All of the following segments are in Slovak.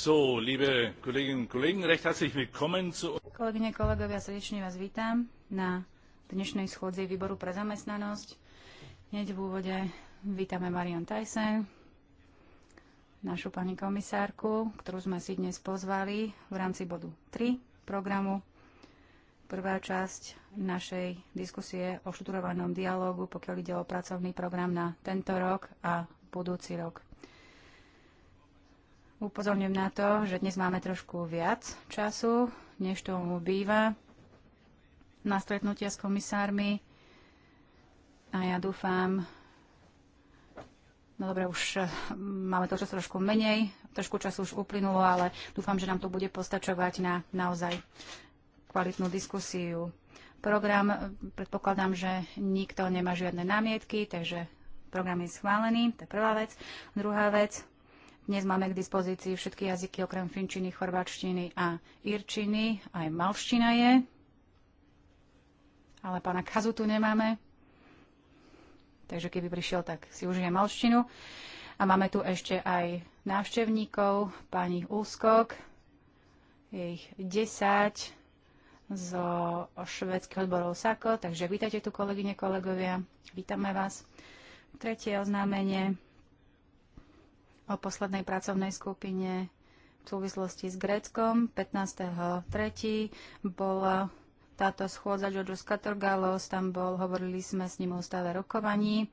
So, liebe Kolleginnen und Kollegen, recht herzlich willkommen zu... Kolegyne, kolegovia, srdečne vás vítam na dnešnej schôdzi výboru pre zamestnanosť. Hneď v úvode vítame Marian Tyson, našu pani komisárku, ktorú sme si dnes pozvali v rámci bodu 3 programu. Prvá časť našej diskusie o študovanom dialógu, pokiaľ ide o pracovný program na tento rok a budúci rok. Upozorňujem na to, že dnes máme trošku viac času, než tomu býva na stretnutia s komisármi. A ja dúfam, no dobre, už eh, máme to čas trošku menej, trošku času už uplynulo, ale dúfam, že nám to bude postačovať na naozaj kvalitnú diskusiu. Program, eh, predpokladám, že nikto nemá žiadne námietky, takže program je schválený, to je prvá vec. Druhá vec, dnes máme k dispozícii všetky jazyky okrem finčiny, chorvačtiny a irčiny. Aj malština je, ale pána Kazu tu nemáme. Takže keby prišiel, tak si užije malštinu. A máme tu ešte aj návštevníkov, pani Úskok, je ich 10 zo švedských odborov SAKO, takže vítajte tu kolegyne, kolegovia, vítame vás. Tretie oznámenie o poslednej pracovnej skupine v súvislosti s Gréckom. 15.3. bola táto schôdza George Katorgalos, tam bol, hovorili sme s ním o stave rokovaní,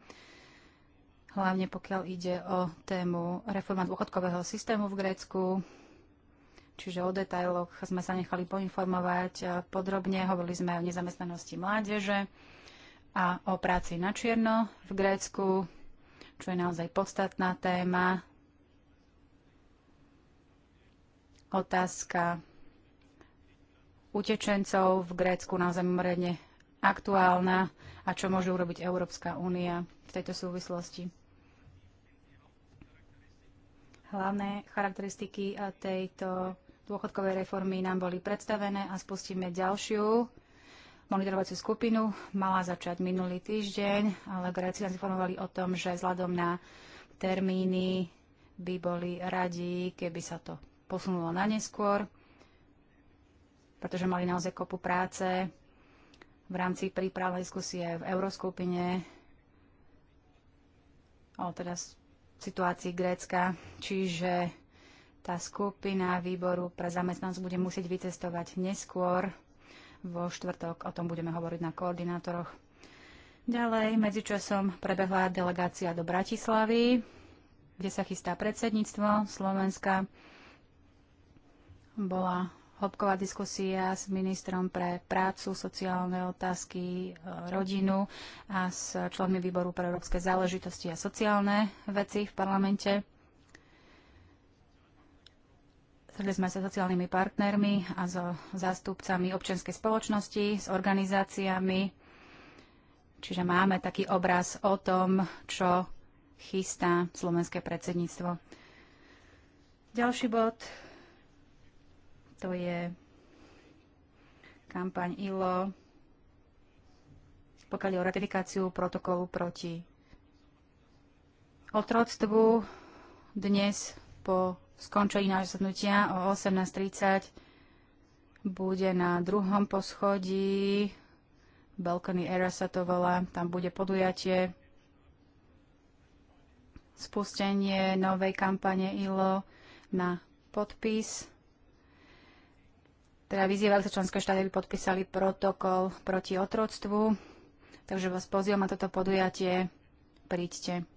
hlavne pokiaľ ide o tému reforma dôchodkového systému v Grécku. Čiže o detailoch sme sa nechali poinformovať e, podrobne. Hovorili sme o nezamestnanosti mládeže a o práci na čierno v Grécku, čo je naozaj podstatná téma. Otázka utečencov v Grécku naozaj mimoriadne aktuálna a čo môže urobiť Európska únia v tejto súvislosti. Hlavné charakteristiky eh, tejto dôchodkovej reformy nám boli predstavené a spustíme ďalšiu monitorovaciu skupinu. Mala začať minulý týždeň, ale Gréci nás informovali o tom, že vzhľadom na termíny by boli radi, keby sa to posunulo na neskôr, pretože mali naozaj kopu práce v rámci príprav diskusie v Euroskupine o teda situácii Grécka. Čiže tá skupina výboru pre zamestnanosť bude musieť vycestovať neskôr. Vo štvrtok o tom budeme hovoriť na koordinátoroch. Ďalej, medzičasom prebehla delegácia do Bratislavy, kde sa chystá predsedníctvo Slovenska bola hĺbková diskusia s ministrom pre prácu, sociálne otázky, e, rodinu a s členmi výboru pre európske záležitosti a sociálne veci v parlamente. Stretli sme sa sociálnymi partnermi a so zástupcami občianskej spoločnosti, s organizáciami. Čiže máme taký obraz o tom, čo chystá slovenské predsedníctvo. Ďalší bod to je kampaň ILO, pokiaľ je o ratifikáciu protokolu proti otroctvu. Dnes po skončení nášho zasadnutia o 18.30 bude na druhom poschodí Balcony Era sa to volá, tam bude podujatie, spustenie novej kampane ILO na podpis teda vyzývajú sa členské štáty, aby podpísali protokol proti otroctvu. Takže vás pozývam na toto podujatie. Príďte.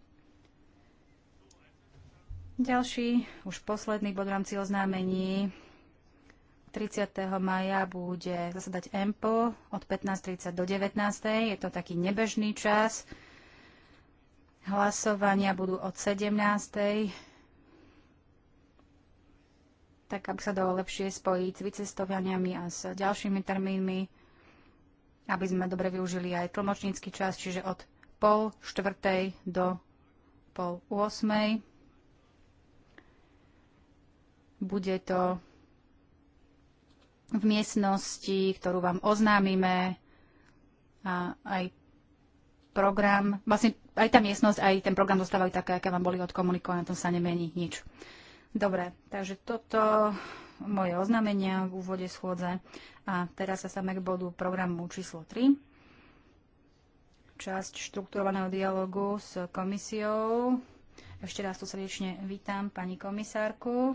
Ďalší, už posledný bod v rámci oznámení. 30. maja bude zasadať EMPO od 15.30 do 19.00. Je to taký nebežný čas. Hlasovania budú od 17.00 tak aby sa dalo lepšie spojiť s vycestovaniami a s ďalšími termínmi, aby sme dobre využili aj tlmočnícky čas, čiže od pol štvrtej do pol osmej. Bude to v miestnosti, ktorú vám oznámime a aj program, vlastne aj tá miestnosť, aj ten program zostávajú také, aké vám boli odkomunikované, to tom sa nemení nič. Dobre, takže toto moje oznámenia v úvode schôdze. A teraz sa sa k bodu programu číslo 3. Časť štrukturovaného dialogu s komisiou. Ešte raz tu srdečne vítam pani komisárku.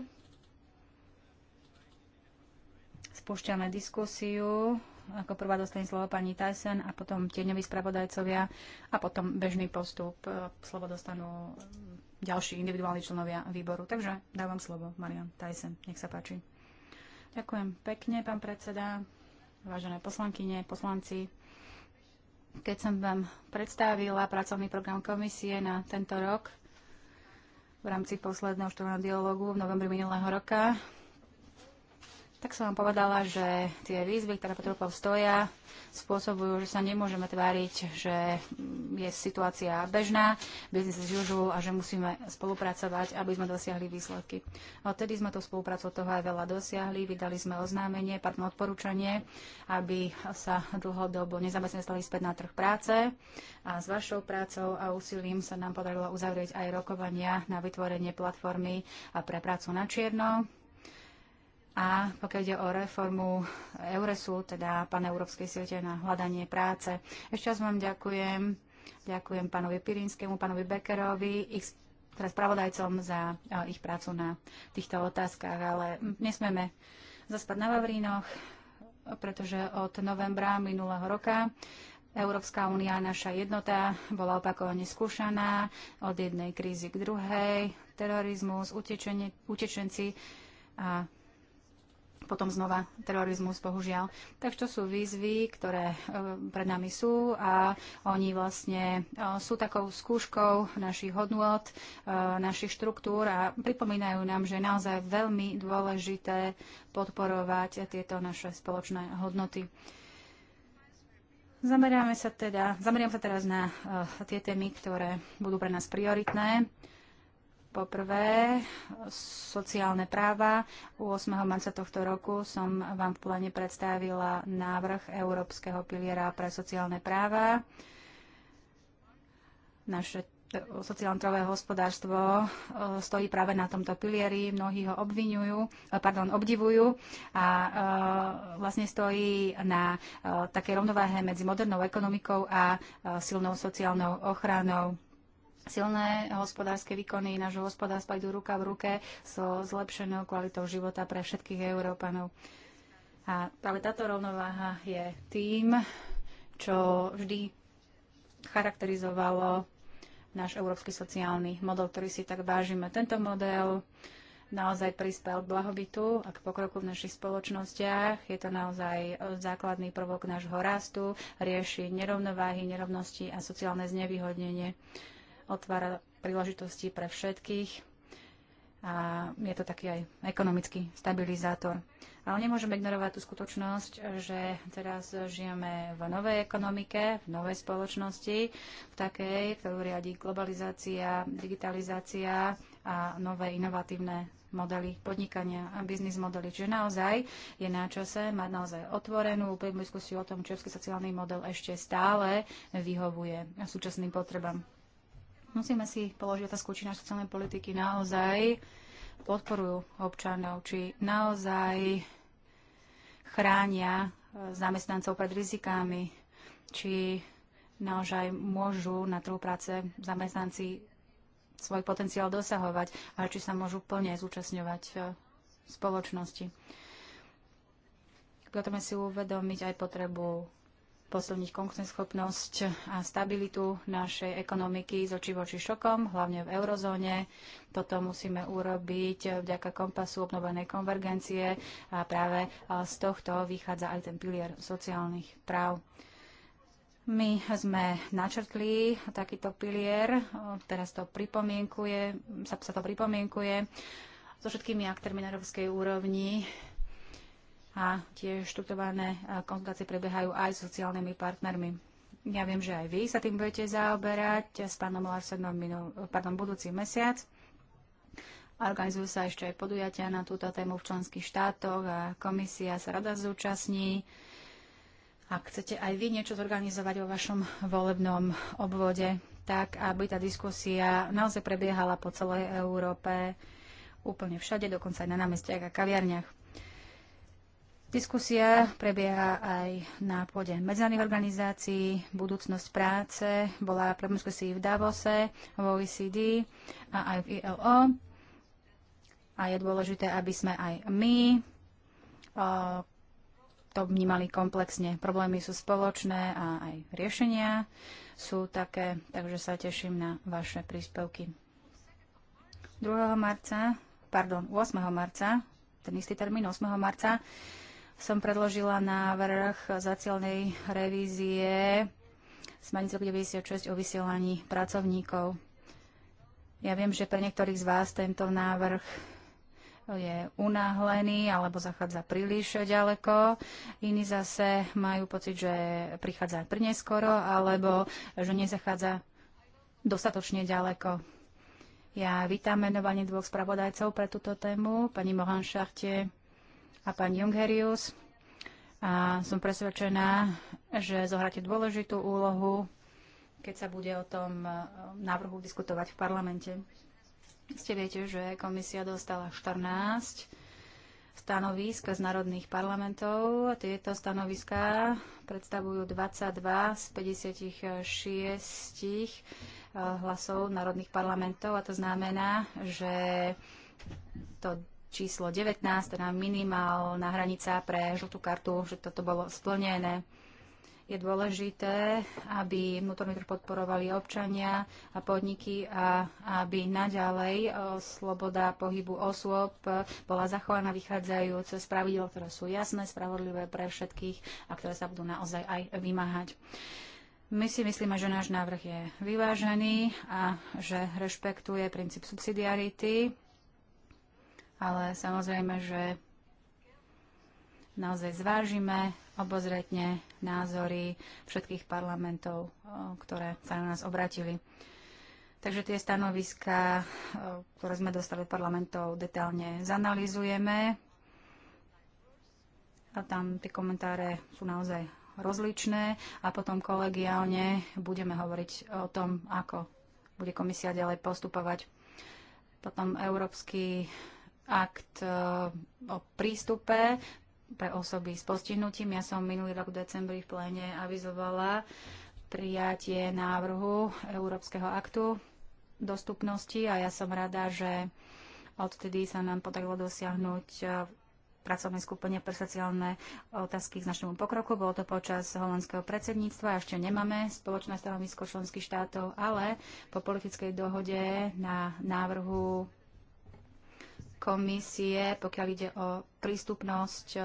Spúšťame diskusiu. Ako prvá dostane slovo pani Tyson a potom tieňoví spravodajcovia a potom bežný postup. Slovo dostanú ďalší individuálni členovia výboru. Takže dávam slovo Marian Tyson. Nech sa páči. Ďakujem pekne, pán predseda, vážené poslankyne, poslanci. Keď som vám predstavila pracovný program komisie na tento rok v rámci posledného štúrneho dialogu v novembri minulého roka, tak som vám povedala, že tie výzvy, ktoré Petropov stoja, spôsobujú, že sa nemôžeme tváriť, že je situácia bežná, biznis as usual a že musíme spolupracovať, aby sme dosiahli výsledky. Odtedy sme to spoluprácu toho aj veľa dosiahli, vydali sme oznámenie, pardon, odporúčanie, aby sa dlhodobo nezamestnaní stali späť na trh práce a s vašou prácou a úsilím sa nám podarilo uzavrieť aj rokovania na vytvorenie platformy pre prácu na čierno a pokiaľ ide o reformu Euresu, teda Európskej siete na hľadanie práce, ešte raz vám ďakujem. Ďakujem pánovi Pirinskému, pánovi Beckerovi, ich teraz pravodajcom za eh, ich prácu na týchto otázkach, ale nesmeme zaspať na Vavrínoch, pretože od novembra minulého roka Európska únia, naša jednota, bola opakovane skúšaná od jednej krízy k druhej, terorizmus, utečenci a potom znova terorizmus, bohužiaľ. Takže to sú výzvy, ktoré e, pred nami sú a oni vlastne e, sú takou skúškou našich hodnot, e, našich štruktúr a pripomínajú nám, že je naozaj veľmi dôležité podporovať tieto naše spoločné hodnoty. Zameriame sa teda, zameriam sa teraz na tie témy, ktoré budú pre nás prioritné. Poprvé, sociálne práva. U 8. marca tohto roku som vám v plene predstavila návrh Európskeho piliera pre sociálne práva. Naše sociálne hospodárstvo e, stojí práve na tomto pilieri. Mnohí ho obvinujú, e, pardon, obdivujú a e, vlastne stojí na takej rovnováhe medzi modernou ekonomikou a silnou sociálnou ochranou Silné hospodárske výkony nášho hospodárstva idú ruka v ruke so zlepšenou kvalitou života pre všetkých Európanov. A, ale táto rovnováha je tým, čo vždy charakterizovalo náš európsky sociálny model, ktorý si tak vážime. Tento model naozaj prispel k blahobytu a k pokroku v našich spoločnostiach. Je to naozaj základný prvok nášho rastu, rieši nerovnováhy, nerovnosti a sociálne znevýhodnenie otvára príležitosti pre všetkých a je to taký aj ekonomický stabilizátor. Ale nemôžeme ignorovať tú skutočnosť, že teraz žijeme v novej ekonomike, v novej spoločnosti, v takej, ktorú riadi globalizácia, digitalizácia a nové inovatívne modely podnikania a biznis modely. Čiže naozaj je na čase mať naozaj otvorenú úplnú diskusiu o tom, či sociálny model ešte stále vyhovuje súčasným potrebám. Musíme si položiť otázku, či naše sociálne politiky naozaj podporujú občanov, či naozaj chránia eh, zamestnancov pred rizikami, či naozaj môžu na trhu práce zamestnanci svoj potenciál dosahovať a či sa môžu plne zúčastňovať v eh, spoločnosti. Potrebujeme si uvedomiť aj potrebu posilniť konkurenceschopnosť a stabilitu našej ekonomiky z oči voči šokom, hlavne v eurozóne. Toto musíme urobiť vďaka kompasu obnovenej konvergencie a práve eh, z tohto vychádza aj ten pilier sociálnych práv. My sme načrtli takýto pilier, eh, teraz to pripomienkuje, sa, sa to pripomienkuje so všetkými aktérmi na európskej úrovni a tiež štruktúrované konzultácie prebiehajú aj s sociálnymi partnermi. Ja viem, že aj vy sa tým budete zaoberať s pánom Larsenom minul, pardon, budúci mesiac. organizujú sa ešte aj podujatia na túto tému v členských štátoch a komisia sa rada zúčastní. Ak chcete aj vy niečo zorganizovať vo vašom volebnom obvode, tak aby tá diskusia naozaj prebiehala po celej Európe, úplne všade, dokonca aj na námestiach a kaviarniach. Diskusia prebieha aj na pôde medzinárodných organizácií. Budúcnosť práce bola pre si v Davose, v OECD a aj v ILO. A je dôležité, aby sme aj my o, to vnímali komplexne. Problémy sú spoločné a aj riešenia sú také, takže sa teším na vaše príspevky. 2. marca, pardon, 8. marca, ten istý termín 8. marca, som predložila návrh zacielnej revízie smernice 96 o vysielaní pracovníkov. Ja viem, že pre niektorých z vás tento návrh je unáhlený alebo zachádza príliš ďaleko. Iní zase majú pocit, že prichádza prineskoro alebo že nezachádza dostatočne ďaleko. Ja vítam menovanie dvoch spravodajcov pre túto tému, pani Mohan Šachte a pán Jungherius. A som presvedčená, že zohráte dôležitú úlohu, keď sa bude o tom e, návrhu diskutovať v parlamente. Ste viete, že komisia dostala 14 stanovisk z národných parlamentov. Tieto stanoviská predstavujú 22 z 56 e, hlasov národných parlamentov a to znamená, že to číslo 19, teda minimálna hranica pre žltú kartu, že toto bolo splnené. Je dôležité, aby vnútorný trh podporovali občania a podniky a aby naďalej sloboda pohybu osôb bola zachovaná vychádzajúc z pravidel, ktoré sú jasné, spravodlivé pre všetkých a ktoré sa budú naozaj aj vymáhať. My si myslíme, že náš návrh je vyvážený a že rešpektuje princíp subsidiarity ale samozrejme, že naozaj zvážime obozretne názory všetkých parlamentov, ktoré sa na nás obratili. Takže tie stanoviská, ktoré sme dostali od parlamentov, detálne zanalizujeme. A tam tie komentáre sú naozaj rozličné a potom kolegiálne budeme hovoriť o tom, ako bude komisia ďalej postupovať. Potom Európsky akt e, o prístupe pre osoby s postihnutím. Ja som minulý rok v decembri v pléne avizovala prijatie návrhu Európskeho aktu dostupnosti a ja som rada, že odtedy sa nám podarilo dosiahnuť e, pracovné skupine pre sociálne otázky k značnému pokroku. Bolo to počas holandského predsedníctva. Ešte nemáme spoločné stanovisko členských štátov, ale po politickej dohode na návrhu komisie, pokiaľ ide o prístupnosť eh,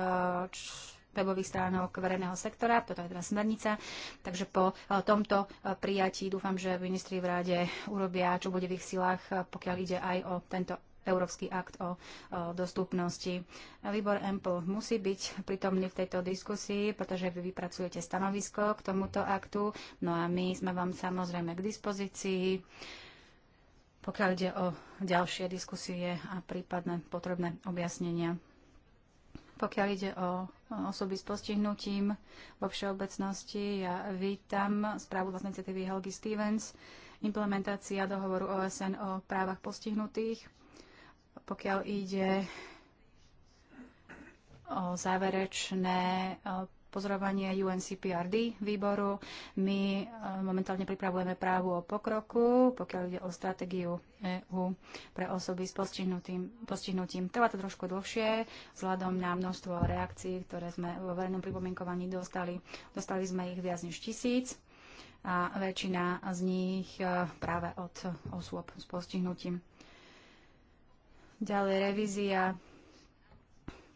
webových stránok verejného sektora, toto je teda smernica. Takže po eh, tomto eh, prijatí dúfam, že ministri v rade urobia, čo bude v ich silách, pokiaľ ide aj o tento Európsky akt o, o dostupnosti. Výbor EMPL musí byť pritomný v tejto diskusii, pretože vy vypracujete stanovisko k tomuto aktu, no a my sme vám samozrejme k dispozícii pokiaľ ide o ďalšie diskusie a prípadné potrebné objasnenia. Pokiaľ ide o osoby s postihnutím vo všeobecnosti, ja vítam správu vlastnej iniciatívy Helgi Stevens, implementácia dohovoru OSN o právach postihnutých. Pokiaľ ide o záverečné pozorovania UNCPRD výboru. My e, momentálne pripravujeme právu o pokroku, pokiaľ ide o stratégiu EU pre osoby s postihnutím. postihnutím. Trvá to trošku dlhšie, vzhľadom na množstvo reakcií, ktoré sme vo verejnom pripomienkovaní dostali. Dostali sme ich viac než tisíc a väčšina z nich e, práve od osôb s postihnutím. Ďalej revízia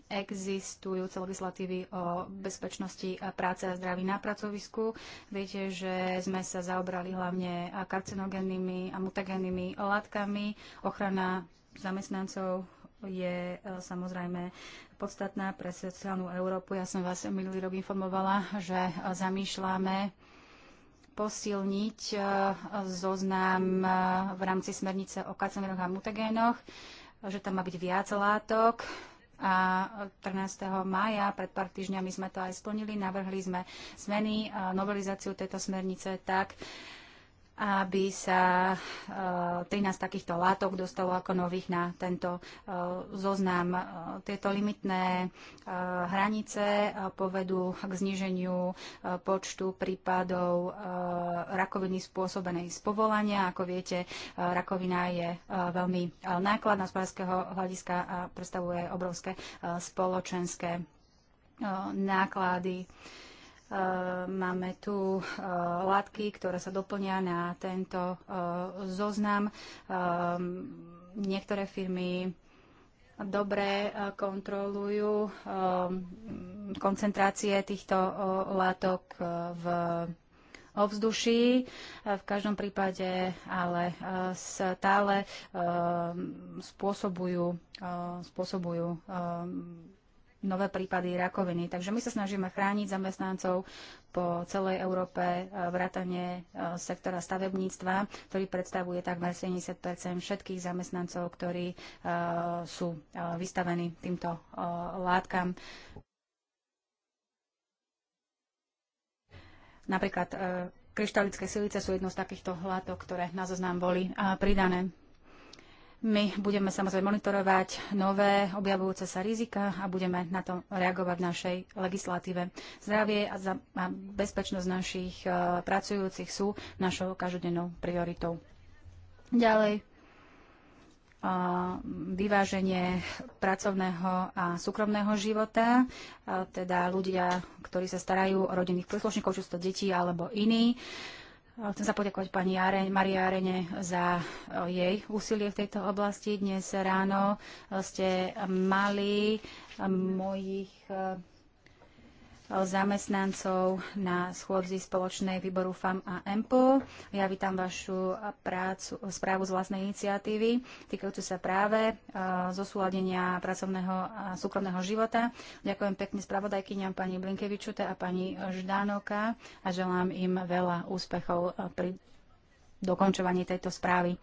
existujúce legislatívy o bezpečnosti práce a zdraví na pracovisku. Viete, že sme sa zaobrali hlavne karcinogennými a mutagennými látkami. Ochrana zamestnancov je e, samozrejme podstatná pre sociálnu Európu. Ja som vás minulý rok informovala, že e, zamýšľame posilniť e, zoznam v rámci smernice o karcinogénoch a mutagénoch, že tam má byť viac látok, a 13. mája, pred pár týždňami sme to aj splnili, navrhli sme zmeny, novelizáciu tejto smernice tak, aby sa 13 eh, takýchto látok dostalo ako nových na tento eh, zoznam. Eh, tieto limitné hranice povedú k zniženiu počtu prípadov rakoviny spôsobenej z povolania. Ako viete, rakovina je veľmi nákladná z hospodárskeho hľadiska a predstavuje obrovské spoločenské náklady. Eh, máme tu eh, látky, ktoré sa doplňa na tento eh, zoznam. Niektoré firmy dobre kontrolujú koncentrácie týchto látok v ovzduší. V každom prípade ale stále spôsobujú, spôsobujú nové prípady rakoviny. Takže my sa snažíme chrániť zamestnancov po celej Európe, e, vrátane e, sektora stavebníctva, ktorý predstavuje takmer 70 všetkých zamestnancov, ktorí e, sú vystavení týmto látkam. Napríklad kryštalické silice sú jednou z takýchto látok, ktoré na zoznam boli pridané. My budeme samozrejme monitorovať nové objavujúce sa rizika a budeme na to reagovať v našej legislatíve. Zdravie a, za, a bezpečnosť našich uh, pracujúcich sú našou každodennou prioritou. Ďalej, vyváženie pracovného a súkromného života, teda ľudia, ktorí sa starajú o rodinných príslušníkov, či sú to deti alebo iní. Chcem sa poďakovať pani Jareň, Marii Jarene za jej úsilie v tejto oblasti. Dnes ráno e, ste mali e, mojich e, zamestnancov na schôdzi spoločnej výboru FAM a EMPO. Ja vítam vašu prácu, správu z vlastnej iniciatívy týkajúcu sa práve e, zosúladenia pracovného a súkromného života. Ďakujem pekne spravodajkyňam pani Blinkevičute a pani Ždánoka a želám im veľa úspechov e, pri dokončovaní tejto správy.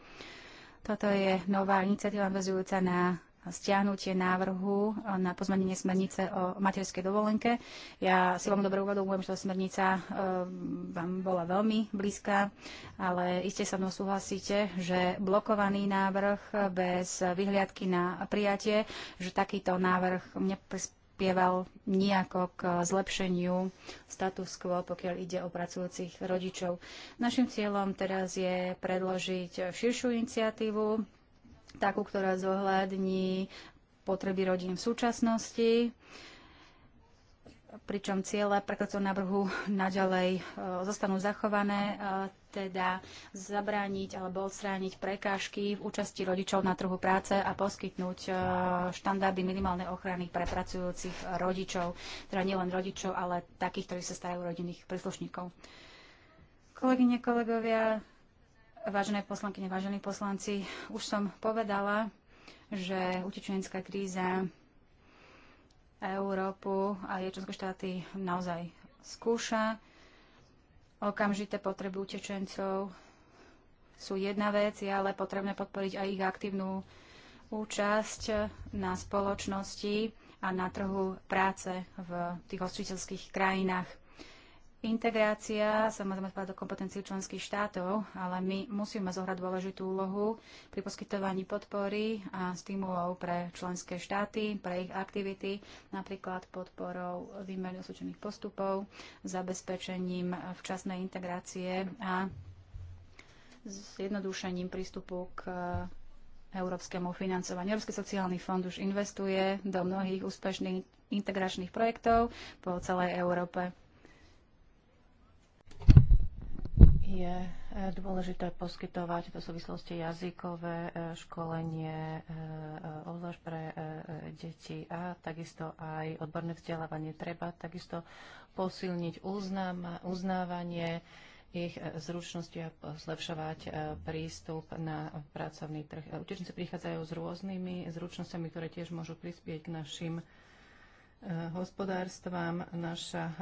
Toto je nová iniciatíva vezujúca na stiahnutie návrhu na pozmenenie smernice o materskej dovolenke. Ja si vám dobre uvedomujem, že tá smernica eh, vám bola veľmi blízka, ale iste sa mnou súhlasíte, že blokovaný návrh bez vyhliadky na prijatie, že takýto návrh neprispieval nejako k zlepšeniu status quo, pokiaľ ide o pracujúcich rodičov. Našim cieľom teraz je predložiť širšiu iniciatívu, takú, ktorá zohľadní potreby rodín v súčasnosti, pričom ciele prekladu návrhu naďalej e, zostanú zachované, e, teda zabrániť alebo odstrániť prekážky v účasti rodičov na trhu práce a poskytnúť e, štandardy minimálnej ochrany pre pracujúcich rodičov, teda nielen rodičov, ale takých, ktorí sa starajú rodinných príslušníkov. Kolegyne, kolegovia, Vážené poslankyne, vážení poslanci, už som povedala, že utečenecká kríza Európu a jej členské štáty naozaj skúša. Okamžité potreby utečencov sú jedna vec, je ale potrebné podporiť aj ich aktívnu účasť na spoločnosti a na trhu práce v tých hostiteľských krajinách. Integrácia samozrejme spadá do kompetencií členských štátov, ale my musíme zohrať dôležitú úlohu pri poskytovaní podpory a stimulov pre členské štáty, pre ich aktivity, napríklad podporou výmeny osúčených postupov, zabezpečením včasnej integrácie a zjednodušením prístupu k európskemu financovaniu. Európsky sociálny fond už investuje do mnohých úspešných integračných projektov po celej Európe. je eh, dôležité poskytovať v súvislosti jazykové eh, školenie, eh, obzvlášť pre deti a takisto aj odborné vzdelávanie. Treba takisto posilniť uznáma, uznávanie ich zručnosti a zlepšovať prístup na pracovný trh. Utečenci prichádzajú s rôznymi zručnosťami, ktoré tiež môžu prispieť k našim hospodárstvám. Naša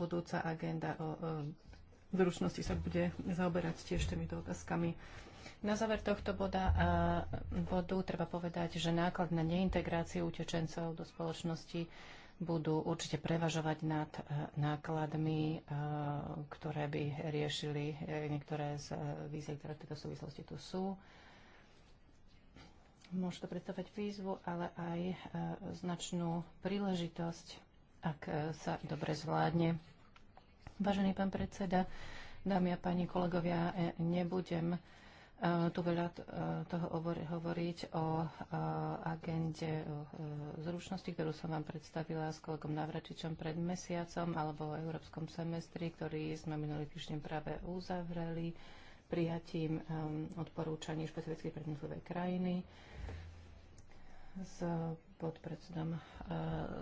budúca agenda o zručnosti sa bude zaoberať tiež týmito otázkami. Na záver tohto boda, a bodu treba povedať, že náklad na neintegráciu utečencov do spoločnosti budú určite prevažovať nad e, nákladmi, e, ktoré by riešili e, niektoré z vízie, ktoré v tejto súvislosti tu sú. Môže to predstavať výzvu, ale aj značnú príležitosť, ak sa dobre zvládne. Vážený pán predseda, dámy a páni kolegovia, e, nebudem e, tu veľa e, toho hovoriť o agende zručnosti, ktorú som vám predstavila s kolegom Navračičom pred mesiacom, alebo o európskom semestri, ktorý sme minulý týždeň práve uzavreli prijatím odporúčaní špecifických pre krajiny s podpredsedom e,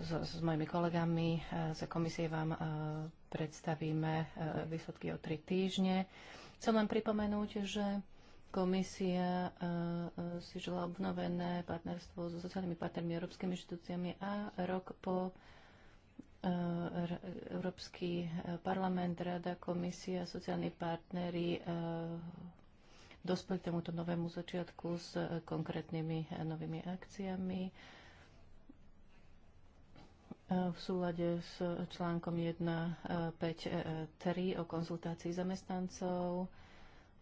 s, s mojimi kolegami e, z komisie vám e, predstavíme výsledky o tri týždne. Chcem len pripomenúť, že komisia si žila obnovené partnerstvo so sociálnymi partnermi, a európskymi inštitúciami a rok po Európsky parlament, Rada, komisia, sociálni partnery dospeli tomuto novému začiatku s konkrétnymi novými akciami E, v súlade s článkom 1.5.3 o konzultácii zamestnancov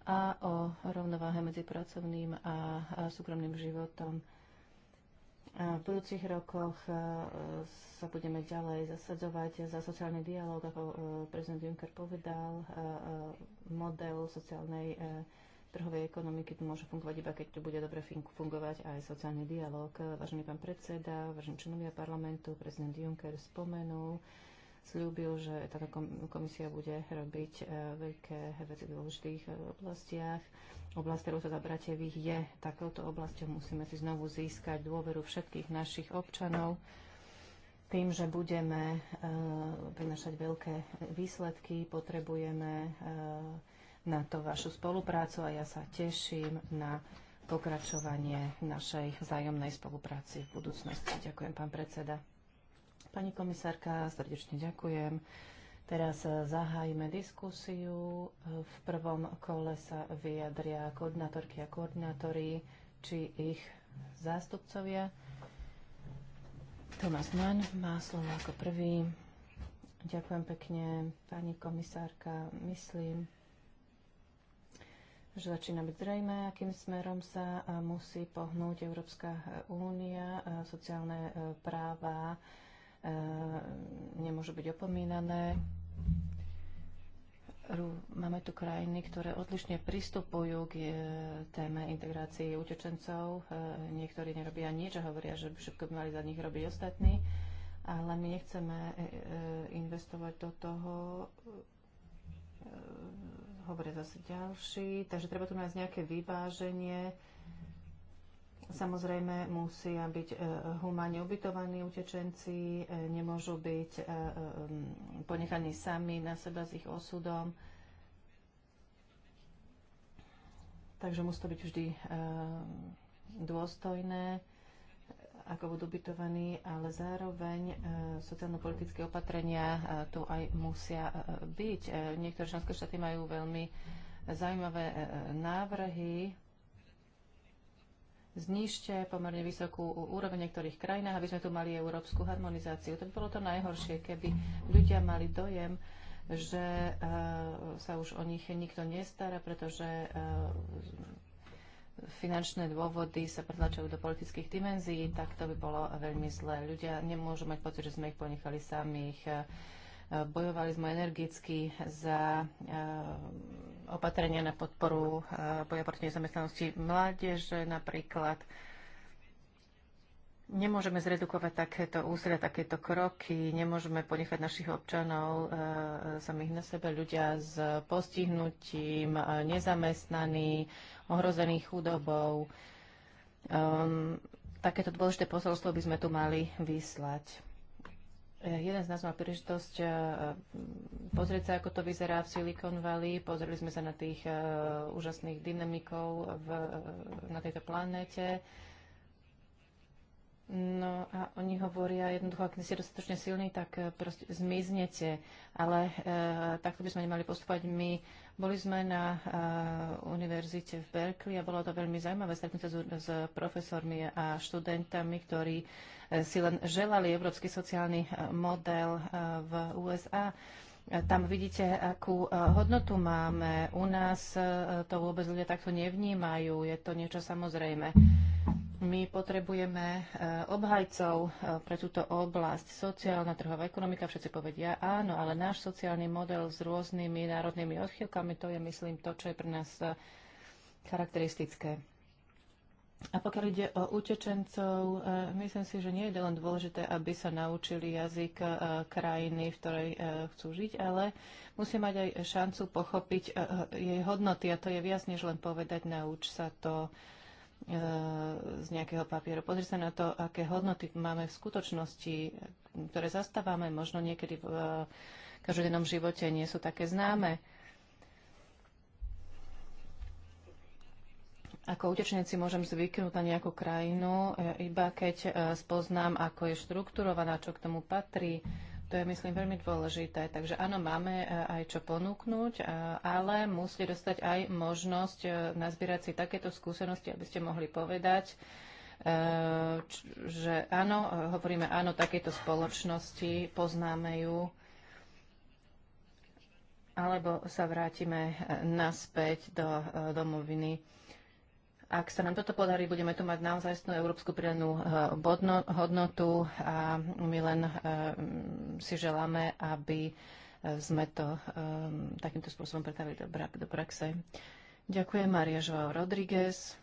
a o rovnováhe medzi pracovným a, súkromným životom. v budúcich rokoch e, sa budeme ďalej zasadzovať za sociálny dialog, ako e, prezident Juncker povedal, model sociálnej trhovej ekonomiky tu môže fungovať iba, keď tu bude dobre fungovať aj sociálny dialog. Vážený pán predseda, vážení členovia parlamentu, prezident Juncker spomenul, slúbil, že táto komisia bude robiť e, veľké veci v dôležitých e, oblastiach. Oblast, ktorú sa zabrate vy, je takouto oblasťou. Musíme si znovu získať dôveru všetkých našich občanov tým, že budeme uh, prinašať veľké výsledky, potrebujeme uh, na to vašu spoluprácu a ja sa teším na pokračovanie našej vzájomnej spolupráci v budúcnosti. Ďakujem, pán predseda. Pani komisárka, srdečne ďakujem. Teraz zahájime diskusiu. V prvom kole sa vyjadria koordinátorky a koordinátori, či ich zástupcovia. Tomás Mann má slovo ako prvý. Ďakujem pekne, pani komisárka. Myslím, že začína byť zrejme, akým smerom sa eh, musí pohnúť Európska eh, únia. Eh, sociálne práva nemôžu byť opomínané. Máme tu krajiny, ktoré odlišne pristupujú k téme integrácie utečencov. Niektorí nerobia nič a hovoria, že všetko by mali za nich robiť ostatní. Ale my nechceme investovať do toho, hovorí zase ďalší. Takže treba tu nájsť nejaké vyváženie. Samozrejme musia byť e, humánne ubytovaní utečenci, e, nemôžu byť e, ponechaní sami na seba s ich osudom. Takže musí to byť vždy dôstojné ako budú bytovaní, ale zároveň e, sociálno-politické opatrenia e, tu aj musia e, byť. Niektoré členské štáty majú veľmi zaujímavé návrhy. Znište pomerne vysokú úroveň v niektorých krajinách, aby sme tu mali európsku harmonizáciu. To by bolo to najhoršie, keby ľudia mali dojem, že sa už o nich nikto nestará, pretože finančné dôvody sa pretlačujú do politických dimenzií, tak to by bolo veľmi zlé. Ľudia nemôžu mať pocit, že sme ich ponechali samých. E, bojovali sme energicky za e, opatrenia na podporu e, boja proti nezamestnanosti mládeže napríklad. Nemôžeme zredukovať takéto úsilia, takéto kroky, nemôžeme ponechať našich občanov e, samých na sebe, ľudia s postihnutím, e, nezamestnaní, e, ohrozených chudobou. Um, takéto dôležité posolstvo by sme tu mali vyslať. Eh, jeden z nás mal príležitosť eh, pozrieť sa, ako to vyzerá v Silicon Valley. Pozreli sme sa na tých eh, úžasných dynamikov v, na tejto planéte. No a oni hovoria, jednoducho, ak ste dostatočne silní, tak eh, proste zmiznete. Ale e, takto by sme nemali postupovať my. Boli sme na e, univerzite v Berkeley a bolo to veľmi zaujímavé stretnutie s, s profesormi a študentami, ktorí e, si len želali európsky sociálny model e, v USA. Tam vidíte, akú hodnotu máme. U nás to vôbec ľudia takto nevnímajú. Je to niečo samozrejme. My potrebujeme e, obhajcov e, pre túto oblasť. Sociálna trhová ekonomika, všetci povedia áno, ale náš sociálny model s rôznymi národnými odchýlkami, to je, myslím, to, čo je pre nás e, charakteristické. A pokiaľ ide o utečencov, myslím si, že nie je len dôležité, aby sa naučili jazyk krajiny, v ktorej chcú žiť, ale musí mať aj šancu pochopiť jej hodnoty. A to je viac, než len povedať, nauč sa to E, z nejakého papieru. Pozri sa na to, aké hodnoty máme v skutočnosti, ktoré zastávame. Možno niekedy v e, každodennom živote nie sú také známe. Ako utečenec si môžem zvyknúť na nejakú krajinu, e, iba keď spoznám, ako je štrukturovaná, čo k tomu patrí, to je, myslím, veľmi dôležité. Takže áno, máme e, aj čo ponúknuť, e, ale musíte dostať aj možnosť e, nazbierať si takéto skúsenosti, aby ste mohli povedať, že áno, hovoríme áno takéto spoločnosti, poznáme ju, alebo sa vrátime naspäť do domoviny. Ak sa nám toto podarí, budeme tu mať naozaj európsku pridanú eh, hodnotu a my len eh, si želáme, aby eh, sme to takýmto spôsobom pretavili do praxe. Ďakujem, Maria Joao Rodríguez.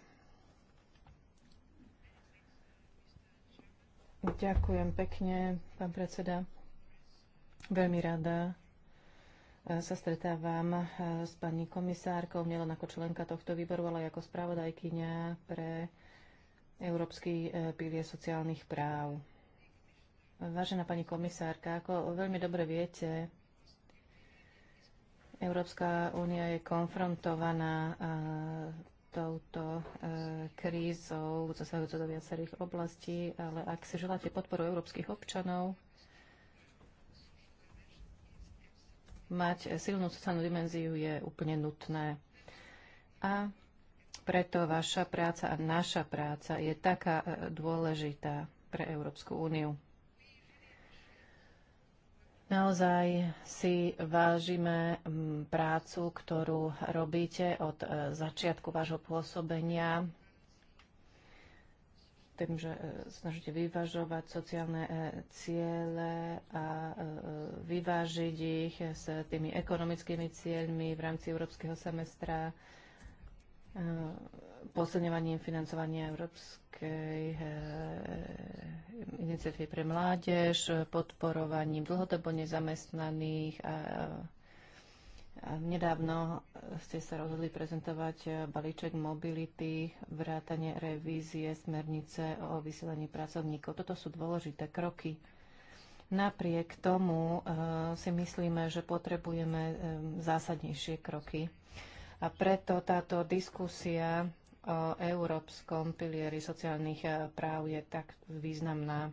Ďakujem pekne, pán predseda. Veľmi rada sa stretávam eh, s pani komisárkou, nielen ako členka tohto výboru, ale aj ako spravodajkyňa pre Európsky eh, pilie sociálnych práv. Vážená pani komisárka, ako veľmi dobre viete, Európska únia je konfrontovaná eh, touto krízou, zasahujúco do viacerých oblastí, ale ak si želáte podporu európskych občanov, Mať silnú sociálnu dimenziu je úplne nutné. A preto vaša práca a naša práca je taká e, dôležitá pre Európsku úniu. Naozaj si vážime prácu, ktorú robíte od e, začiatku vášho pôsobenia tým, že e, snažíte vyvažovať sociálne e, ciele a e, vyvážiť ich s tými ekonomickými cieľmi v rámci európskeho semestra, posilňovaním financovania Európskej iniciatívy pre mládež, podporovaním dlhodobo nezamestnaných a Nedávno ste sa rozhodli prezentovať eh, balíček mobility, vrátanie revízie, smernice o vysielaní pracovníkov. Toto sú dôležité kroky. Napriek tomu eh, si myslíme, že potrebujeme eh, zásadnejšie kroky. A preto táto diskusia o európskom pilieri sociálnych práv je tak významná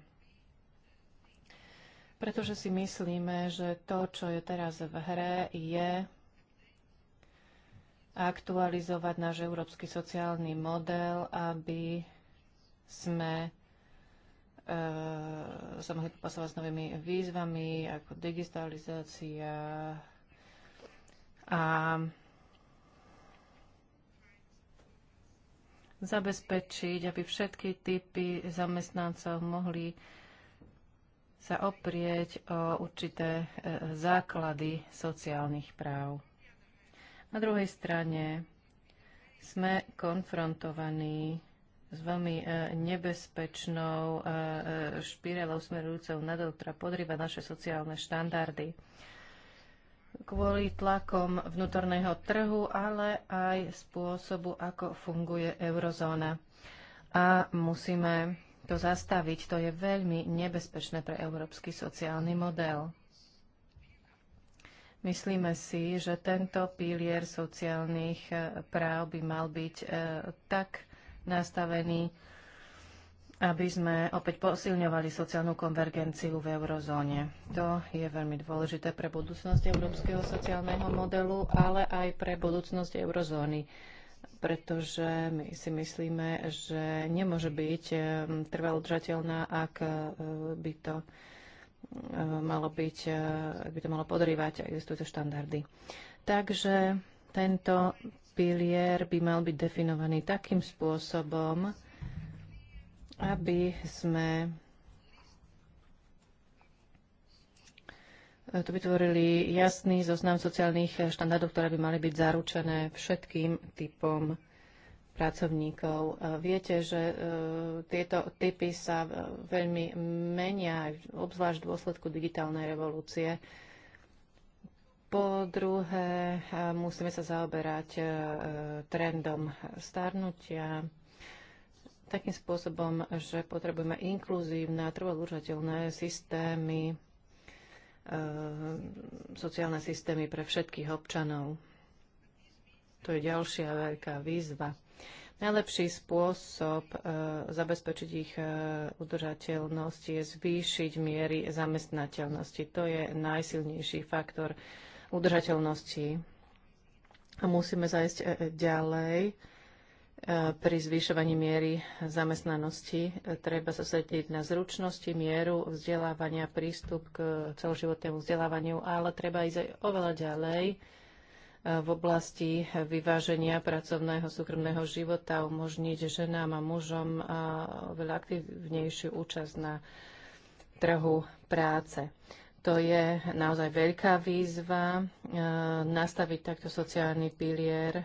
pretože si myslíme, že to, čo je teraz v hre, je aktualizovať náš európsky sociálny model, aby sme e, sa mohli popasovať s novými výzvami, ako digitalizácia a zabezpečiť, aby všetky typy zamestnancov mohli sa oprieť o určité e, základy sociálnych práv. Na druhej strane sme konfrontovaní s veľmi e, nebezpečnou e, e, špirelou smerujúcou nadol, ktorá podrýva naše sociálne štandardy kvôli tlakom vnútorného trhu, ale aj spôsobu, ako funguje eurozóna. A musíme to zastaviť. To je veľmi nebezpečné pre európsky sociálny model. Myslíme si, že tento pilier sociálnych eh, práv by mal byť eh, tak nastavený, aby sme opäť posilňovali sociálnu konvergenciu v eurozóne. To je veľmi dôležité pre budúcnosť európskeho sociálneho modelu, ale aj pre budúcnosť eurozóny pretože my si myslíme, že nemôže byť eh, trvalo držateľná, ak by to malo byť, ak e, by to malo podrývať existujúce štandardy. Takže tento pilier by mal byť definovaný takým spôsobom, aby sme e, tu vytvorili jasný zoznam sociálnych štandardov, ktoré by mali byť zaručené všetkým typom pracovníkov. E, viete, že e, tieto typy sa e, veľmi menia, obzvlášť v dôsledku digitálnej revolúcie. Po druhé, musíme sa zaoberať trendom starnutia takým spôsobom, že potrebujeme inkluzívne a trvalúžateľné systémy, sociálne systémy pre všetkých občanov. To je ďalšia veľká výzva. Najlepší spôsob e, zabezpečiť ich e, udržateľnosť je zvýšiť miery zamestnateľnosti. To je najsilnejší faktor udržateľnosti. A musíme zajsť e, ďalej e, pri zvyšovaní miery zamestnanosti. E, treba sa sediť na zručnosti, mieru vzdelávania, prístup k celoživotnému vzdelávaniu, ale treba ísť aj oveľa ďalej v oblasti vyváženia pracovného súkromného života, umožniť ženám a mužom veľa aktívnejšiu účasť na trhu práce. To je naozaj veľká výzva nastaviť takto sociálny pilier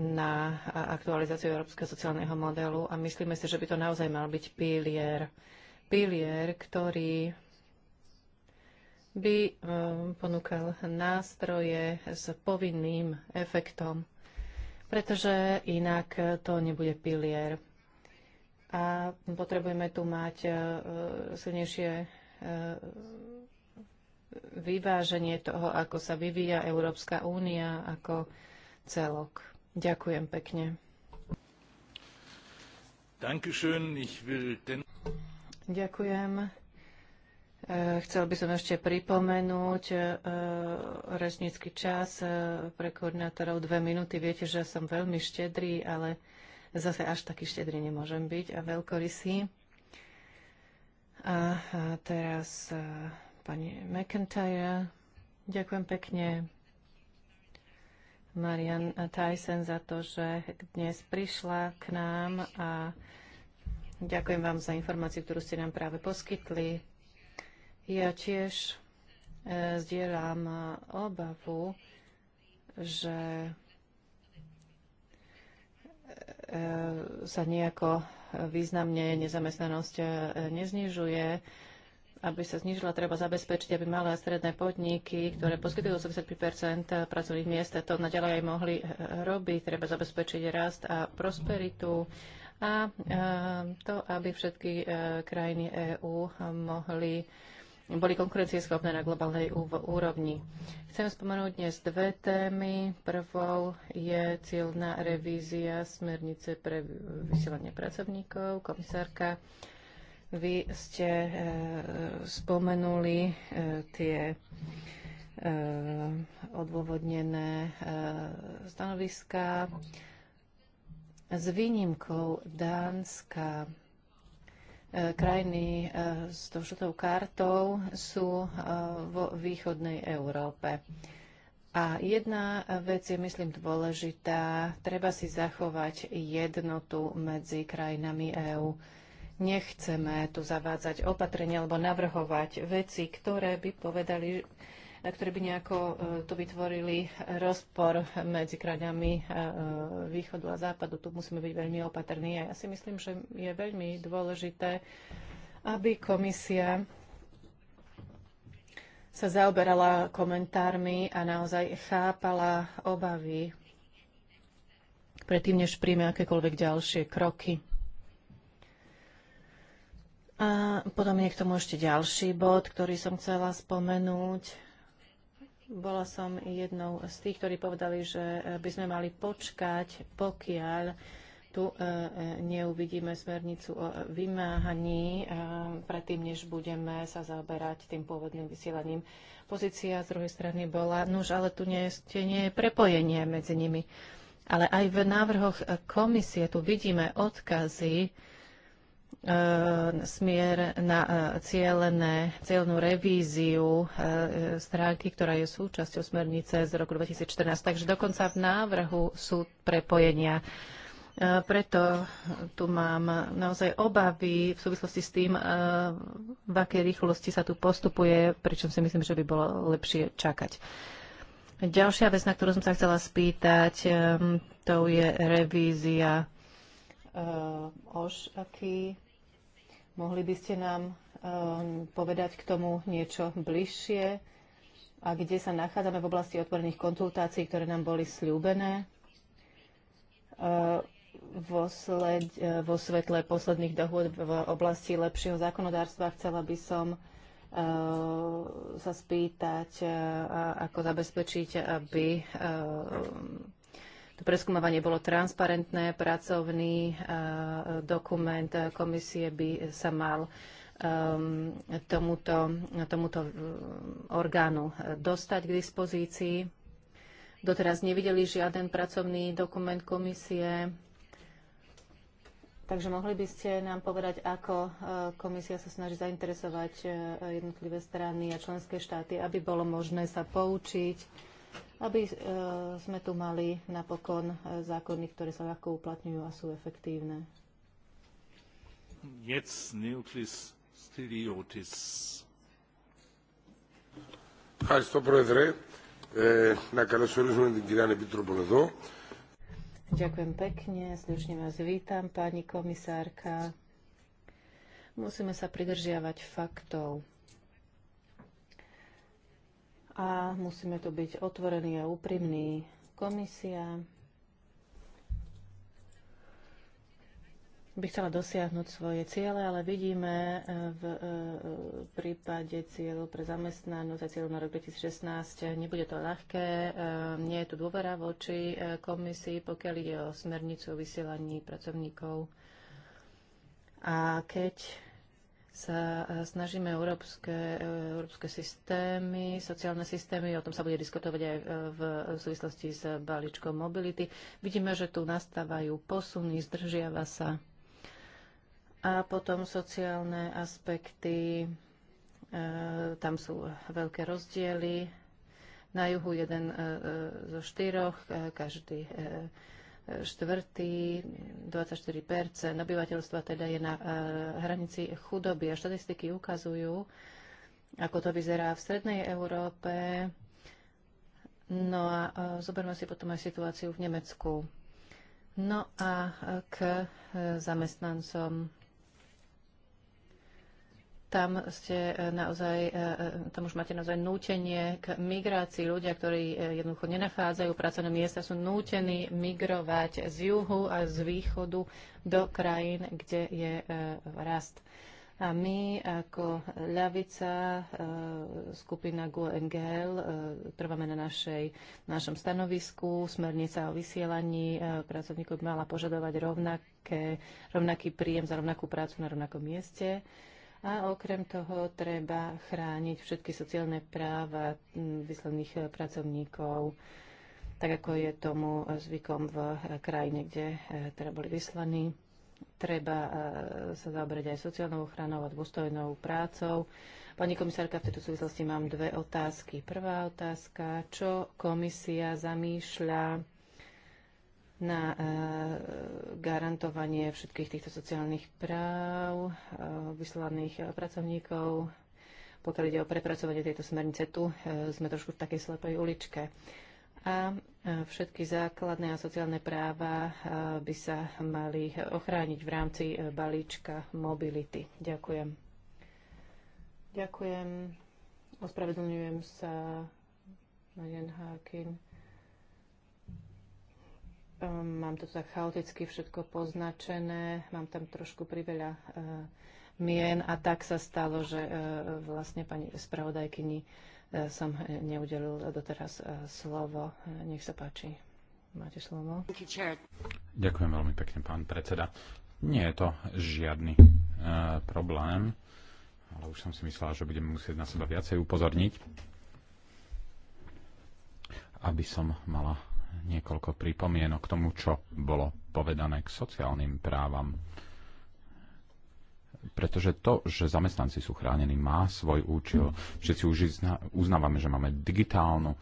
na aktualizáciu európskeho sociálneho modelu a myslíme si, že by to naozaj mal byť pilier. Pilier, ktorý by eh, ponúkal nástroje s povinným efektom, pretože inak to nebude pilier. A potrebujeme tu mať eh, silnejšie eh, vyváženie toho, ako sa vyvíja Európska únia ako celok. Ďakujem pekne. Ďakujem. Eh, chcel by som ešte pripomenúť eh, rečnícky čas eh, pre koordinátorov dve minúty. Viete, že som veľmi štedrý, ale zase až taký štedrý nemôžem byť a veľkorysý. A teraz pani McIntyre. Ďakujem pekne. Marian Tyson za to, že dnes prišla k nám a ďakujem vám za informáciu, ktorú ste nám práve poskytli. Ja tiež e, zdieľam obavu, že e, sa nejako významne nezamestnanosť e, neznižuje. Aby sa znižila, treba zabezpečiť, aby malé a stredné podniky, ktoré poskytujú 85 pracovných miest, to naďalej aj mohli robiť. Treba zabezpečiť rast a prosperitu a to, aby všetky krajiny EÚ mohli boli konkurencieschopné na globálnej úrovni. Chcem spomenúť dnes dve témy. Prvou je cieľná revízia smernice pre vysielanie pracovníkov. Komisárka, vy ste e, spomenuli e, tie e, odôvodnené e, stanoviská s výnimkou Dánska E, krajiny e, s tou žltou kartou sú e, vo východnej Európe. A jedna vec je, myslím, dôležitá. Treba si zachovať jednotu medzi krajinami EÚ. Nechceme tu zavádzať opatrenia alebo navrhovať veci, ktoré by povedali, ktoré by nejako e, tu vytvorili rozpor medzi kraďami e, e, východu a západu. Tu musíme byť veľmi opatrní a ja si myslím, že je veľmi dôležité, aby komisia sa zaoberala komentármi a naozaj chápala obavy predtým, než príjme akékoľvek ďalšie kroky. A potom je k tomu ešte ďalší bod, ktorý som chcela spomenúť. Bola som jednou z tých, ktorí povedali, že eh, by sme mali počkať, pokiaľ tu eh, eh, neuvidíme smernicu o vymáhaní predtým, než budeme sa zaoberať tým pôvodným vysielaním. Pozícia z druhej strany bola, nuž, ale tu nie, nie je prepojenie medzi nimi. Ale aj v návrhoch komisie tu vidíme odkazy E, smier na e, cieľené, cieľnú revíziu e, stránky, ktorá je súčasťou smernice z roku 2014. Takže dokonca v návrhu sú prepojenia. Preto tu mám naozaj obavy v súvislosti s tým, v akej rýchlosti sa tu postupuje, pričom si myslím, že by bolo lepšie čakať. Ďalšia vec, na ktorú som sa chcela spýtať, to je revízia oš aký Mohli by ste nám eh, povedať k tomu niečo bližšie a kde sa nachádzame v oblasti otvorených konzultácií, ktoré nám boli slúbené eh, vo, sled, eh, vo svetle posledných dohôd v oblasti lepšieho zákonodárstva. Chcela by som sa spýtať, ako zabezpečiť, aby to preskúmavanie bolo transparentné, pracovný eh, dokument komisie by sa mal ehm, tomuto, tomuto eh, orgánu eh, dostať k dispozícii. Doteraz nevideli žiaden pracovný dokument komisie. Takže mohli by ste nám povedať, ako komisia sa snaží zainteresovať jednotlivé strany a členské štáty, aby bolo možné sa poučiť aby e, sme tu mali napokon e, zákony, ktoré sa ľahko uplatňujú a sú efektívne. Jetzt Ευχαριστώ, Πρόεδρε. Ε, να την κυρία Επίτροπο εδώ. Ďakujem pekne, slušne vás vítam, pani komisárka. Musíme sa pridržiavať faktov a musíme tu byť otvorení a úprimní. Komisia by chcela dosiahnuť svoje ciele, ale vidíme e, e, v prípade cieľov pre zamestnanosť a cieľov na rok 2016 nebude to ľahké. E, nie je tu dôvera voči komisii, pokiaľ ide o smernicu o vysielaní pracovníkov. A keď sa e, snažíme európske, e, európske systémy, sociálne systémy, o tom sa bude diskutovať aj e, v súvislosti s balíčkom mobility. Vidíme, že tu nastávajú posuny, zdržiava sa. A potom sociálne aspekty, tam sú veľké rozdiely. Na juhu jeden zo štyroch, každý štvrtý, 24 obyvateľstva teda je na e, hranici chudoby. A štatistiky ukazujú, ako to vyzerá v strednej Európe. No a e, zoberme si potom aj situáciu v Nemecku. No a k e, zamestnancom tam ste e, naozaj, e, e, tam už máte naozaj nútenie k migrácii. Ľudia, ktorí jednoducho nenachádzajú pracovné miesta, sú nútení migrovať z juhu a z východu do krajín, kde je rast. A my ako ľavica, skupina GUNGL, trváme na našej, našom stanovisku. Smernica o vysielaní pracovníkov by mala požadovať rovnaké, rovnaký príjem za rovnakú prácu na rovnakom mieste. A okrem toho treba chrániť všetky sociálne práva výsledných e, pracovníkov, tak ako je tomu zvykom v e, krajine, kde e, teda boli vyslaní. Treba sa zaoberať aj sociálnou ochranou a dôstojnou prácou. Pani komisárka, v tejto súvislosti mám dve otázky. Prvá otázka, čo komisia zamýšľa na e, garantovanie všetkých týchto sociálnych práv e, vyslaných e, pracovníkov. Pokiaľ ide o prepracovanie tejto smernice, tu sme trošku v takej slepej uličke. A všetky základné a sociálne práva by sa mali ochrániť v rámci balíčka mobility. Ďakujem. Ďakujem. Ospravedlňujem sa, Jan Hákin Ehm, mám to tak chaoticky všetko poznačené, mám tam trošku priveľa ehm, mien a tak sa stalo, že ehm, vlastne pani spravodajkyni som neudelil doteraz slovo. Nech sa páči. Máte slovo. Ďakujem veľmi pekne, pán predseda. Nie je to žiadny e, problém, ale už som si myslela, že budeme musieť na seba viacej upozorniť, aby som mala niekoľko pripomienok k tomu, čo bolo povedané k sociálnym právam. Pretože to, že zamestnanci sú chránení, má svoj účel. Všetci už uznávame, že máme digitálnu e,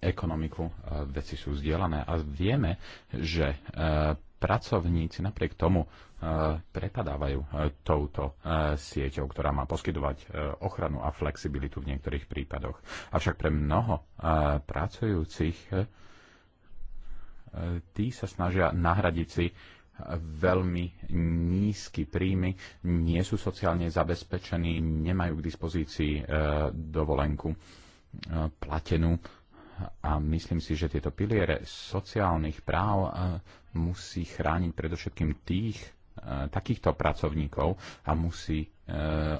ekonomiku, e, veci sú vzdielané a vieme, že e, pracovníci napriek tomu e, prepadávajú e, touto e, sieťou, ktorá má poskytovať e, ochranu a flexibilitu v niektorých prípadoch. Avšak pre mnoho e, pracujúcich e, tí sa snažia nahradiť si veľmi nízky príjmy, nie sú sociálne zabezpečení, nemajú k dispozícii e, dovolenku e, platenú a myslím si, že tieto piliere sociálnych práv e, musí chrániť predovšetkým tých, takýchto pracovníkov a musí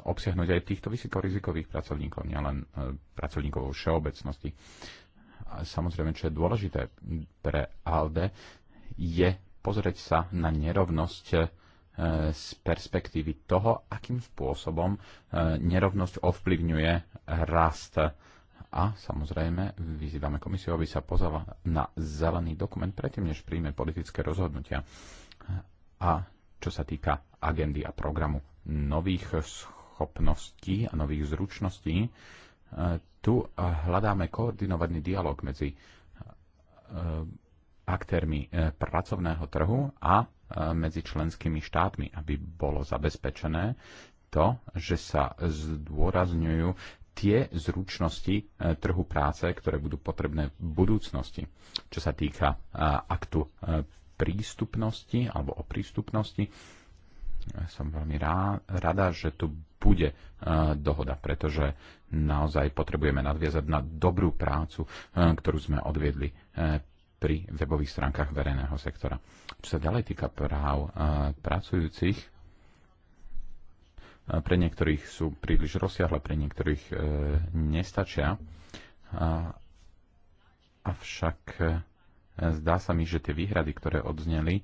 obsiahnuť aj týchto vysokorizikových pracovníkov, nielen pracovníkov vo všeobecnosti samozrejme, čo je dôležité pre ALDE, je pozrieť sa na nerovnosť e, z perspektívy toho, akým spôsobom e, nerovnosť ovplyvňuje rast. A samozrejme, vyzývame komisiu, aby sa pozvala na zelený dokument predtým, než príjme politické rozhodnutia. A čo sa týka agendy a programu nových schopností a nových zručností, tu eh, hľadáme koordinovaný dialog medzi eh, aktérmi eh, pracovného trhu a medzi členskými štátmi, aby bolo zabezpečené to, že sa zdôrazňujú tie zručnosti trhu práce, ktoré budú potrebné v budúcnosti. Čo sa týka aktu prístupnosti alebo o prístupnosti, som veľmi rá, rada, že tu bude e, dohoda, pretože naozaj potrebujeme nadviazať na dobrú prácu, e, ktorú sme odviedli e, pri webových stránkach verejného sektora. Čo sa ďalej týka práv pracujúcich, pre niektorých sú príliš rozsiahle, pre niektorých nestačia. Avšak zdá sa mi, že tie výhrady, ktoré odzneli,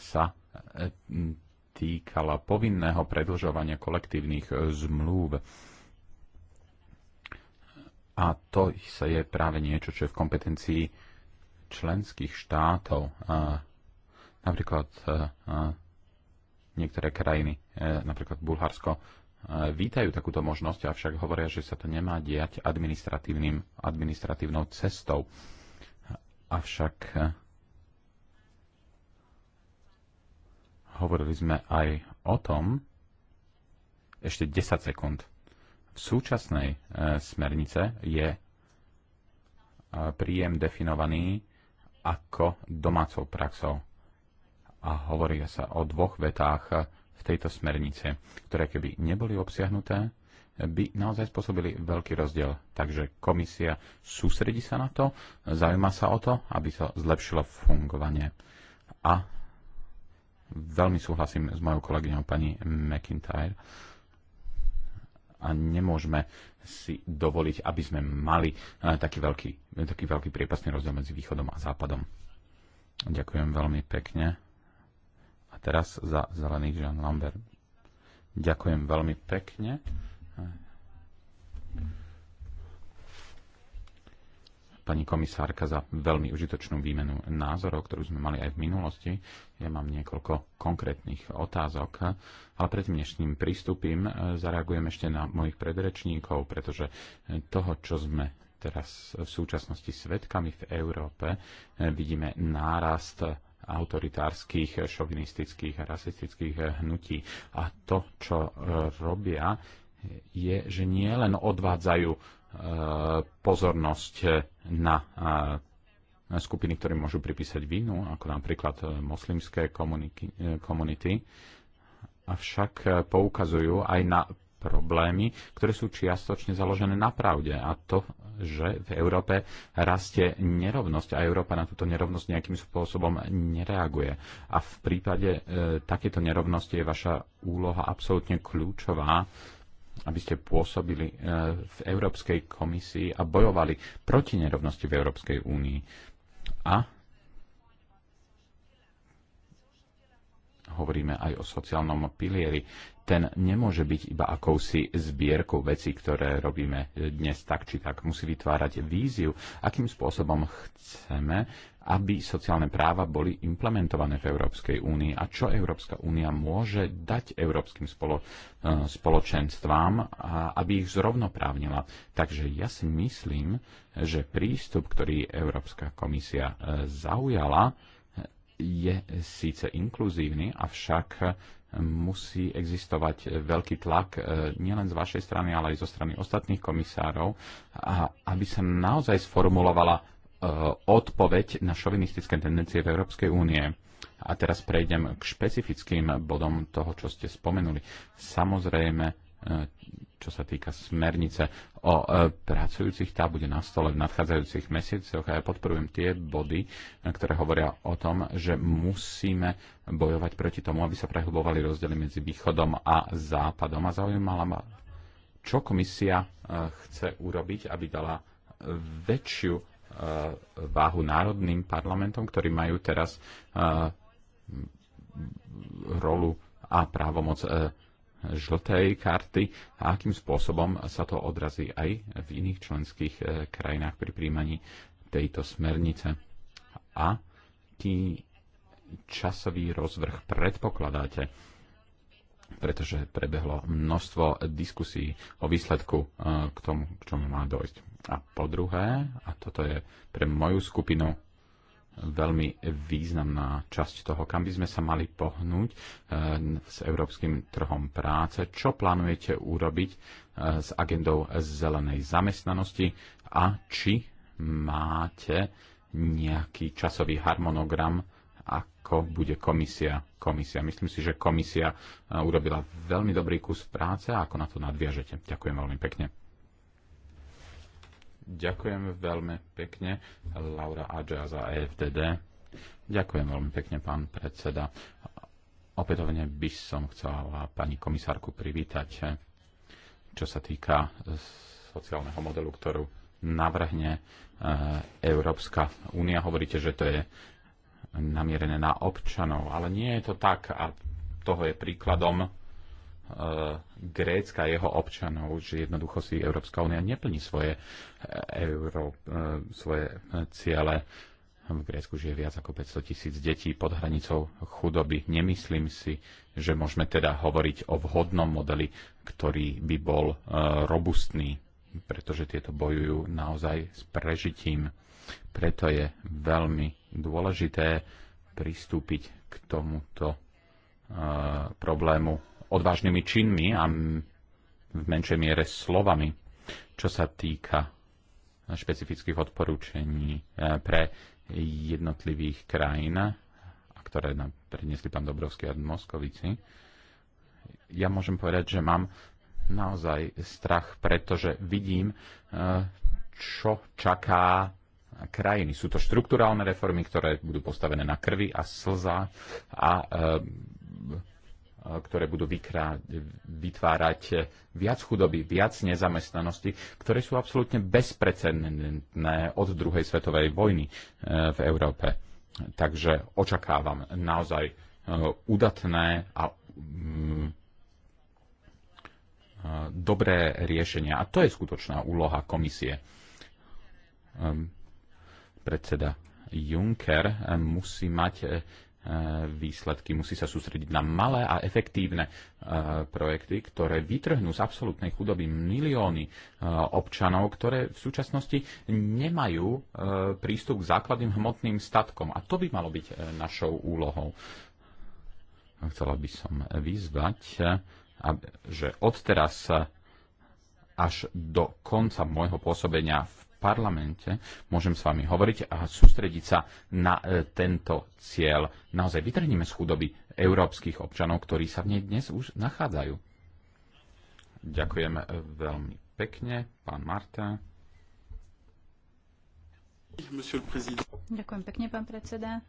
sa týkala povinného predlžovania kolektívnych e, zmluv. A to sa je práve niečo, čo je v kompetencii členských štátov. Napríklad e, e, niektoré krajiny, napríklad Bulharsko, vítajú takúto možnosť, avšak hovoria, že sa to nemá diať administratívnym, administratívnou cestou. Avšak hovorili sme aj o tom, ešte 10 sekúnd, v súčasnej e, smernice je e, príjem definovaný ako domácou praxou. A hovorí sa o dvoch vetách e, v tejto smernice, ktoré keby neboli obsiahnuté, by naozaj spôsobili veľký rozdiel. Takže komisia sústredí sa na to, zaujíma sa o to, aby sa zlepšilo fungovanie. A veľmi súhlasím s mojou kolegyňou pani McIntyre a nemôžeme si dovoliť, aby sme mali eh, taký veľký, taký veľký priepasný rozdiel medzi východom a západom. Ďakujem veľmi pekne. A teraz za zelený Jean Lambert. Ďakujem veľmi pekne pani komisárka za veľmi užitočnú výmenu názorov, ktorú sme mali aj v minulosti. Ja mám niekoľko konkrétnych otázok, ale predtým, než s ním pristúpim, e, zareagujem ešte na mojich predrečníkov, pretože e, toho, čo sme teraz v súčasnosti svetkami v Európe, e, vidíme nárast autoritárskych, šovinistických a rasistických hnutí. A to, čo robia, je, že nie len odvádzajú pozornosť na skupiny, ktoré môžu pripísať vinu, ako napríklad eh, moslimské eh, komunity, avšak eh, poukazujú aj na problémy, ktoré sú čiastočne založené na pravde. A to, že v Európe rastie nerovnosť a Európa na túto nerovnosť nejakým spôsobom nereaguje. A v prípade e, takéto nerovnosti je vaša úloha absolútne kľúčová aby ste pôsobili eh, v Európskej komisii a bojovali proti nerovnosti v Európskej únii. A hovoríme aj o sociálnom pilieri. Ten nemôže byť iba akousi zbierkou vecí, ktoré robíme dnes tak či tak. Musí vytvárať víziu, akým spôsobom chceme aby sociálne práva boli implementované v Európskej únii a čo Európska únia môže dať európskym spolo, e, spoločenstvám, aby ich zrovnoprávnila. Takže ja si myslím, že prístup, ktorý Európska komisia e, zaujala, je síce inkluzívny, avšak e, musí existovať veľký tlak nielen z vašej strany, ale aj zo strany ostatných komisárov, aby sa naozaj sformulovala Eh, odpoveď na šovinistické tendencie v Európskej únie. A teraz prejdem k špecifickým bodom toho, čo ste spomenuli. Samozrejme, eh, čo sa týka smernice o eh, pracujúcich, tá bude na stole v nadchádzajúcich mesiacoch a ja podporujem tie body, ktoré hovoria o tom, že musíme bojovať proti tomu, aby sa prehlubovali rozdiely medzi východom a západom. A zaujímala ma, čo komisia chce urobiť, aby dala väčšiu E, váhu národným parlamentom, ktorí majú teraz e, rolu a právomoc e, žltej karty a akým spôsobom sa to odrazí aj v iných členských krajinách pri príjmaní tejto smernice. A tý časový rozvrh predpokladáte pretože prebehlo množstvo diskusí o výsledku e, k tomu, k čomu má dojsť. A po druhé, a toto je pre moju skupinu veľmi významná časť toho, kam by sme sa mali pohnúť e, s európskym trhom práce. Čo plánujete urobiť e, s agendou zelenej zamestnanosti a či máte nejaký časový harmonogram ako bude komisia. komisia. Myslím si, že komisia e, urobila veľmi dobrý kus práce a ako na to nadviažete. Ďakujem veľmi pekne. Ďakujem veľmi pekne Laura Adža za EFDD. Ďakujem veľmi pekne, pán predseda. Opätovne by som chcela pani komisárku privítať, e, čo sa týka sociálneho modelu, ktorú navrhne e, Európska únia. Hovoríte, že to je namierené na občanov. Ale nie je to tak a toho je príkladom e, Grécka a jeho občanov, že jednoducho si Európska únia neplní svoje, e, euro, e, svoje e, ciele. V Grécku žije viac ako 500 tisíc detí pod hranicou chudoby. Nemyslím si, že môžeme teda hovoriť o vhodnom modeli, ktorý by bol e, robustný, pretože tieto bojujú naozaj s prežitím. Preto je veľmi dôležité pristúpiť k tomuto e, problému odvážnymi činmi a v menšej miere slovami, čo sa týka špecifických odporúčení e, pre jednotlivých krajín, a ktoré nám predniesli pán Dobrovský a Moskovici. Ja môžem povedať, že mám naozaj strach, pretože vidím, e, čo čaká krajiny. Sú to štruktúrálne reformy, ktoré budú postavené na krvi a slza a e, e, ktoré budú vytvárať viac chudoby, viac nezamestnanosti, ktoré sú absolútne bezprecedentné od druhej svetovej vojny e, v Európe. Takže očakávam naozaj udatné a mm, dobré riešenia. A to je skutočná úloha komisie. Ehm, predseda Juncker musí mať e, výsledky, musí sa sústrediť na malé a efektívne e, projekty, ktoré vytrhnú z absolútnej chudoby milióny e, občanov, ktoré v súčasnosti nemajú prístup k základným hmotným statkom. A to by malo byť našou úlohou. Chcela by som vyzvať, že odteraz až do konca môjho pôsobenia v parlamente môžem s vami hovoriť a sústrediť sa na e, tento cieľ. Naozaj vytrhnime z chudoby európskych občanov, ktorí sa v nej dnes už nachádzajú. Ďakujem e, veľmi pekne, pán Marta. Ďakujem pekne, pán predseda.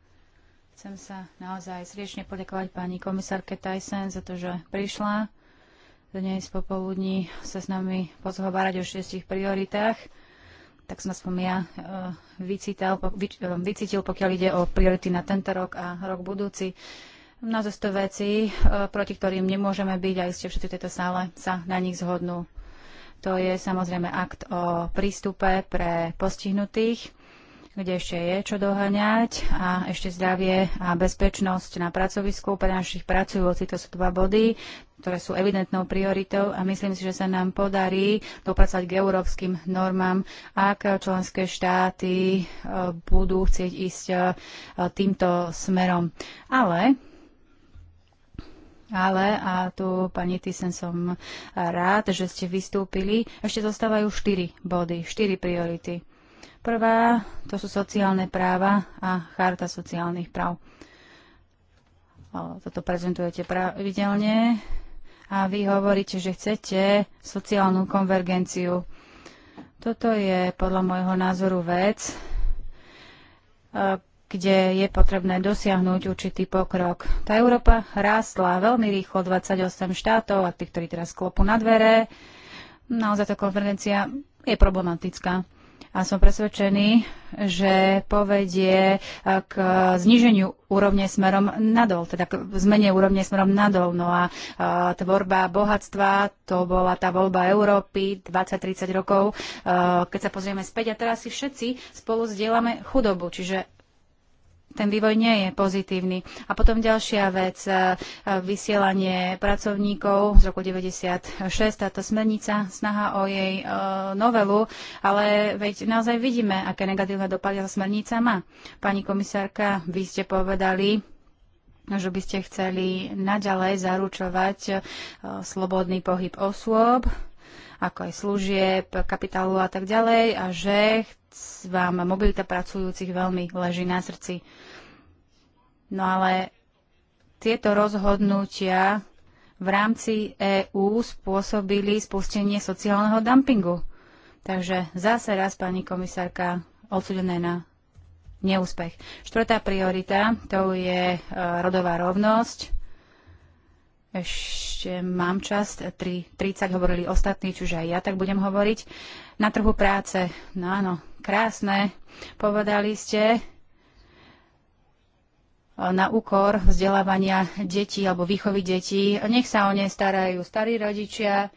Chcem sa naozaj srdečne poďakovať pani komisárke Tyson za to, že prišla. Dnes popoludní sa s nami pozhovárať o šiestich prioritách tak som aspoň ja e, vycítal, e, vycítil, pokiaľ ide o priority na tento rok a rok budúci. Na zesto vecí, e, proti ktorým nemôžeme byť, aj ste všetci v tejto sále sa na nich zhodnú. To je samozrejme akt o prístupe pre postihnutých kde ešte je čo doháňať a ešte zdravie a bezpečnosť na pracovisku pre našich pracujúcich. To sú dva body, ktoré sú evidentnou prioritou a myslím si, že sa nám podarí dopracovať k európskym normám, ak členské štáty e, budú chcieť ísť e, týmto smerom. Ale ale, a tu pani Tysen som rád, že ste vystúpili, ešte zostávajú 4 body, 4 priority. Prvá, to sú sociálne práva a charta sociálnych práv. Toto prezentujete pravidelne a vy hovoríte, že chcete sociálnu konvergenciu. Toto je podľa môjho názoru vec, e, kde je potrebné dosiahnuť určitý pokrok. Tá Európa rástla veľmi rýchlo, 28 štátov a tých, ktorí teraz klopú na dvere, naozaj tá konvergencia je problematická a som presvedčený, že povedie e, k zniženiu úrovne smerom nadol, teda k zmene úrovne smerom nadol. No a, a e, tvorba bohatstva, to bola tá voľba Európy 20-30 rokov, a, e, keď sa pozrieme späť a teraz si všetci spolu zdieľame chudobu, čiže ten vývoj nie je pozitívny. A potom ďalšia vec, e, e, vysielanie pracovníkov z roku 1996. táto smernica, snaha o jej e, novelu, ale veď naozaj vidíme, aké negatívne dopady sa smernica má. Pani komisárka, vy ste povedali, že by ste chceli naďalej zaručovať slobodný pohyb osôb, ako aj služieb, kapitálu a tak ďalej a že vám mobilita pracujúcich veľmi leží na srdci. No ale tieto rozhodnutia v rámci EÚ spôsobili spustenie sociálneho dumpingu. Takže zase raz, pani komisárka, odsudené na neúspech. Štvrtá priorita, to je e, rodová rovnosť ešte mám čas, 3, 30 hovorili ostatní, čiže aj ja tak budem hovoriť. Na trhu práce, no áno, krásne, povedali ste, na úkor vzdelávania detí alebo výchovy detí. Nech sa o ne starajú starí rodičia.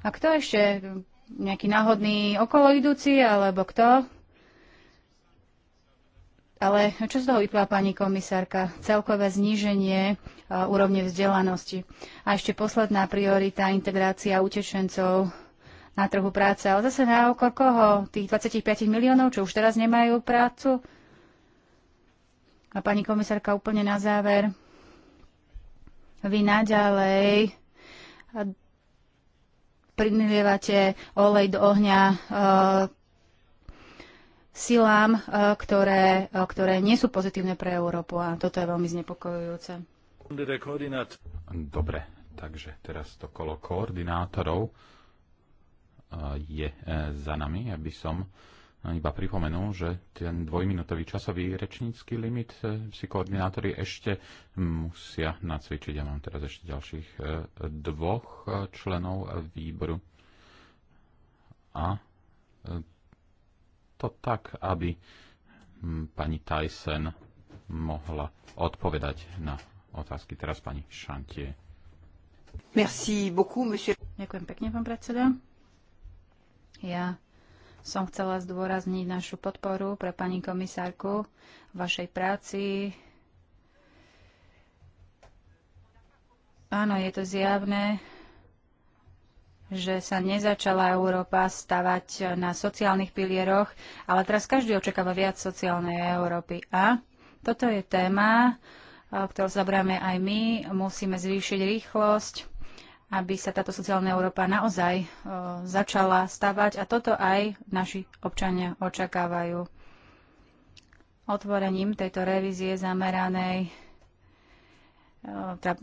A kto ešte? Nejaký náhodný okoloidúci alebo kto? Ale čo z toho vyplá pani komisárka? Celkové zníženie e, úrovne vzdelanosti. A ešte posledná priorita, integrácia utečencov na trhu práce. Ale zase na okor koho? Tých 25 miliónov, čo už teraz nemajú prácu? A pani komisárka úplne na záver. Vy naďalej prinlievate olej do ohňa e, silám, eh, ktoré, eh, ktoré nie sú pozitívne pre Európu a toto je veľmi znepokojujúce. Dobre, takže teraz to kolo koordinátorov eh, je za nami, aby som iba pripomenul, že ten dvojminútový časový rečnícky limit si koordinátori ešte musia nacvičiť. Ja mám teraz ešte ďalších dvoch členov výboru. A to tak, aby hm, pani Tyson mohla odpovedať na otázky. Teraz pani Šantie. Merci beaucoup, monsieur. Ďakujem pekne, pán predseda. Ja som chcela zdôrazniť našu podporu pre pani komisárku vašej práci. Áno, je to zjavné, že sa nezačala Európa stavať na sociálnych pilieroch, ale teraz každý očakáva viac sociálnej Európy. A toto je téma, eh, ktorú zabráme aj my. Musíme zvýšiť rýchlosť, aby sa táto sociálna Európa naozaj eh, začala stavať. A toto aj naši občania očakávajú. Otvorením tejto revízie zameranej Ehm, teda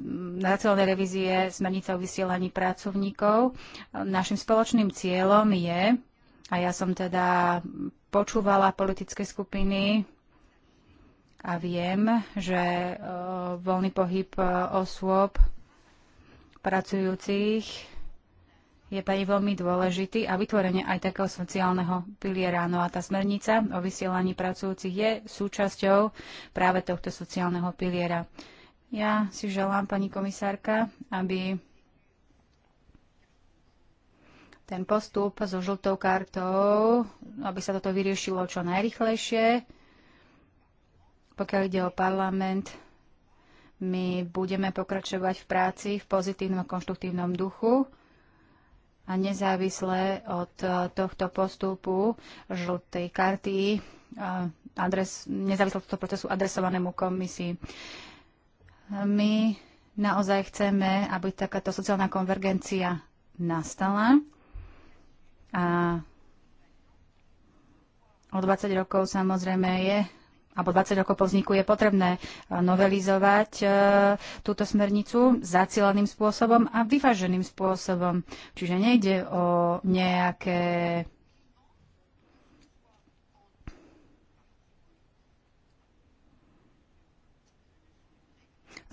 nacionálnej revízie smernice o vysielaní pracovníkov. Ehm, našim spoločným cieľom je, a ja som teda počúvala politické skupiny a viem, že ehm, voľný pohyb osôb pracujúcich je pre nich veľmi dôležitý a vytvorenie aj takého sociálneho piliera. No a tá smernica o vysielaní pracujúcich je súčasťou práve tohto sociálneho piliera. Ja si želám, pani komisárka, aby ten postup so žltou kartou, aby sa toto vyriešilo čo najrychlejšie. Pokiaľ ide o parlament, my budeme pokračovať v práci v pozitívnom konštruktívnom duchu a nezávisle od eh, tohto postupu žltej karty eh, adres, nezávisle od tohto procesu adresovanému komisii. My naozaj chceme, aby takáto sociálna konvergencia nastala. A o 20 rokov samozrejme je alebo 20 rokov po vzniku je potrebné e, novelizovať e, túto smernicu zacieleným spôsobom a vyváženým spôsobom. Čiže nejde o nejaké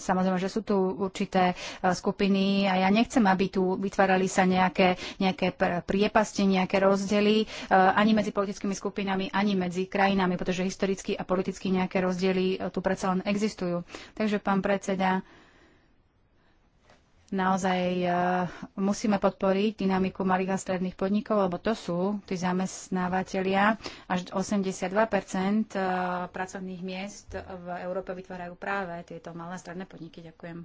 Samozrejme, že sú tu určité e, skupiny a ja nechcem, aby tu vytvárali sa nejaké, nejaké priepasti, nejaké rozdiely e, ani medzi politickými skupinami, ani medzi krajinami, pretože historicky a politicky nejaké rozdiely e, tu predsa len existujú. Takže, pán predseda, naozaj e, musíme podporiť dynamiku malých a stredných podnikov, lebo to sú tí zamestnávateľia. Až 82 e, pracovných miest v Európe vytvárajú práve tieto malé a stredné podniky. Ďakujem.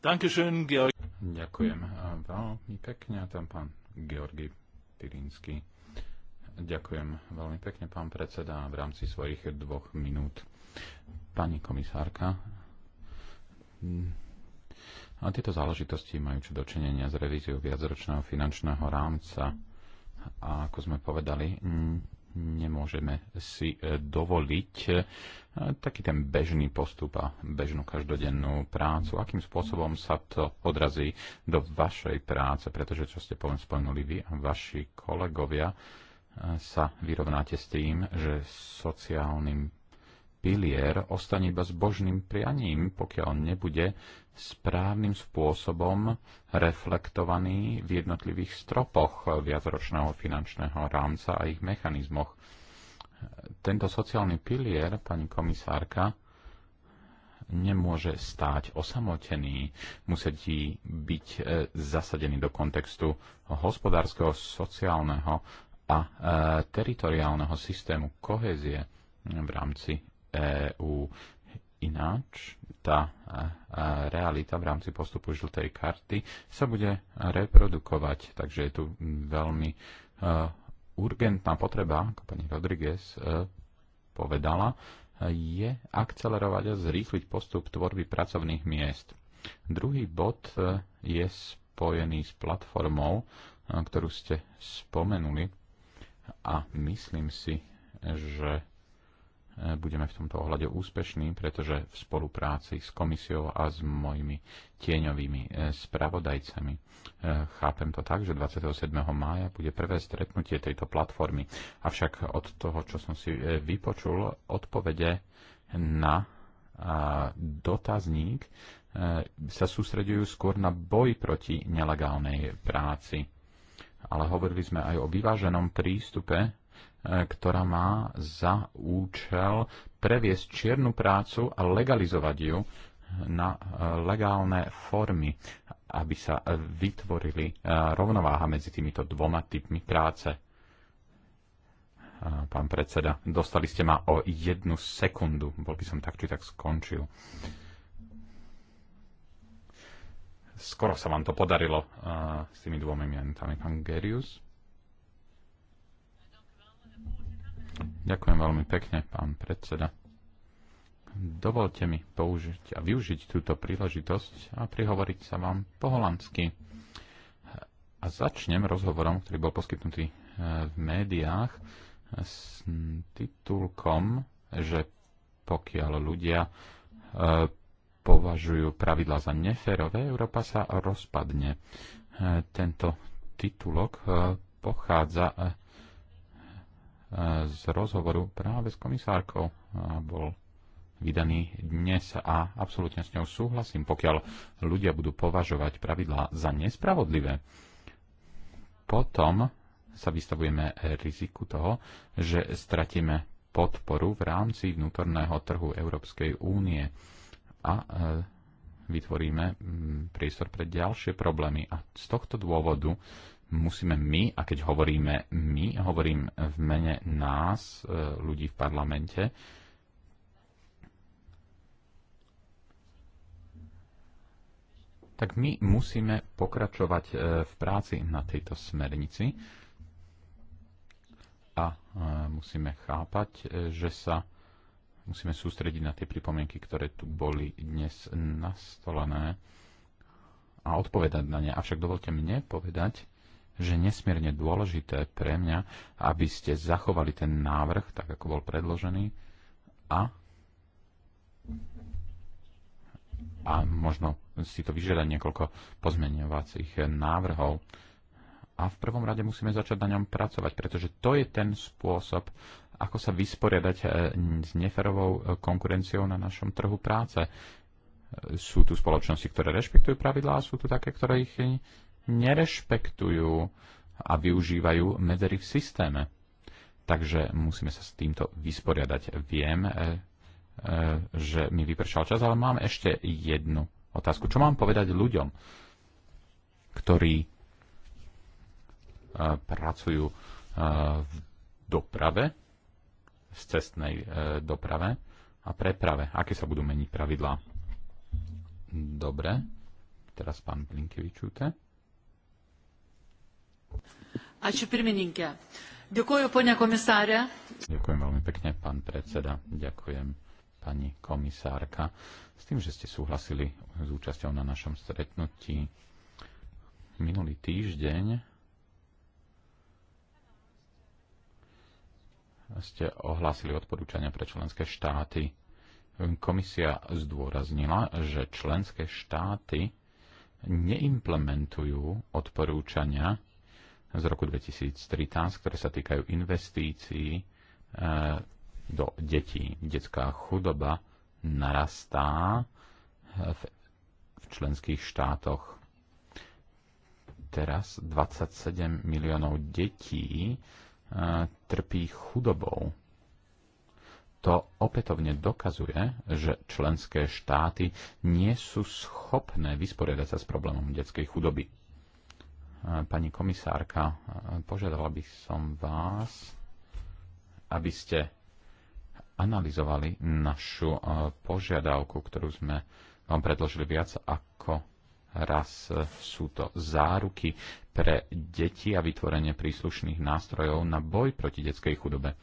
Dankeschön, Georg. Ďakujem e, veľmi pekne, tam pán Georgi Pirinsky. Ďakujem veľmi pekne, pán predseda, v rámci svojich dvoch minút. Pani komisárka, a tieto záležitosti majú čo dočinenia s revíziou viacročného finančného rámca. A ako sme povedali, nemôžeme si e, dovoliť e, taký ten bežný postup a bežnú každodennú prácu. Akým spôsobom sa to odrazí do vašej práce? Pretože, čo ste poviem, spomenuli vy a vaši kolegovia, e, sa vyrovnáte s tým, že sociálnym pilier ostane iba s božným prianím, pokiaľ nebude správnym spôsobom reflektovaný v jednotlivých stropoch viacročného finančného rámca a ich mechanizmoch. Tento sociálny pilier, pani komisárka, nemôže stáť osamotený, musí byť e, zasadený do kontextu hospodárskeho, sociálneho a e, teritoriálneho systému kohézie v rámci EÚ. Ináč tá e, e, realita v rámci postupu žltej karty sa bude reprodukovať. Takže je tu veľmi e, urgentná potreba, ako pani Rodriguez povedala, je akcelerovať a zrýchliť postup tvorby pracovných miest. Druhý bod je spojený s platformou, ktorú ste spomenuli a myslím si, že budeme v tomto ohľade úspešní, pretože v spolupráci s komisiou a s mojimi tieňovými e, spravodajcami e, chápem to tak, že 27. mája bude prvé stretnutie tejto platformy. Avšak od toho, čo som si e, vypočul, odpovede na dotazník sa sústredujú skôr na boj proti nelegálnej práci. Ale hovorili sme aj o vyváženom prístupe E, ktorá má za účel previesť čiernu prácu a legalizovať ju na e, legálne formy, aby sa vytvorili e, rovnováha medzi týmito dvoma typmi práce. Pán predseda, dostali ste ma o jednu sekundu, bol by som tak či tak skončil. Skoro sa vám to podarilo s tými dvomi mientami, pán Gerius. Ďakujem veľmi pekne, pán predseda. Dovolte mi použiť a využiť túto príležitosť a prihovoriť sa vám po holandsky. A začnem rozhovorom, ktorý bol poskytnutý e, v médiách s titulkom, že pokiaľ ľudia e, považujú pravidla za neférové, Európa sa rozpadne. E, tento titulok pochádza z rozhovoru práve s komisárkou bol vydaný dnes a absolútne s ňou súhlasím, pokiaľ ľudia budú považovať pravidlá za nespravodlivé, potom sa vystavujeme riziku toho, že stratíme podporu v rámci vnútorného trhu Európskej únie a e, vytvoríme priestor pre ďalšie problémy. A z tohto dôvodu musíme my, a keď hovoríme my, hovorím v mene nás, e, ľudí v parlamente, tak my musíme pokračovať e, v práci na tejto smernici a e, musíme chápať, že sa musíme sústrediť na tie pripomienky, ktoré tu boli dnes nastolené a odpovedať na ne. Avšak dovolte mne povedať, že nesmierne dôležité pre mňa, aby ste zachovali ten návrh, tak ako bol predložený, a a možno si to vyžiada niekoľko pozmeňovacích návrhov. A v prvom rade musíme začať na ňom pracovať, pretože to je ten spôsob, ako sa vysporiadať e, s neferovou e, konkurenciou na našom trhu práce. E, sú tu spoločnosti, ktoré rešpektujú pravidlá a sú tu také, ktoré ich nerešpektujú a využívajú medzery v systéme. Takže musíme sa s týmto vysporiadať. Viem, e, e, že mi vypršal čas, ale mám ešte jednu otázku. Čo mám povedať ľuďom, ktorí e, pracujú v doprave, v cestnej doprave a preprave? Aké sa budú meniť pravidlá? Dobre. Teraz pán Blinkevičúte. Ačiū pirmininkė. Ďakujem, ponia komisárė. Ďakujem veľmi pekne, pán predseda. Ďakujem, pani komisárka, s tým, že ste súhlasili s účasťou na našom stretnutí minulý týždeň. ste ohlásili odporúčania pre členské štáty. Komisia zdôraznila, že členské štáty neimplementujú odporúčania z roku 2013, ktoré sa týkajú investícií e, do detí. Detská chudoba narastá e, v, v členských štátoch. Teraz 27 miliónov detí e, trpí chudobou. To opätovne dokazuje, že členské štáty nie sú schopné vysporiadať sa s problémom detskej chudoby. Pani komisárka, požiadala by som vás, aby ste analyzovali našu eh, požiadavku, ktorú sme vám predložili viac ako raz sú to záruky pre deti a vytvorenie príslušných nástrojov na boj proti detskej chudobe.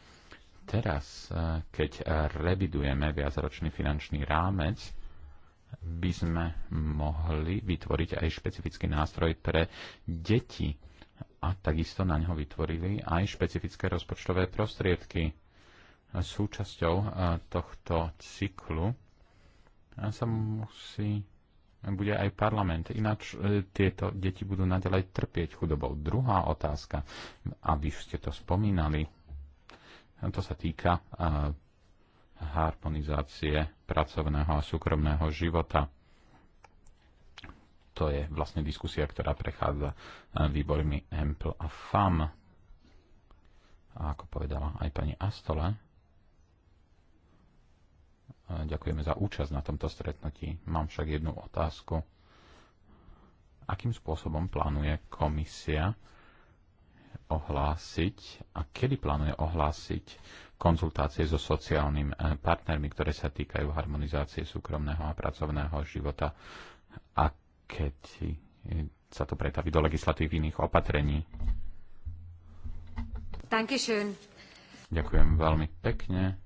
Teraz, eh, keď revidujeme viacročný finančný rámec, by sme mohli vytvoriť aj špecifický nástroj pre deti a takisto na ňo vytvorili aj špecifické rozpočtové prostriedky. Súčasťou eh, tohto cyklu eh, sa musí bude aj parlament. Ináč eh, tieto deti budú naďalej trpieť chudobou. Druhá otázka, aby ste to spomínali, to sa týka harmonizácie pracovného a súkromného života. To je vlastne diskusia, ktorá prechádza e, výbormi EMPL a FAM. A ako povedala aj pani Astole, e, ďakujeme za účasť na tomto stretnutí. Mám však jednu otázku. Akým spôsobom plánuje komisia ohlásiť a kedy plánuje ohlásiť konzultácie so sociálnym eh, partnermi, ktoré sa týkajú harmonizácie súkromného a pracovného života a keď eh, sa to pretaví do legislatívnych opatrení. Dankeschön. Ďakujem veľmi pekne.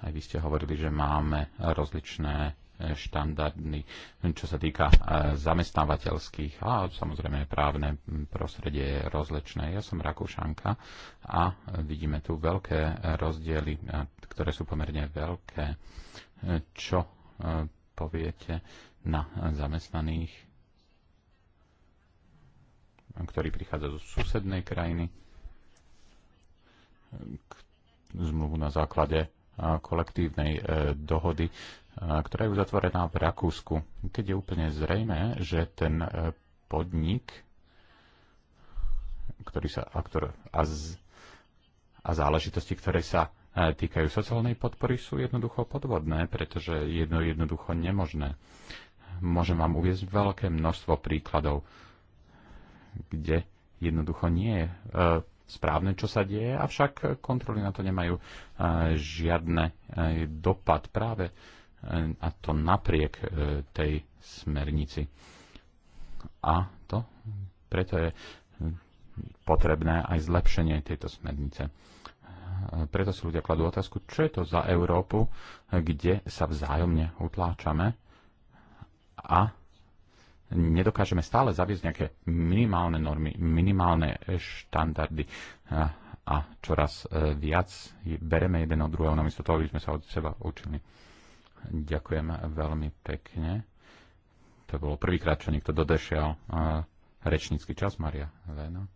Aj vy ste hovorili, že máme rozličné štandardný. čo sa týka e, zamestnávateľských a samozrejme právne prostredie je rozlečné. Ja som Rakúšanka a vidíme tu veľké rozdiely, ktoré sú pomerne veľké. E, čo e, poviete na zamestnaných, ktorí prichádza zo susednej krajiny, zmluvu na základe kolektívnej dohody ktorá je uzatvorená v Rakúsku. Keď je úplne zrejme, že ten e, podnik, ktorý sa, a, ktor, a, z, a záležitosti, ktoré sa e, týkajú sociálnej podpory, sú jednoducho podvodné, pretože jedno jednoducho nemožné. Môžem vám uviezť veľké množstvo príkladov, kde jednoducho nie je e, správne, čo sa deje, avšak kontroly na to nemajú žiadne dopad práve a to napriek e, tej smernici. A to preto je e, potrebné aj zlepšenie tejto smernice. E, preto si ľudia kladú otázku, čo je to za Európu, kde sa vzájomne utláčame a nedokážeme stále zaviesť nejaké minimálne normy, minimálne štandardy a, čoraz viac bereme jeden od druhého, namiesto toho, aby sme sa od seba učili. Ďakujem veľmi pekne. To bolo prvýkrát, čo niekto dodešiel rečnícky čas, Maria Lena.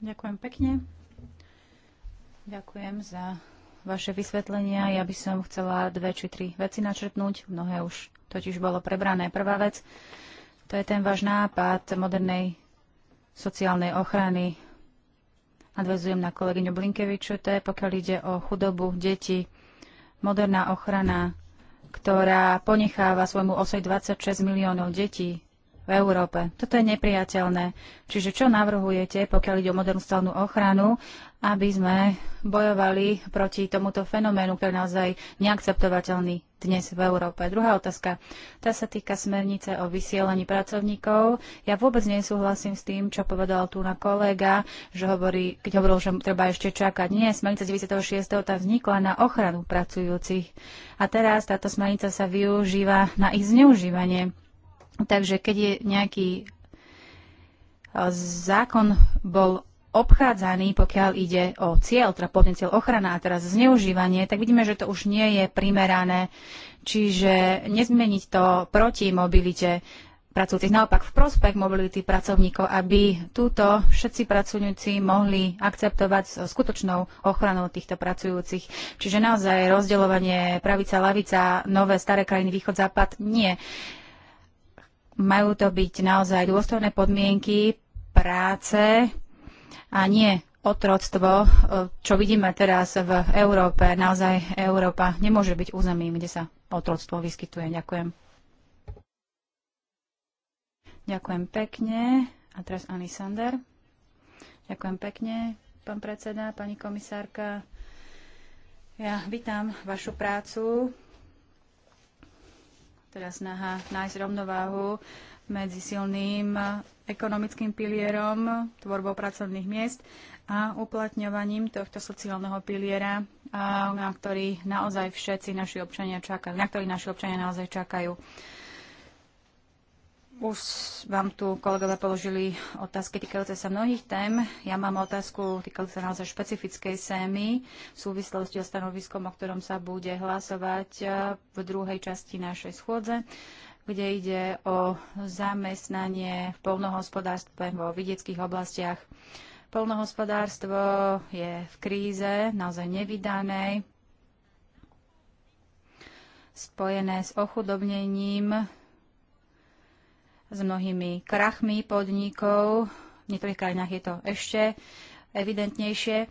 Ďakujem pekne. Ďakujem za vaše vysvetlenia. Ja by som chcela dve či tri veci načrtnúť. Mnohé už totiž bolo prebrané. Prvá vec, to je ten váš nápad modernej sociálnej ochrany. Advezujem na kolegyňu Blinkeviču, to je pokiaľ ide o chudobu detí moderná ochrana, ktorá ponecháva svojmu osej 26 miliónov detí v Európe. Toto je nepriateľné. Čiže čo navrhujete, pokiaľ ide o modernú ochranu aby sme bojovali proti tomuto fenoménu, ktorý je naozaj neakceptovateľný dnes v Európe. Druhá otázka. Tá sa týka smernice o vysielaní pracovníkov. Ja vôbec nesúhlasím s tým, čo povedal tu na kolega, že hovorí, keď hovoril, že treba ešte čakať. Nie, smernica 96. tá vznikla na ochranu pracujúcich. A teraz táto smernica sa využíva na ich zneužívanie. Takže keď je nejaký e, zákon bol obchádzaný, pokiaľ ide o cieľ, teda potenciál ochrana a teraz zneužívanie, tak vidíme, že to už nie je primerané. Čiže nezmeniť to proti mobilite pracujúcich, naopak v prospech mobility pracovníkov, aby túto všetci pracujúci mohli akceptovať s skutočnou ochranou týchto pracujúcich. Čiže naozaj rozdeľovanie pravica, lavica, nové, staré krajiny, východ, západ, nie. Majú to byť naozaj dôstojné podmienky práce, a nie otroctvo, e, čo vidíme teraz v Európe. Naozaj Európa nemôže byť územím, kde sa otroctvo vyskytuje. Ďakujem. Ďakujem pekne. A teraz Ani Sander. Ďakujem pekne, pán predseda, pani komisárka. Ja vítam vašu prácu, Teraz snaha nájsť rovnováhu medzi silným ekonomickým pilierom, tvorbou pracovných miest a uplatňovaním tohto sociálneho piliera, na ktorý naozaj všetci naši občania čakajú, na ktorý naši občania naozaj čakajú. Už vám tu kolegovia položili otázky týkajúce sa mnohých tém. Ja mám otázku týkajúce sa naozaj špecifickej sémy v súvislosti o stanoviskom, o ktorom sa bude hlasovať eh, v druhej časti našej schôdze kde ide o zamestnanie v polnohospodárstve vo vidieckých oblastiach. Polnohospodárstvo je v kríze, naozaj nevydanej, spojené s ochudobnením, s mnohými krachmi podnikov. V niektorých krajinách je to ešte evidentnejšie.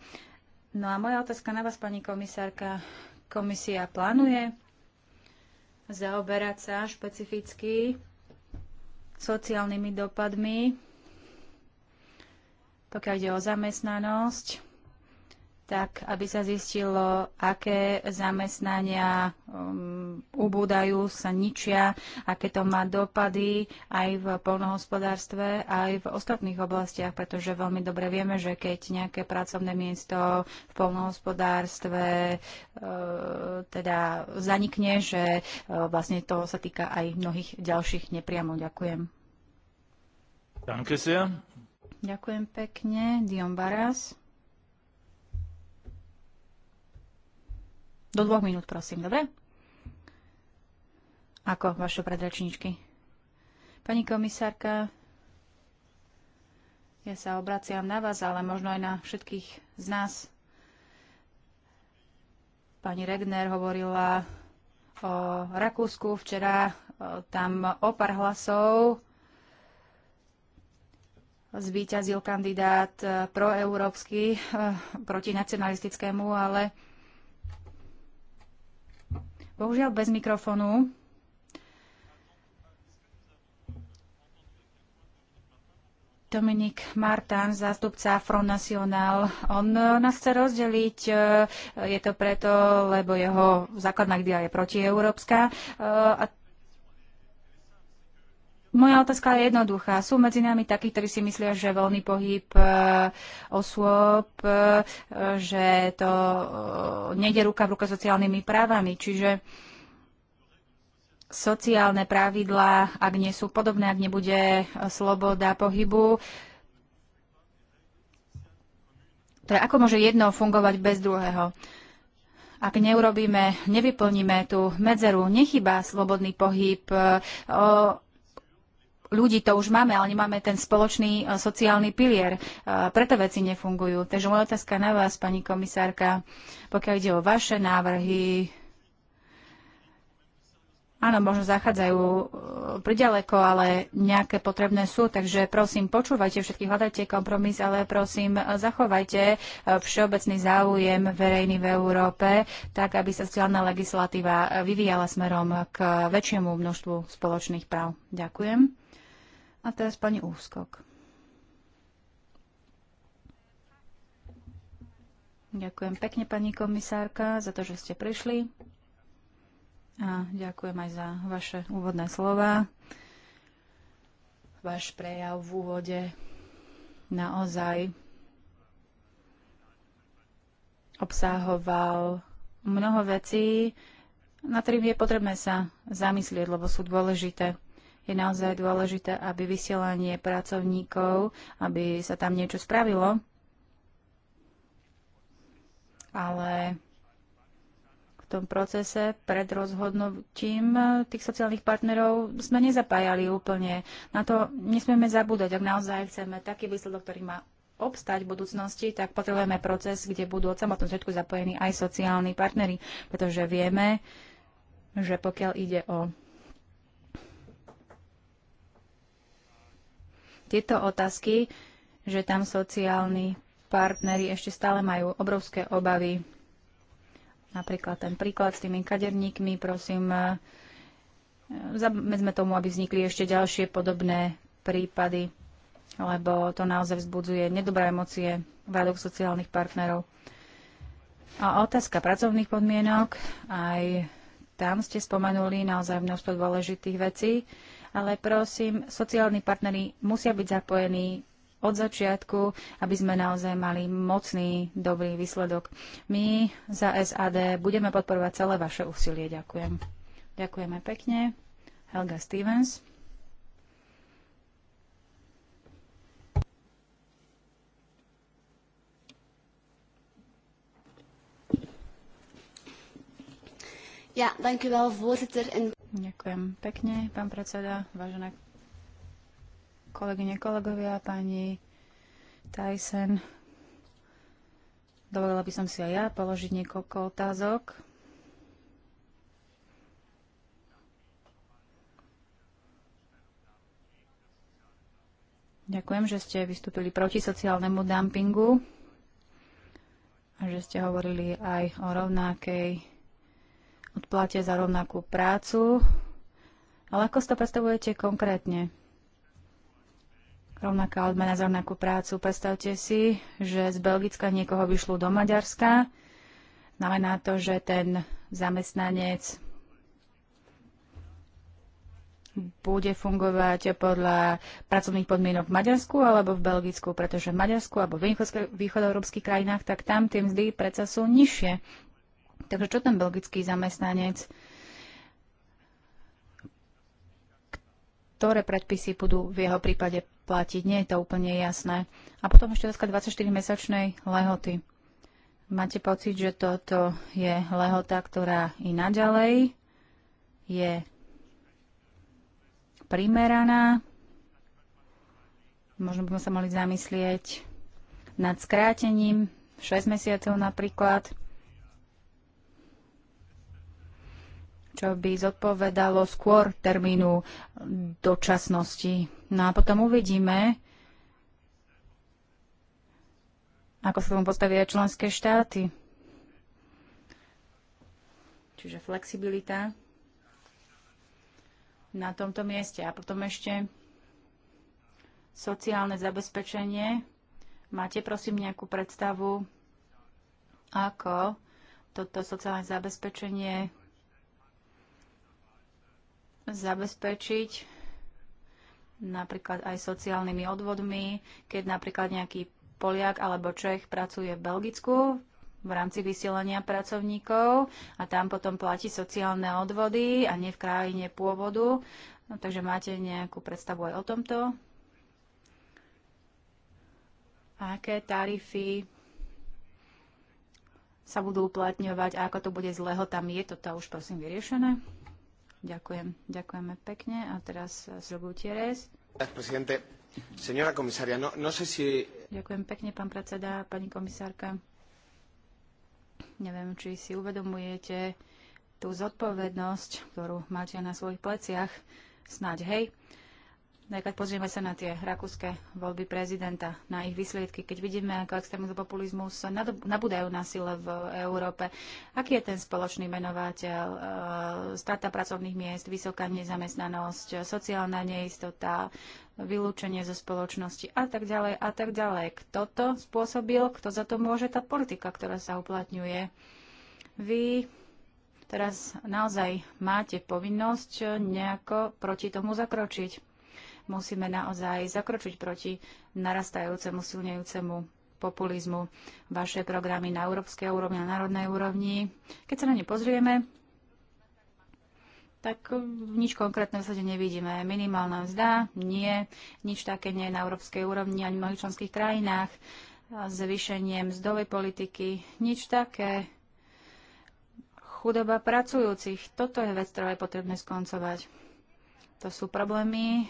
No a moja otázka na vás, pani komisárka, komisia plánuje zaoberať sa špecificky sociálnymi dopadmi, pokiaľ ide o zamestnanosť, tak aby sa zistilo, aké zamestnania um, ubúdajú, sa ničia, aké to má dopady aj v polnohospodárstve, aj v ostatných oblastiach, pretože veľmi dobre vieme, že keď nejaké pracovné miesto v polnohospodárstve e, teda zanikne, že e, vlastne to sa týka aj mnohých ďalších nepriamo. Ďakujem. Danke sehr. Ďakujem pekne. Dion Baras. Do dvoch minút, prosím, dobre? ako vaše predrečničky. Pani komisárka, ja sa obraciam na vás, ale možno aj na všetkých z nás. Pani Regner hovorila o Rakúsku včera, tam o pár hlasov zvýťazil kandidát e, proeurópsky e, proti nacionalistickému, ale bohužiaľ bez mikrofonu. Dominik Martán, zástupca Front National, on eh, nás chce rozdeliť. Eh, je to preto, lebo jeho základná idea je protieurópska. Eh, a moja otázka je jednoduchá. Sú medzi nami takí, ktorí si myslia, že voľný pohyb osôb, že to nejde ruka v ruka sociálnymi právami. Čiže sociálne pravidlá, ak nie sú podobné, ak nebude e, sloboda pohybu, teda ako môže jedno fungovať bez druhého? Ak neurobíme, nevyplníme tú medzeru, nechyba slobodný pohyb, e, ľudí to už máme, ale nemáme ten spoločný e, sociálny pilier. Preto veci nefungujú. Takže moja otázka na vás, pani komisárka, pokiaľ ide o vaše návrhy, Áno, možno zachádzajú e, priďaleko, ale nejaké potrebné sú, takže prosím, počúvajte všetky, hľadajte kompromis, ale prosím, e, zachovajte e, všeobecný záujem verejný v Európe, tak aby sa sociálna legislatíva vyvíjala smerom k väčšiemu množstvu spoločných práv. Ďakujem. A teraz pani Úskok. Ďakujem pekne, pani komisárka, za to, že ste prišli. A ďakujem aj za vaše úvodné slova. Váš prejav v úvode naozaj obsahoval mnoho vecí, na ktorým je potrebné sa zamyslieť, lebo sú dôležité. Je naozaj dôležité, aby vysielanie pracovníkov, aby sa tam niečo spravilo, ale tom procese pred rozhodnutím eh, tých sociálnych partnerov sme nezapájali úplne. Na to nesmieme zabúdať, ak naozaj chceme taký výsledok, ktorý má obstať v budúcnosti, tak potrebujeme proces, kde budú od samotného začiatku zapojení aj sociálni partnery, pretože vieme, že pokiaľ ide o tieto otázky, že tam sociálni partnery ešte stále majú obrovské obavy Napríklad ten príklad s tými kaderníkmi, prosím, e, zamedzme tomu, aby vznikli ešte ďalšie podobné prípady, lebo to naozaj vzbudzuje nedobré emócie v radoch sociálnych partnerov. A otázka pracovných podmienok, aj tam ste spomenuli naozaj množstvo dôležitých vecí, ale prosím, sociálni partnery musia byť zapojení od začiatku, aby sme naozaj mali mocný, dobrý výsledok. My za SAD budeme podporovať celé vaše úsilie. Ďakujem. Ďakujeme pekne. Helga Stevens. Ja, dank u wel, voorzitter. Ďakujem pekne, pán predseda, vážené kolegyne, kolegovia, pani Tyson. Dovolila by som si aj ja položiť niekoľko otázok. Ďakujem, že ste vystúpili proti sociálnemu dumpingu a že ste hovorili aj o rovnakej odplate za rovnakú prácu. Ale ako si to predstavujete konkrétne? Rovnaká odmena za rovnakú prácu. Predstavte si, že z Belgicka niekoho vyšlo do Maďarska. Znamená to, že ten zamestnanec bude fungovať podľa pracovných podmienok v Maďarsku alebo v Belgicku, pretože v Maďarsku alebo v východoeurópskych krajinách, tak tam tie mzdy predsa sú nižšie. Takže čo ten belgický zamestnanec ktoré predpisy budú v jeho prípade platiť. Nie je to úplne jasné. A potom ešte otázka 24-mesačnej lehoty. Máte pocit, že toto je lehota, ktorá i naďalej je primeraná? Možno by sme sa mali zamyslieť nad skrátením 6 mesiacov napríklad. čo by zodpovedalo skôr termínu dočasnosti. No a potom uvidíme, ako sa tomu postavia členské štáty. Čiže flexibilita na tomto mieste. A potom ešte sociálne zabezpečenie. Máte prosím nejakú predstavu, ako toto sociálne zabezpečenie zabezpečiť napríklad aj sociálnymi odvodmi, keď napríklad nejaký Poliak alebo Čech pracuje v Belgicku v rámci vysielania pracovníkov a tam potom platí sociálne odvody a nie v krajine pôvodu. No, takže máte nejakú predstavu aj o tomto? Aké tarify sa budú uplatňovať a ako to bude s lehotami? Je toto už prosím vyriešené? Ďakujem. Ďakujeme pekne. A teraz Silbu Tieres. No, no sé si... Ďakujem pekne, pán predseda, pani komisárka. Neviem, či si uvedomujete tú zodpovednosť, ktorú máte na svojich pleciach. Snáď hej aj keď pozrieme sa na tie rakúske voľby prezidenta, na ich výsledky, keď vidíme, ako extrémny populizmus nabúdajú na sile v Európe, aký je ten spoločný menovateľ, e, strata pracovných miest, vysoká nezamestnanosť, sociálna neistota, vylúčenie zo spoločnosti a tak ďalej a tak ďalej. Kto to spôsobil, kto za to môže, tá politika, ktorá sa uplatňuje. Vy teraz naozaj máte povinnosť nejako proti tomu zakročiť musíme naozaj zakročiť proti narastajúcemu, silnejúcemu populizmu. Vaše programy na európskej úrovni, na národnej úrovni. Keď sa na ne pozrieme, tak nič konkrétne v zásade nevidíme. Minimálna mzda? Nie. Nič také nie na európskej úrovni ani v mnohých členských krajinách. Zvýšenie mzdovej politiky? Nič také. Chudoba pracujúcich? Toto je vec, ktorá je potrebné skoncovať. To sú problémy,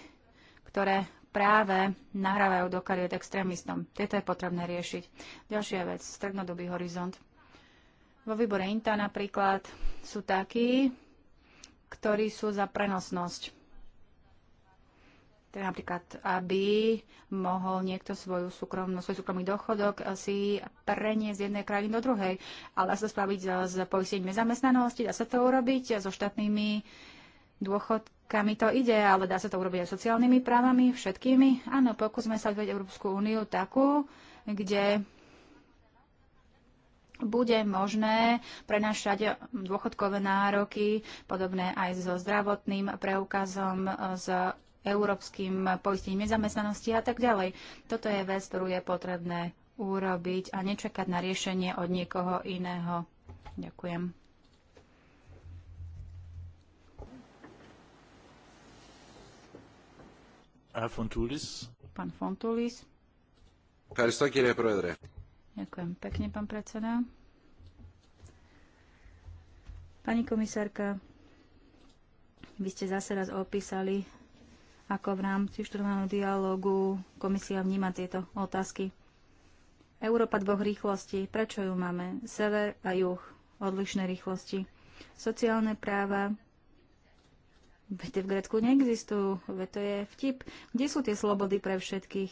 ktoré práve nahrávajú do kariet extrémistom. Tieto je potrebné riešiť. Ďalšia vec, strednodobý horizont. Vo výbore INTA napríklad sú takí, ktorí sú za prenosnosť. Teda napríklad, aby mohol niekto svoju súkromnú, svoj súkromný dochodok si preniesť z jednej krajiny do druhej. Ale dá sa spraviť s poistením nezamestnanosti, dá sa to urobiť so štátnymi dôchod, kam to ide, ale dá sa to urobiť aj sociálnymi právami, všetkými. Áno, pokúsme sa uvedieť Európsku úniu takú, kde bude možné prenášať dôchodkové nároky, podobné aj so zdravotným preukazom, s európskym poistením nezamestnanosti a tak ďalej. Toto je vec, ktorú je potrebné urobiť a nečakať na riešenie od niekoho iného. Ďakujem. Pán Fontulis. Ďakujem pekne, pán predseda. Pani komisárka, vy ste zase raz opísali, ako v rámci študovaného dialógu komisia vníma tieto otázky. Európa dvoch rýchlostí. Prečo ju máme? Sever a juh. Odlišné rýchlosti. Sociálne práva, Veď v Grécku neexistujú, veď to je vtip. Kde sú tie slobody pre všetkých?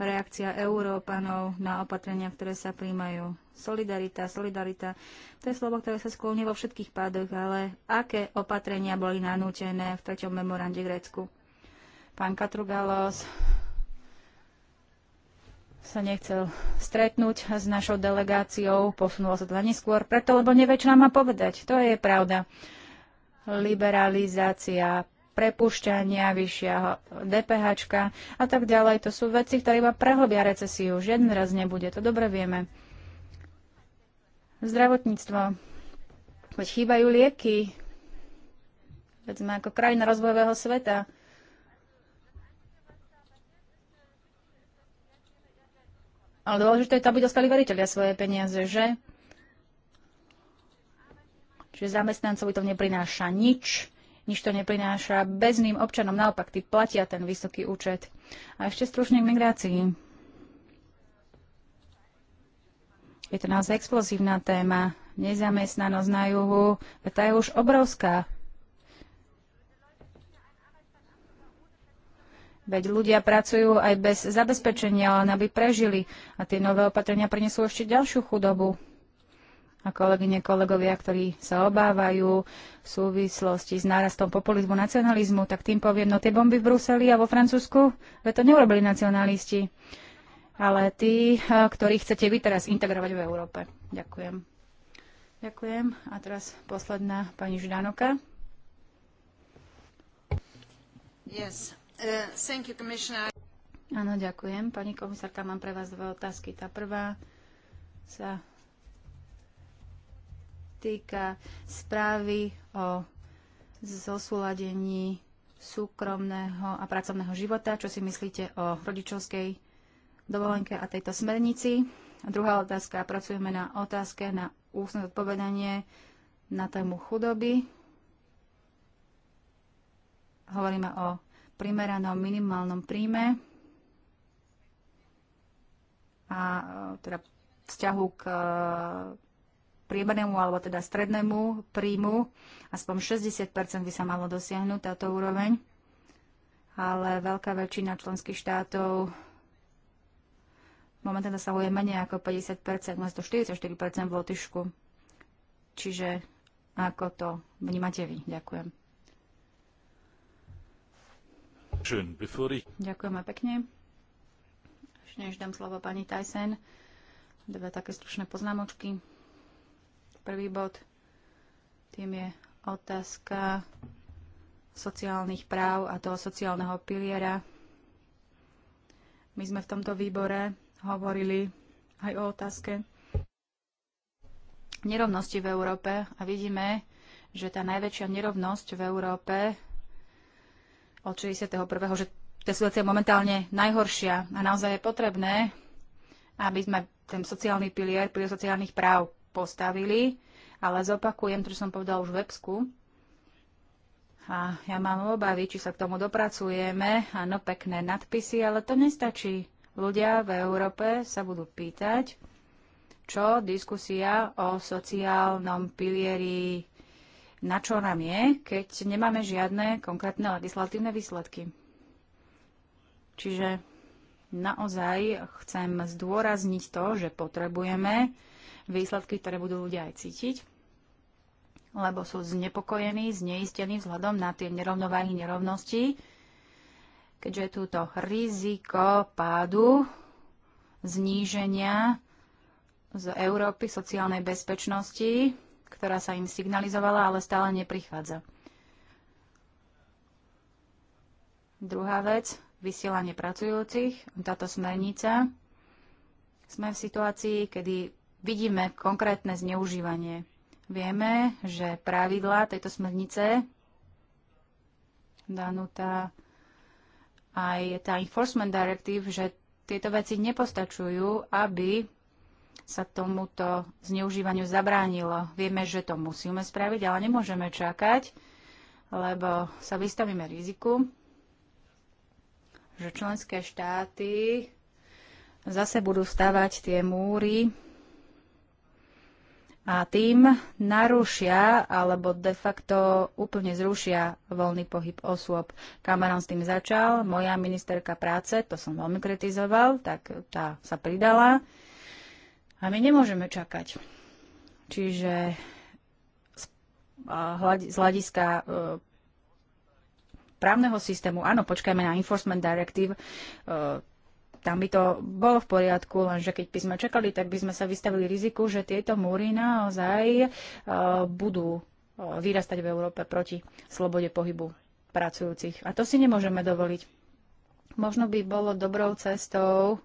Reakcia Európanov na opatrenia, ktoré sa príjmajú. Solidarita, solidarita. To je slovo, ktoré sa skloní vo všetkých pádoch, ale aké opatrenia boli nanútené v treťom memorande Grécku? Pán Katrugalos, sa nechcel stretnúť s našou delegáciou, posunulo sa teda neskôr, preto lebo nevie, čo nám má povedať. To je pravda liberalizácia prepušťania, vyššia DPH a tak ďalej. To sú veci, ktoré iba prehlbia recesiu. Žiaden raz nebude, to dobre vieme. Zdravotníctvo. Veď chýbajú lieky. Veď sme ako krajina rozvojového sveta. Ale dôležité je to, aby dostali veriteľia svoje peniaze, že? Čiže zamestnancovi to neprináša nič, nič to neprináša bezným občanom, naopak tí platia ten vysoký účet. A ešte stručne k migrácii. Je to naozaj explozívna téma. Nezamestnanosť na juhu, tá je už obrovská. Veď ľudia pracujú aj bez zabezpečenia, len aby prežili. A tie nové opatrenia prinesú ešte ďalšiu chudobu a kolegyne, kolegovia, ktorí sa obávajú v súvislosti s nárastom populizmu, nacionalizmu, tak tým poviem, no tie bomby v Bruseli a vo Francúzsku, veď to neurobili nacionalisti, ale tí, eh, ktorí chcete vy teraz integrovať v Európe. Ďakujem. Ďakujem. A teraz posledná pani Ždanoka. Yes. Uh, thank you, commissioner. Áno, ďakujem. Pani komisárka, mám pre vás dve otázky. Tá prvá sa týka správy o zosúladení súkromného a pracovného života. Čo si myslíte o rodičovskej dovolenke a tejto smernici? A druhá otázka. Pracujeme na otázke na ústne odpovedanie na tému chudoby. Hovoríme o primeranom minimálnom príjme a e, teda vzťahu k priemernému alebo teda strednému príjmu. Aspoň 60 by sa malo dosiahnuť táto úroveň, ale veľká väčšina členských štátov momentálne dosahuje menej ako 50 miesto 44 v Lotyšku. Čiže ako to vnímate vy? Ďakujem. Ďakujeme pekne. Ešte než dám slovo pani Tyson, dve také stručné poznámočky. Prvý bod, tým je otázka sociálnych práv a toho sociálneho piliera. My sme v tomto výbore hovorili aj o otázke nerovnosti v Európe a vidíme, že tá najväčšia nerovnosť v Európe od 61., že tá situácia je momentálne najhoršia a naozaj je potrebné, aby sme ten sociálny pilier, pilier sociálnych práv postavili, ale zopakujem čo som povedal už v Websku. A ja mám obavy, či sa k tomu dopracujeme. Áno, pekné nadpisy, ale to nestačí. Ľudia v Európe sa budú pýtať, čo diskusia o sociálnom pilieri, na čo nám je, keď nemáme žiadne konkrétne legislatívne výsledky. Čiže naozaj chcem zdôrazniť to, že potrebujeme výsledky, ktoré budú ľudia aj cítiť, lebo sú znepokojení, zneistení vzhľadom na tie nerovnováhy, nerovnosti, keďže je túto riziko pádu, zníženia z Európy sociálnej bezpečnosti, ktorá sa im signalizovala, ale stále neprichádza. Druhá vec, vysielanie pracujúcich, táto smernica. Sme v situácii, kedy vidíme konkrétne zneužívanie. Vieme, že pravidlá tejto smernice danutá aj tá Enforcement Directive, že tieto veci nepostačujú, aby sa tomuto zneužívaniu zabránilo. Vieme, že to musíme spraviť, ale nemôžeme čakať, lebo sa vystavíme riziku, že členské štáty zase budú stavať tie múry a tým narušia alebo de facto úplne zrušia voľný pohyb osôb. Cameron s tým začal, moja ministerka práce, to som veľmi kritizoval, tak tá sa pridala. A my nemôžeme čakať. Čiže z hľadiska e, právneho systému, áno, počkajme na Enforcement Directive, e, tam by to bolo v poriadku, lenže keď by sme čakali, tak by sme sa vystavili riziku, že tieto múry naozaj e, budú e, vyrastať v Európe proti slobode pohybu pracujúcich. A to si nemôžeme dovoliť. Možno by bolo dobrou cestou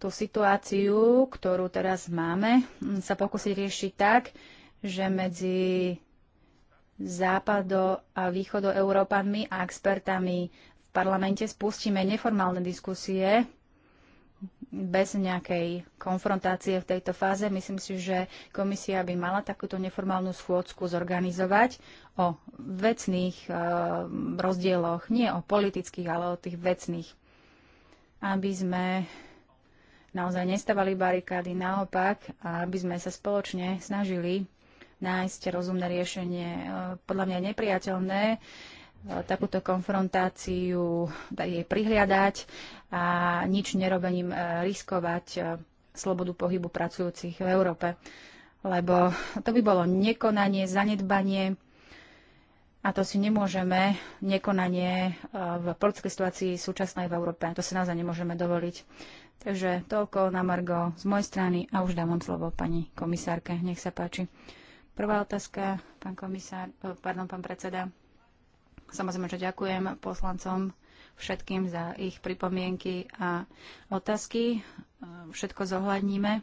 tú situáciu, ktorú teraz máme, sa pokúsiť riešiť tak, že medzi západo- a východoeurópanmi a expertami parlamente spustíme neformálne diskusie bez nejakej konfrontácie v tejto fáze. Myslím si, že komisia by mala takúto neformálnu schôdzku zorganizovať o vecných e, rozdieloch, nie o politických, ale o tých vecných, aby sme naozaj nestavali barikády, naopak, aby sme sa spoločne snažili nájsť rozumné riešenie. Eh, podľa mňa nepriateľné, takúto konfrontáciu jej prihliadať a nič nerobením e, riskovať e, slobodu pohybu pracujúcich v Európe. Lebo to by bolo nekonanie, zanedbanie a to si nemôžeme, nekonanie e, v politickej situácii súčasnej v Európe. To si naozaj nemôžeme dovoliť. Takže toľko na Margo z mojej strany a už dávam slovo pani komisárke. Nech sa páči. Prvá otázka, pán komisár, pardon, pán predseda. Samozrejme, že ďakujem poslancom všetkým za ich pripomienky a otázky. Všetko zohľadníme.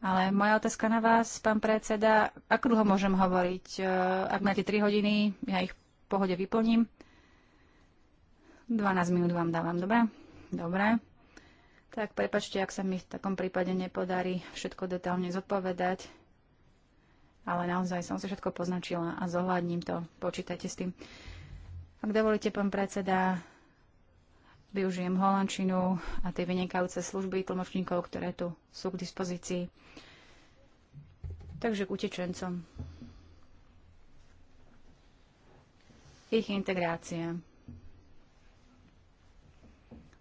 Ale moja otázka na vás, pán predseda, ako dlho môžem hovoriť? E, ak máte 3 hodiny, ja ich v pohode vyplním. 12 minút vám dávam, dobre? Dobre. Tak prepačte, ak sa mi v takom prípade nepodarí všetko detálne zodpovedať, ale naozaj som si všetko poznačila a zohľadním to, počítajte s tým. Ak dovolíte, pán predseda, využijem holandčinu a tie vynikajúce služby tlmočníkov, ktoré tu sú k dispozícii. Takže k utečencom. Ich integrácia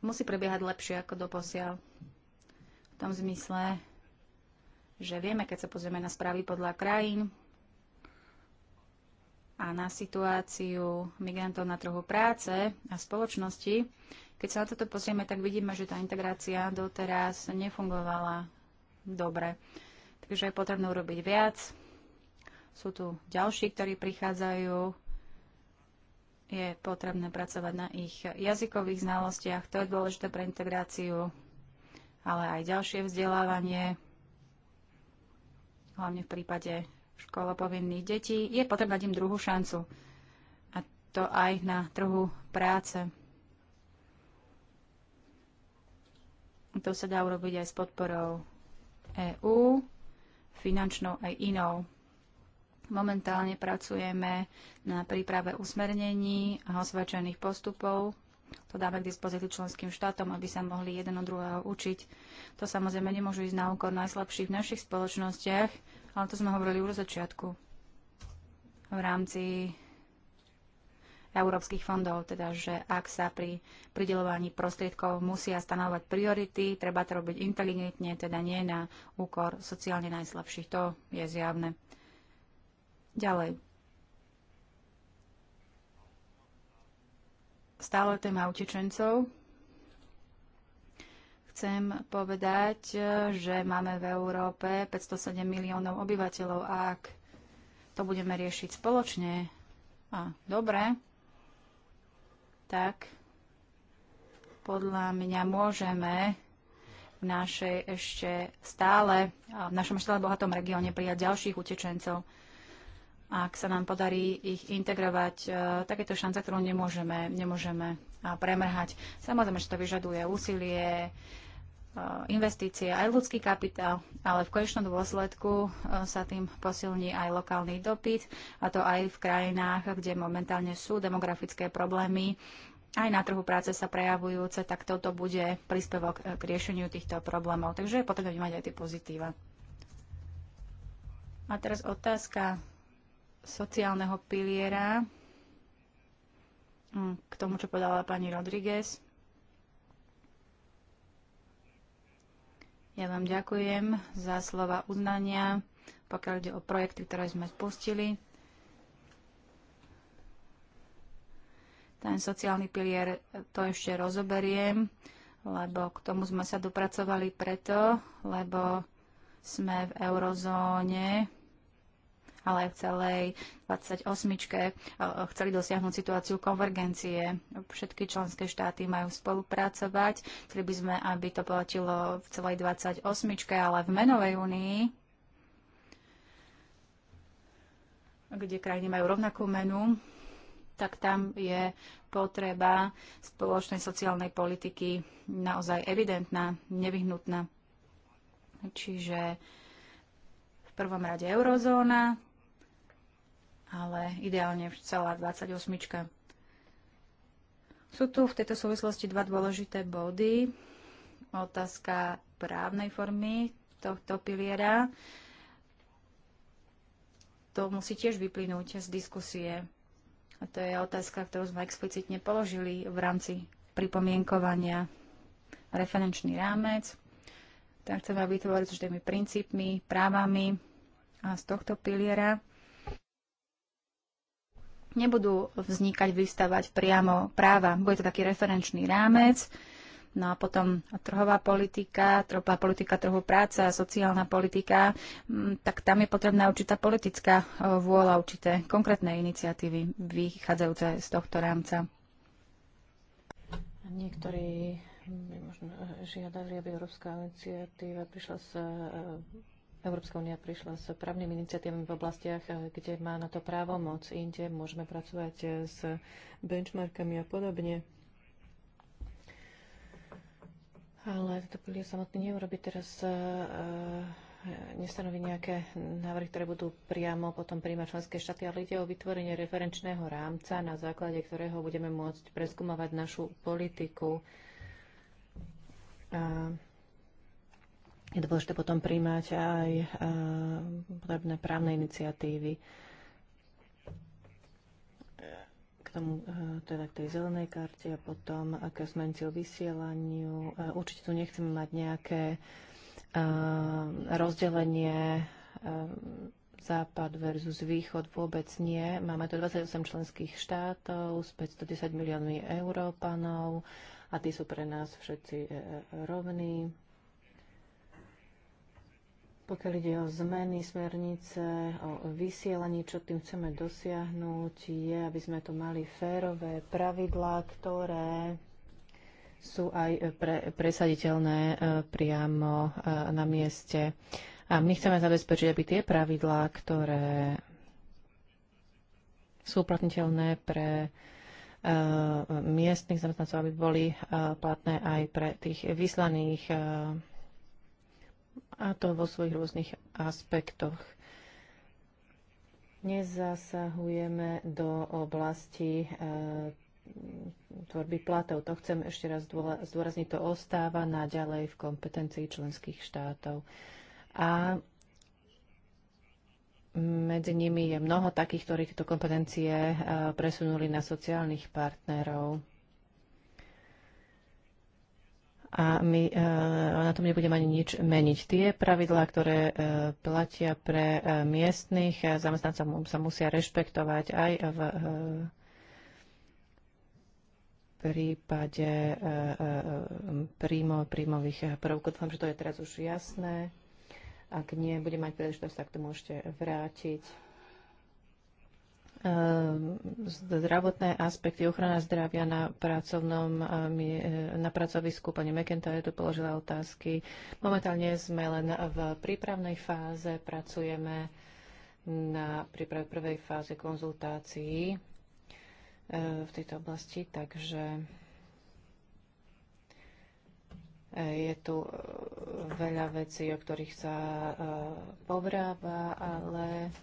musí prebiehať lepšie ako doposiaľ. V tom zmysle, že vieme, keď sa pozrieme na správy podľa krajín, a na situáciu migrantov na trhu práce a spoločnosti. Keď sa na toto pozrieme, tak vidíme, že tá integrácia doteraz nefungovala dobre. Takže je potrebné urobiť viac. Sú tu ďalší, ktorí prichádzajú. Je potrebné pracovať na ich jazykových znalostiach. To je dôležité pre integráciu, ale aj ďalšie vzdelávanie, hlavne v prípade škola povinných detí, je potrebná im druhú šancu. A to aj na trhu práce. To sa dá urobiť aj s podporou EÚ, finančnou aj inou. Momentálne pracujeme na príprave usmernení a osvedčených postupov. To dáme k dispozícii členským štátom, aby sa mohli jeden od druhého učiť. To samozrejme nemôžu ísť na úkor najslabších v našich spoločnostiach, ale to sme hovorili už začiatku v rámci európskych fondov, teda že ak sa pri pridelovaní prostriedkov musia stanovať priority, treba to robiť inteligentne, teda nie na úkor sociálne najslabších. To je zjavné. Ďalej. Stále téma utečencov chcem povedať, že máme v Európe 507 miliónov obyvateľov a ak to budeme riešiť spoločne a dobre, tak podľa mňa môžeme v našej ešte stále, v našom stále bohatom regióne prijať ďalších utečencov. Ak sa nám podarí ich integrovať, e, tak je to šanca, ktorú nemôžeme, nemôžeme premrhať. Samozrejme, že to vyžaduje úsilie, investície, aj ľudský kapitál, ale v konečnom dôsledku e, sa tým posilní aj lokálny dopyt, a to aj v krajinách, kde momentálne sú demografické problémy. Aj na trhu práce sa prejavujúce, tak toto bude príspevok e, k riešeniu týchto problémov. Takže je potrebné mať aj tie pozitíva. A teraz otázka sociálneho piliera mm, k tomu, čo povedala pani Rodriguez. Ja vám ďakujem za slova uznania, pokiaľ ide o projekty, ktoré sme spustili. Ten sociálny pilier to ešte rozoberiem, lebo k tomu sme sa dopracovali preto, lebo sme v eurozóne ale aj v celej 28. Eh, chceli dosiahnuť situáciu konvergencie. Všetky členské štáty majú spolupracovať. Chceli by sme, aby to platilo v celej 28. ale v menovej únii kde krajiny majú rovnakú menu, tak tam je potreba spoločnej sociálnej politiky naozaj evidentná, nevyhnutná. Čiže v prvom rade eurozóna, ale ideálne celá 28. Sú tu v tejto súvislosti dva dôležité body. Otázka právnej formy tohto piliera. To musí tiež vyplynúť z diskusie. A to je otázka, ktorú sme explicitne položili v rámci pripomienkovania referenčný rámec. Tak chceme vytvoriť s tými princípmi, právami a z tohto piliera nebudú vznikať, vystavať priamo práva. Bude to taký referenčný rámec, no a potom trhová politika, trhová politika trhu práca, sociálna politika, mm, tak tam je potrebná určitá politická e, vôľa, určité konkrétne iniciatívy vychádzajúce z tohto rámca. Niektorí by možno e, žiadali, aby Európska iniciatíva prišla s e, Európska únia prišla s právnymi iniciatívami v oblastiach, eh, kde má na to právo moc. Inde môžeme pracovať eh, s benchmarkami a podobne. Ale to pilier samotný neurobi teraz, eh, nestanoví nejaké návrhy, ktoré budú priamo potom príjmať členské štáty, ale ide o vytvorenie referenčného rámca, na základe ktorého budeme môcť preskúmavať našu politiku. A je dôležité potom príjmať aj eh, potrebné právne iniciatívy. K tomu eh, teda k tej zelenej karte a potom k zmeniť vysielaniu. Eh, určite tu nechceme mať nejaké rozdelenie západ versus východ vôbec nie. Máme tu 28 členských štátov s 510 miliónmi európanov a tí sú pre nás všetci rovní. Pokiaľ ide o zmeny smernice, o vysielanie, čo tým chceme dosiahnuť, je, aby sme tu mali férové pravidlá, ktoré sú aj pre, presaditeľné e, priamo e, na mieste. A my chceme zabezpečiť, aby tie pravidlá, ktoré sú uplatniteľné pre e, miestnych zamestnancov, aby boli platné aj pre tých vyslaných a to vo svojich rôznych aspektoch. Nezasahujeme do oblasti e, tvorby platov. To chcem ešte raz zdôrazniť. To ostáva naďalej v kompetencii členských štátov. A medzi nimi je mnoho takých, ktorí tieto kompetencie eh, presunuli na sociálnych partnerov a my e, na tom nebudeme ani nič meniť. Tie pravidlá, ktoré e, platia pre e, miestnych zamestnancov, sa musia rešpektovať aj v prípade príjmov, príjmových prvkov. Dúfam, že to je teraz už jasné. Ak nie, budem mať príležitosť sa k tomu ešte vrátiť. Ehm, zdravotné aspekty, ochrana zdravia na pracovnom e, e, na pracovisku. Pani McIntyre tu položila otázky. Momentálne sme len v prípravnej fáze, pracujeme na príprave prvej fáze konzultácií e, v tejto oblasti, takže je tu veľa vecí, o ktorých sa povráva, ale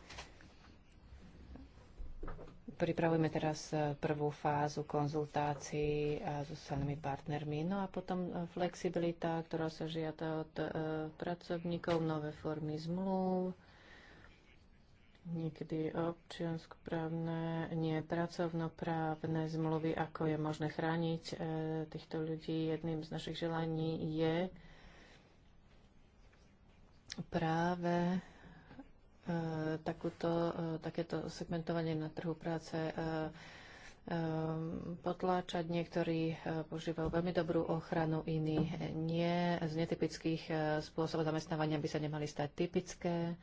Pripravujeme teraz e, prvú fázu konzultácií e, so sociálnymi partnermi. No a potom e, flexibilita, ktorá sa žiada od pracovníkov, nové formy zmluv, niekedy občianskoprávne, nie pracovnoprávne zmluvy, ako je možné chrániť týchto ľudí. Jedným z našich želaní je práve E, takúto, e, takéto segmentovanie na trhu práce e, potláčať. Niektorí požívajú veľmi dobrú ochranu, iní nie. Z netypických spôsobov zamestnávania by sa nemali stať typické.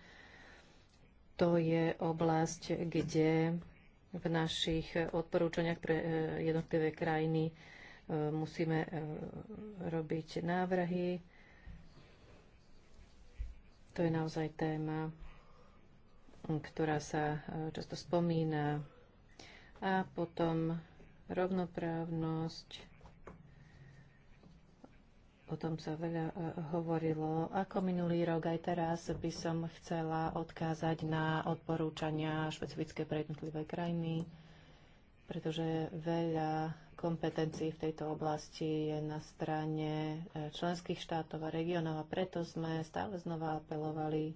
To je oblasť, kde v našich odporúčaniach pre jednotlivé krajiny musíme robiť návrhy. To je naozaj téma ktorá sa e, často spomína. A potom rovnoprávnosť. O tom sa veľa e, hovorilo. Ako minulý rok, aj teraz by som chcela odkázať na odporúčania špecifické pre jednotlivé krajiny, pretože veľa kompetencií v tejto oblasti je na strane e, členských štátov a regionov a preto sme stále znova apelovali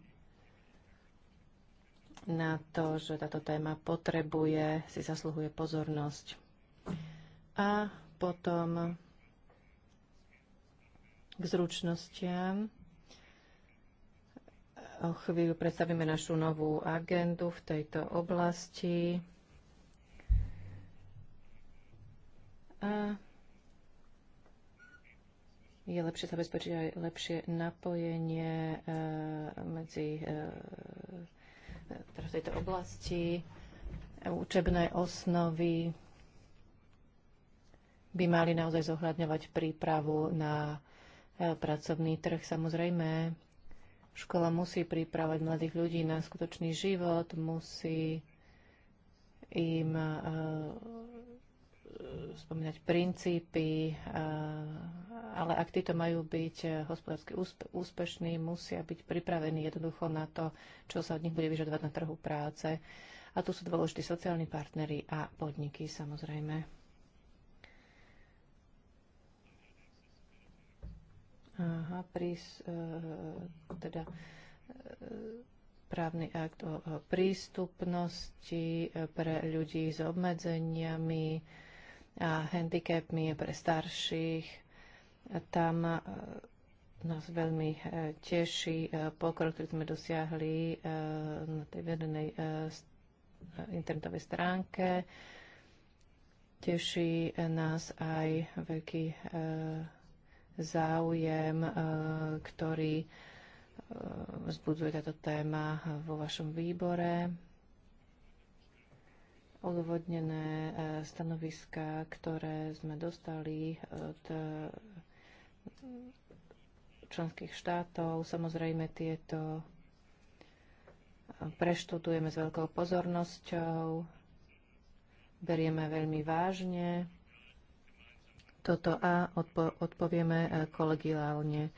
na to, že táto téma potrebuje, si zasluhuje pozornosť. A potom k zručnostiam. O chvíľu predstavíme našu novú agendu v tejto oblasti. A je lepšie zabezpečiť aj lepšie napojenie eh, medzi eh, v tejto oblasti e, učebné osnovy by mali naozaj zohľadňovať prípravu na e, pracovný trh. Samozrejme, škola musí pripravať mladých ľudí na skutočný život, musí im e, spomínať princípy, eh, ale ak títo majú byť eh, hospodársky úspešní, musia byť pripravení jednoducho na to, čo sa od nich bude vyžadovať na trhu práce. A tu sú dôležití sociálni partnery a podniky samozrejme. Aha, prís, eh, teda právny akt o prístupnosti pre ľudí s obmedzeniami, a handicapmi pre starších. Tam e, nás veľmi e, teší e, pokrok, ktorý sme dosiahli na tej vedenej internetovej stránke. Teší nás aj veľký záujem, ktorý vzbudzuje táto téma vo vašom výbore odvodnené e, stanoviska, ktoré sme dostali e, od e, členských štátov. Samozrejme tieto preštudujeme s veľkou pozornosťou, berieme veľmi vážne toto a odpo- odpovieme kolegiálne.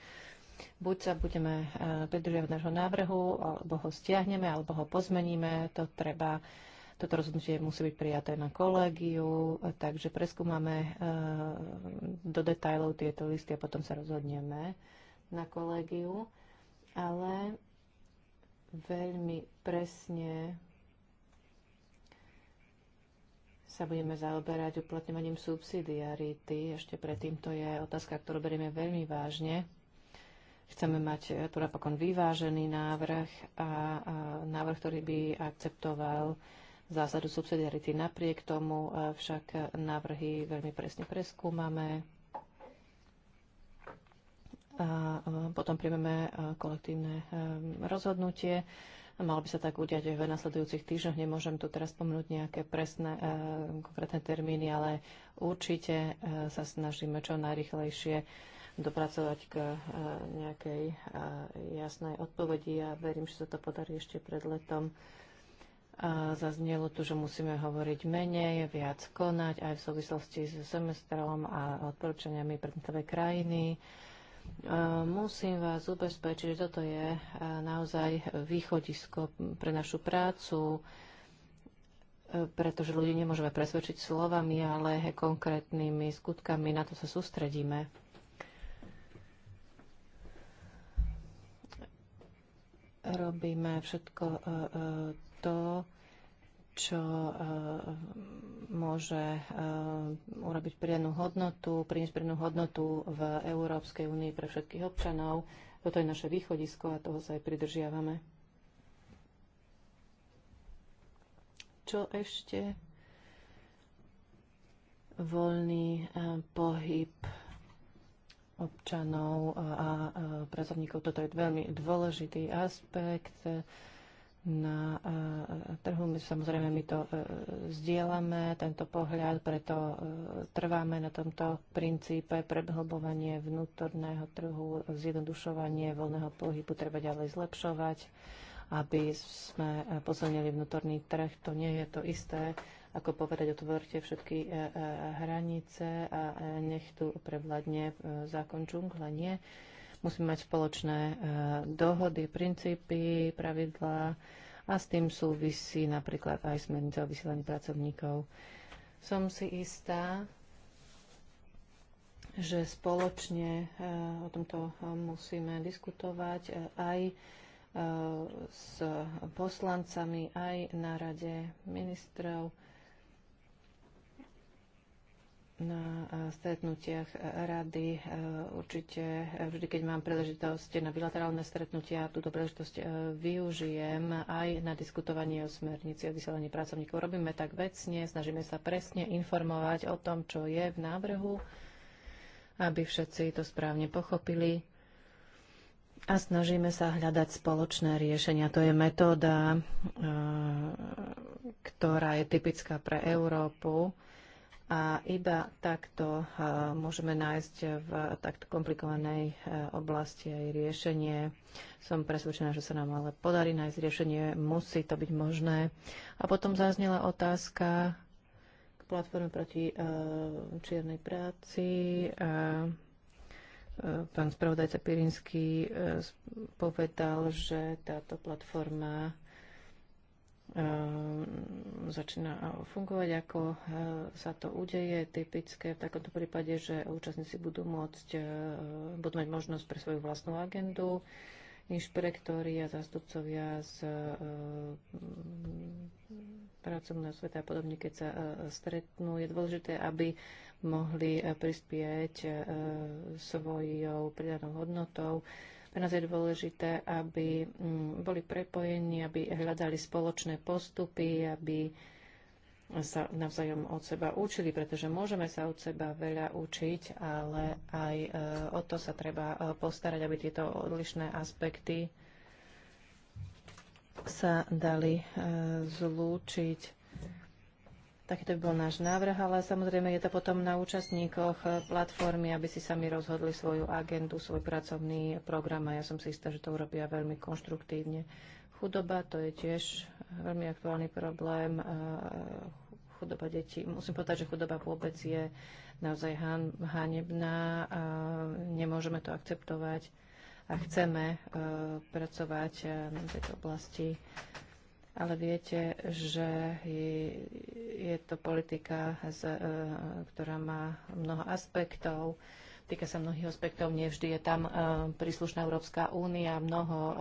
Buď sa budeme pridržiavať nášho návrhu, alebo ho stiahneme, alebo ho pozmeníme. To treba toto rozhodnutie musí byť prijaté na kolegiu, takže preskúmame eh, do detajlov tieto listy a potom sa rozhodneme na kolegiu. Ale veľmi presne sa budeme zaoberať uplatňovaním subsidiarity. Ešte predtým to je otázka, ktorú berieme veľmi vážne. Chceme mať eh, tu napokon vyvážený návrh a, a návrh, ktorý by akceptoval zásadu subsidiarity. Napriek tomu e, však návrhy veľmi presne preskúmame a e, potom príjmeme e, kolektívne rozhodnutie. Malo by sa tak udiať aj v nasledujúcich týždňoch. Nemôžem tu teraz spomenúť nejaké presné konkrétne termíny, ale určite sa snažíme čo najrychlejšie dopracovať k nejakej jasnej odpovedi a ja verím, že sa to podarí ešte pred letom Zaznelo tu, že musíme hovoriť menej, viac konať aj v súvislosti s semestrom a odporúčaniami pre krajiny. Musím vás ubezpečiť, že toto je naozaj východisko pre našu prácu, e, pretože ľudí nemôžeme presvedčiť slovami, ale konkrétnymi skutkami. Na to sa sústredíme. Robíme všetko e, e, to, čo e, môže e, urobiť pridanú hodnotu, priniesť pridanú hodnotu v Európskej únii pre všetkých občanov. Toto je naše východisko a toho sa aj pridržiavame. Čo ešte? Voľný e, pohyb občanov a, a pracovníkov. Toto je veľmi dôležitý aspekt. E, na e, e, trhu. My samozrejme my to e, zdieľame, tento pohľad, preto trváme na tomto princípe prehlbovanie vnútorného trhu, zjednodušovanie voľného pohybu treba ďalej zlepšovať, aby sme posilnili vnútorný trh. To nie je to isté, ako povedať, otvorte všetky hranice a nech tu prevladne zákon džungle. Nie. Musíme mať spoločné e, dohody, princípy, pravidlá a s tým súvisí napríklad aj smernica o vysielaní pracovníkov. Som si istá, že spoločne e, o tomto musíme diskutovať e, aj s poslancami, aj na rade ministrov na eh, stretnutiach rady. Eh, určite eh, vždy, keď mám príležitosť na bilaterálne stretnutia, túto príležitosť využijem aj na diskutovanie o smernici o vyselení pracovníkov. Robíme tak vecne, snažíme sa presne informovať o tom, čo je v návrhu, aby všetci to správne pochopili. A snažíme sa hľadať spoločné riešenia. To je metóda, ktorá je typická pre Európu a iba takto e, môžeme nájsť v takto komplikovanej e, oblasti aj riešenie. Som presvedčená, že sa nám ale podarí nájsť riešenie. Musí to byť možné. A potom zaznela otázka k platforme proti e, čiernej práci. Pán spravodajca Pirinský povedal, že táto platforma Ehm, začína fungovať, ako eh, sa to udeje. Typické v takomto prípade, že účastníci budú môcť, eh, budú mať možnosť pre svoju vlastnú agendu, inšpektori a zástupcovia z eh, pracovného sveta a podobne, keď sa stretnú. Je dôležité, aby mohli prispieť svojou pridanou hodnotou pre nás je dôležité, aby mm, boli prepojení, aby hľadali spoločné postupy, aby sa navzájom od seba učili, pretože môžeme sa od seba veľa učiť, ale aj e, o to sa treba e, postarať, aby tieto odlišné aspekty sa dali e, zlúčiť. Takýto by bol náš návrh, ale samozrejme je to potom na účastníkoch platformy, aby si sami rozhodli svoju agendu, svoj pracovný program a ja som si istá, že to urobia veľmi konštruktívne. Chudoba, to je tiež veľmi aktuálny problém. Eh, chudoba detí. Musím povedať, že chudoba vôbec je naozaj hanebná. A nemôžeme to akceptovať a chceme eh, pracovať v eh, tejto oblasti ale viete, že je to politika, e, ktorá má mnoho aspektov, týka sa mnohých aspektov, nevždy je tam e, príslušná Európska únia, mnoho e,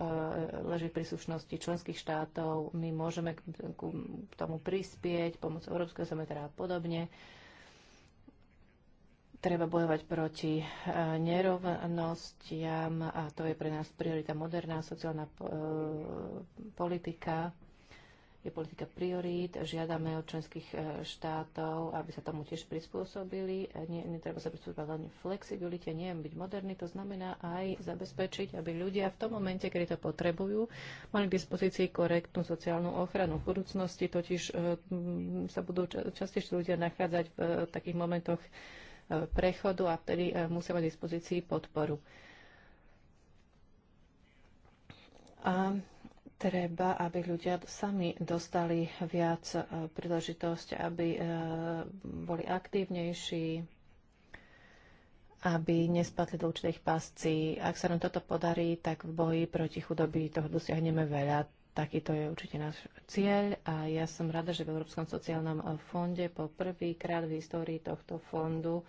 leží príslušnosti členských štátov, my môžeme k tomu prispieť, pomoc Európskeho semetra a podobne. Treba bojovať proti nerovnostiam a to je pre nás priorita moderná sociálna politika je politika priorít, žiadame od členských e, štátov, aby sa tomu tiež prispôsobili. E, nie, netreba sa prispôsobiť len flexibilite, nie byť moderný, to znamená aj zabezpečiť, aby ľudia v tom momente, kedy to potrebujú, mali k dispozícii korektnú sociálnu ochranu. V budúcnosti totiž e, sa budú častejšie ľudia nachádzať v takých momentoch prechodu a vtedy musia mať dispozícii podporu. A treba, aby ľudia sami dostali viac e, príležitosť, aby e, boli aktívnejší, aby nespadli do určitých pasci. Ak sa nám toto podarí, tak v boji proti chudobí toho dosiahneme veľa. Takýto je určite náš cieľ a ja som rada, že v Európskom sociálnom e, fonde po prvýkrát v histórii tohto fondu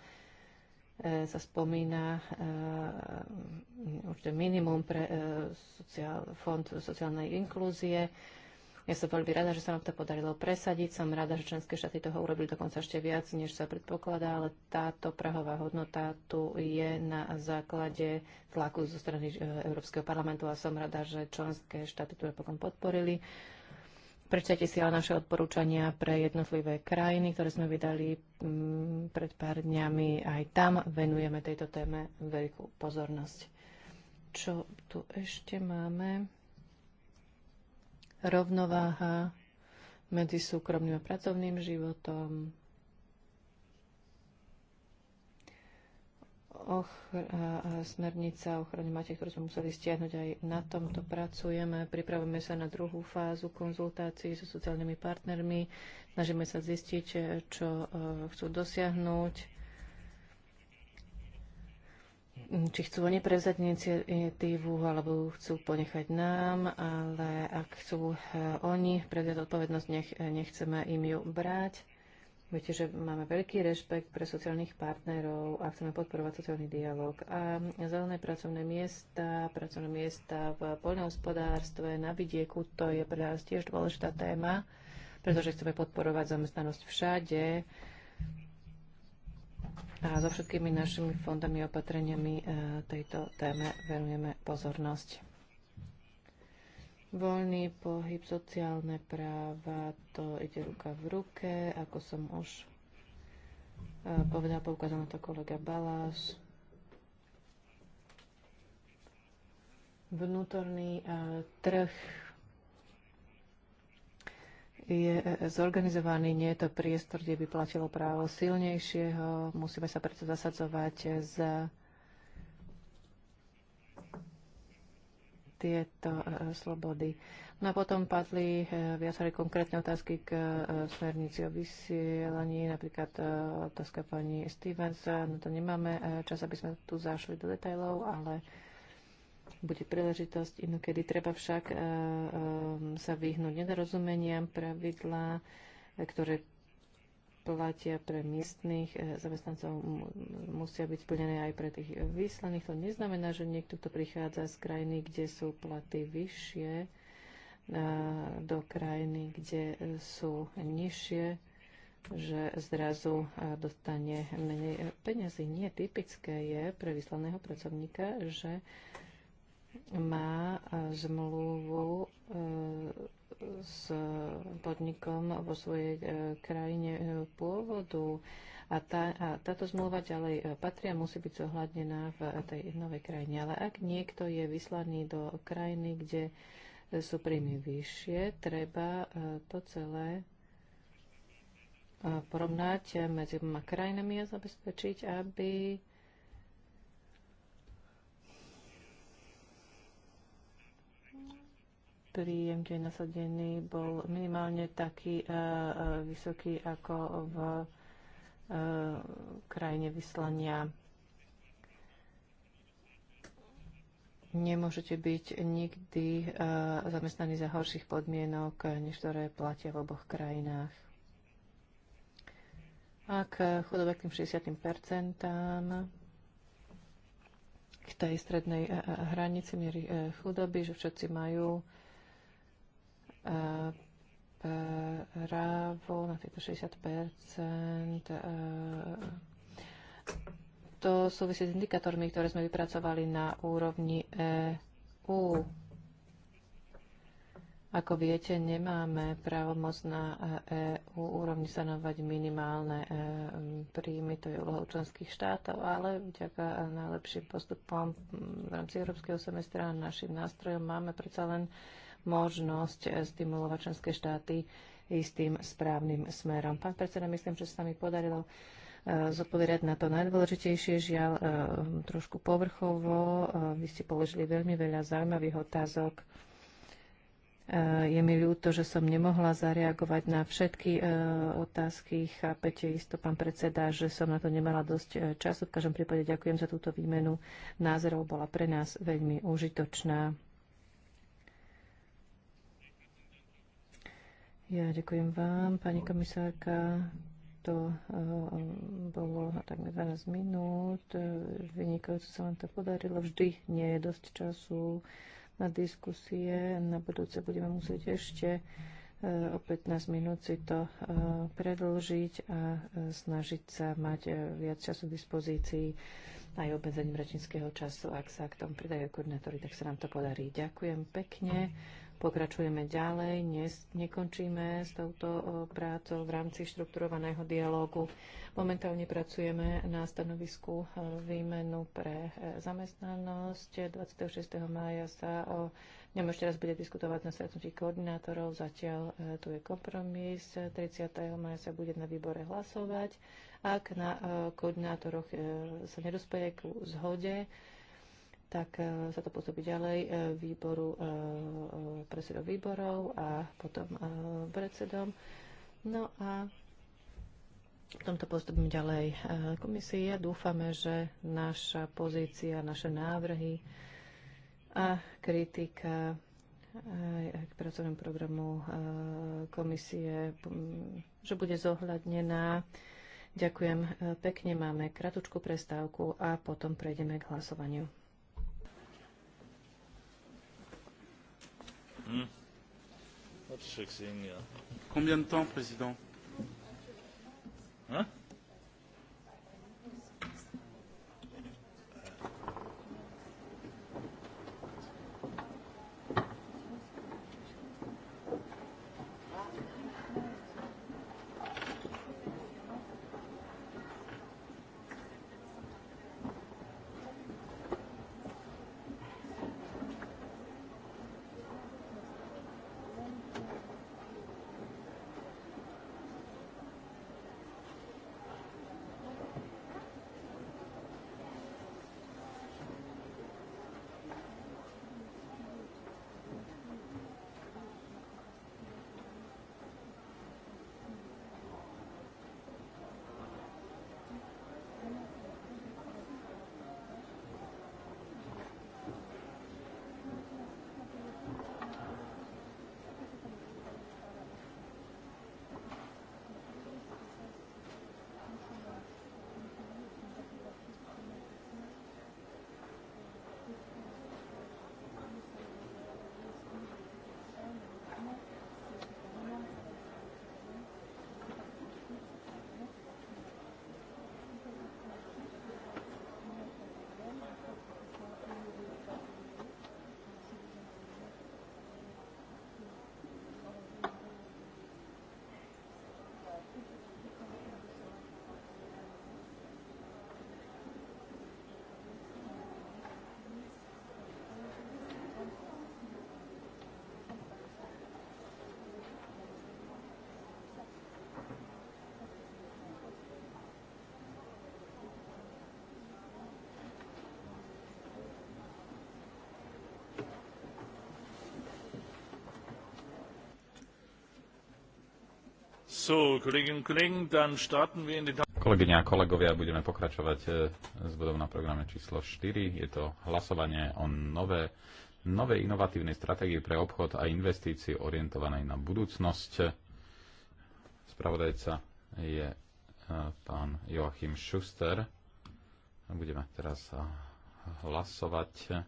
E, sa spomína e, určite minimum pre e, sociál, fond sociálnej inklúzie. Ja som veľmi rada, že sa nám to podarilo presadiť. Som rada, že členské štáty toho urobili dokonca ešte viac, než sa predpokladá, ale táto prahová hodnota tu je na základe tlaku zo strany Európskeho parlamentu a som rada, že členské štáty tu napokon podporili. Prečtajte si ale naše odporúčania pre jednotlivé krajiny, ktoré sme vydali mm, pred pár dňami. Aj tam venujeme tejto téme veľkú pozornosť. Čo tu ešte máme? Rovnováha medzi súkromným a pracovným životom, ochr- smernica ochrany matiek, ktorú sme museli stiahnuť, aj na tomto pracujeme. Pripravujeme sa na druhú fázu konzultácií so sociálnymi partnermi. Snažíme sa zistiť, čo e, chcú dosiahnuť, či chcú oni prevzať iniciatívu, alebo chcú ponechať nám, ale ak chcú e, oni prevzať odpovednosť, nech, e, nechceme im ju brať. Viete, že máme veľký rešpekt pre sociálnych partnerov a chceme podporovať sociálny dialog. A zelené pracovné miesta, pracovné miesta v poľnohospodárstve, na vidieku, to je pre nás tiež dôležitá téma, pretože chceme podporovať zamestnanosť všade a so všetkými našimi fondami a opatreniami eh, tejto téme venujeme pozornosť. Voľný pohyb, sociálne práva, to ide ruka v ruke, ako som už e, povedal, poukázal na to kolega Baláš. Vnútorný e, trh je e, zorganizovaný, nie je to priestor, kde by platilo právo silnejšieho. Musíme sa preto zasadzovať za tieto e, slobody. No a potom padli e, viaceré konkrétne otázky k e, smernici o vysielaní, napríklad otázka pani Stevens. No to nemáme čas, aby sme tu zašli do detajlov, ale bude príležitosť inokedy. Treba však sa vyhnúť nedorozumeniam pravidla, ktoré platia pre miestných eh, zamestnancov, musia byť splnené aj pre tých vyslaných. To neznamená, že niekto, kto prichádza z krajiny, kde sú platy vyššie, eh, do krajiny, kde sú nižšie, že zrazu eh, dostane menej peňazí. Nie typické je pre vyslaného pracovníka, že má zmluvu s podnikom vo svojej e, krajine e, pôvodu a, tá, a táto zmluva ďalej e, patria a musí byť zohľadnená v tej novej krajine. Ale ak niekto je vyslaný do krajiny, kde sú príjmy vyššie, treba to celé porovnať medzi oboma krajinami a zabezpečiť, aby príjem, kde nasadený, bol minimálne taký eh, eh, vysoký ako v eh, krajine vyslania. Nemôžete byť nikdy zamestnaní za horších podmienok, než ktoré platia v oboch krajinách. Ak chudoba k tým 60 k tej strednej hranici miery chudoby, že všetci majú právo na tieto 60 eh, to súvisí s indikátormi, ktoré sme vypracovali na úrovni EU. Ako viete, nemáme právomoc na EU úrovni stanovať minimálne eh, príjmy, to je úloha členských štátov, ale vďaka najlepším postupom hm, v rámci Európskeho semestra a našim nástrojom máme predsa len možnosť stimulovať členské štáty istým správnym smerom. Pán predseda, myslím, že sa mi podarilo e, zodpovedať na to najdôležitejšie. Žiaľ, e, trošku povrchovo. E, vy ste položili veľmi veľa zaujímavých otázok. Je mi ľúto, že som nemohla zareagovať na všetky otázky. Chápete isto, pán predseda, že som na to nemala dosť času. V každom prípade ďakujem za túto výmenu názorov. Bola pre nás veľmi užitočná. Ja ďakujem vám, pani komisárka. To eh, bolo takmer 12 minút. Vynikajúco sa vám to podarilo. Vždy nie je dosť času na diskusie. Na budúce budeme musieť ešte eh, o 15 minút si to eh, predlžiť a snažiť sa mať viac času k dispozícii aj obmedzenie bratinského času. Ak sa k tomu pridajú koordinátory, tak sa nám to podarí. Ďakujem pekne. Pokračujeme ďalej, Nes, nekončíme s touto prácou v rámci štrukturovaného dialógu. Momentálne pracujeme na stanovisku e, výmenu pre e, zamestnanosť. 26. mája sa o ňom ešte raz bude diskutovať na stretnutí koordinátorov. Zatiaľ e, tu je kompromis. 30. mája sa bude na výbore hlasovať. Ak na koordinátoroch sa nedospeje ku zhode, tak e, sa to pôsobí ďalej e, výboru, e, predsedov výborov a potom predsedom. No a v tomto postupím ďalej komisii a dúfame, že naša pozícia, naše návrhy a kritika k pracovnému programu komisie, že bude zohľadnená. Ďakujem pekne, máme kratučku prestávku a potom prejdeme k hlasovaniu. Hmm. Combien de temps, Président Hein Kolegyňa a kolegovia, budeme pokračovať eh, s bodom na programe číslo 4. Je to hlasovanie o nové, novej inovatívnej stratégii pre obchod a investície orientovanej na budúcnosť. Spravodajca je eh, pán Joachim Schuster. Budeme teraz eh, hlasovať.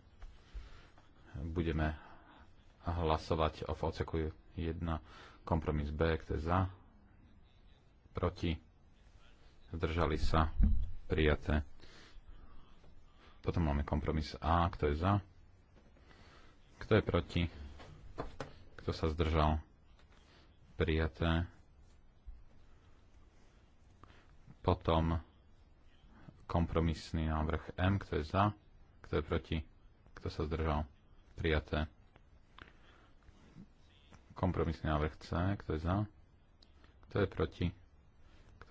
Budeme hlasovať o v oceku 1 kompromis B, kto je za, proti, zdržali sa, prijaté. Potom máme kompromis A, kto je za, kto je proti, kto sa zdržal, prijaté. Potom kompromisný návrh M, kto je za, kto je proti, kto sa zdržal, prijaté. Kompromisný návrh C, kto je za, kto je proti,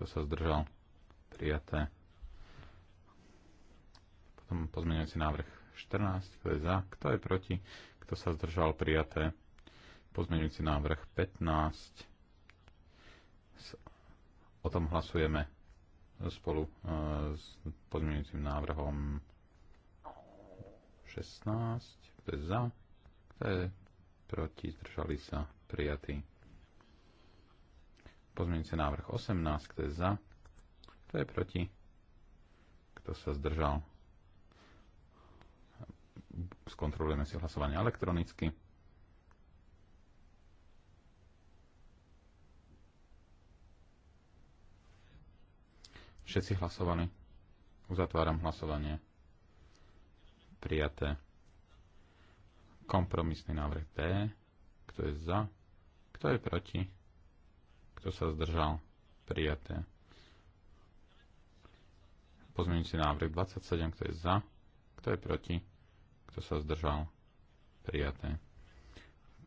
kto sa zdržal? Prijaté. Potom pozmeňujúci návrh 14. Kto je za? Kto je proti? Kto sa zdržal? Prijaté. Pozmeňujúci návrh 15. O tom hlasujeme spolu e, s pozmeňujúcim návrhom 16. Kto je za? Kto je proti? Zdržali sa? Prijatý. Pozmienujúci návrh 18, kto je za, kto je proti, kto sa zdržal. Skontrolujeme si hlasovanie elektronicky. Všetci hlasovali. Uzatváram hlasovanie. Prijaté. Kompromisný návrh D. Kto je za? Kto je proti? Kto sa zdržal? Prijaté. Pozmeňujúci návrh 27. Kto je za? Kto je proti? Kto sa zdržal? Prijaté.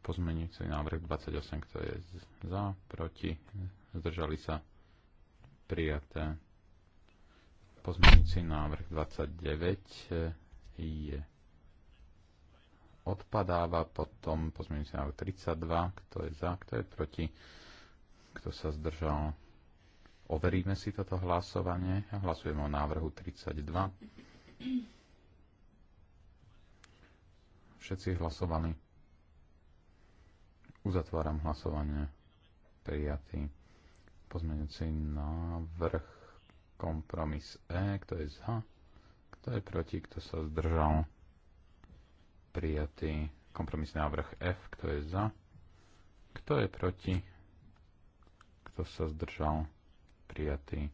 Pozmeňujúci návrh 28. Kto je za? Proti? Zdržali sa? Prijaté. Pozmeňujúci návrh 29 eh, je odpadáva, potom pozmeňujúci návrh 32, kto je za, kto je proti, kto sa zdržal. Overíme si toto hlasovanie. Hlasujeme o návrhu 32. Všetci hlasovali. Uzatváram hlasovanie. Prijatý pozmeňujúci návrh kompromis E. Kto je za? Kto je proti? Kto sa zdržal? Prijatý kompromisný návrh F. Kto je za? Kto je proti? kto sa zdržal, prijatý.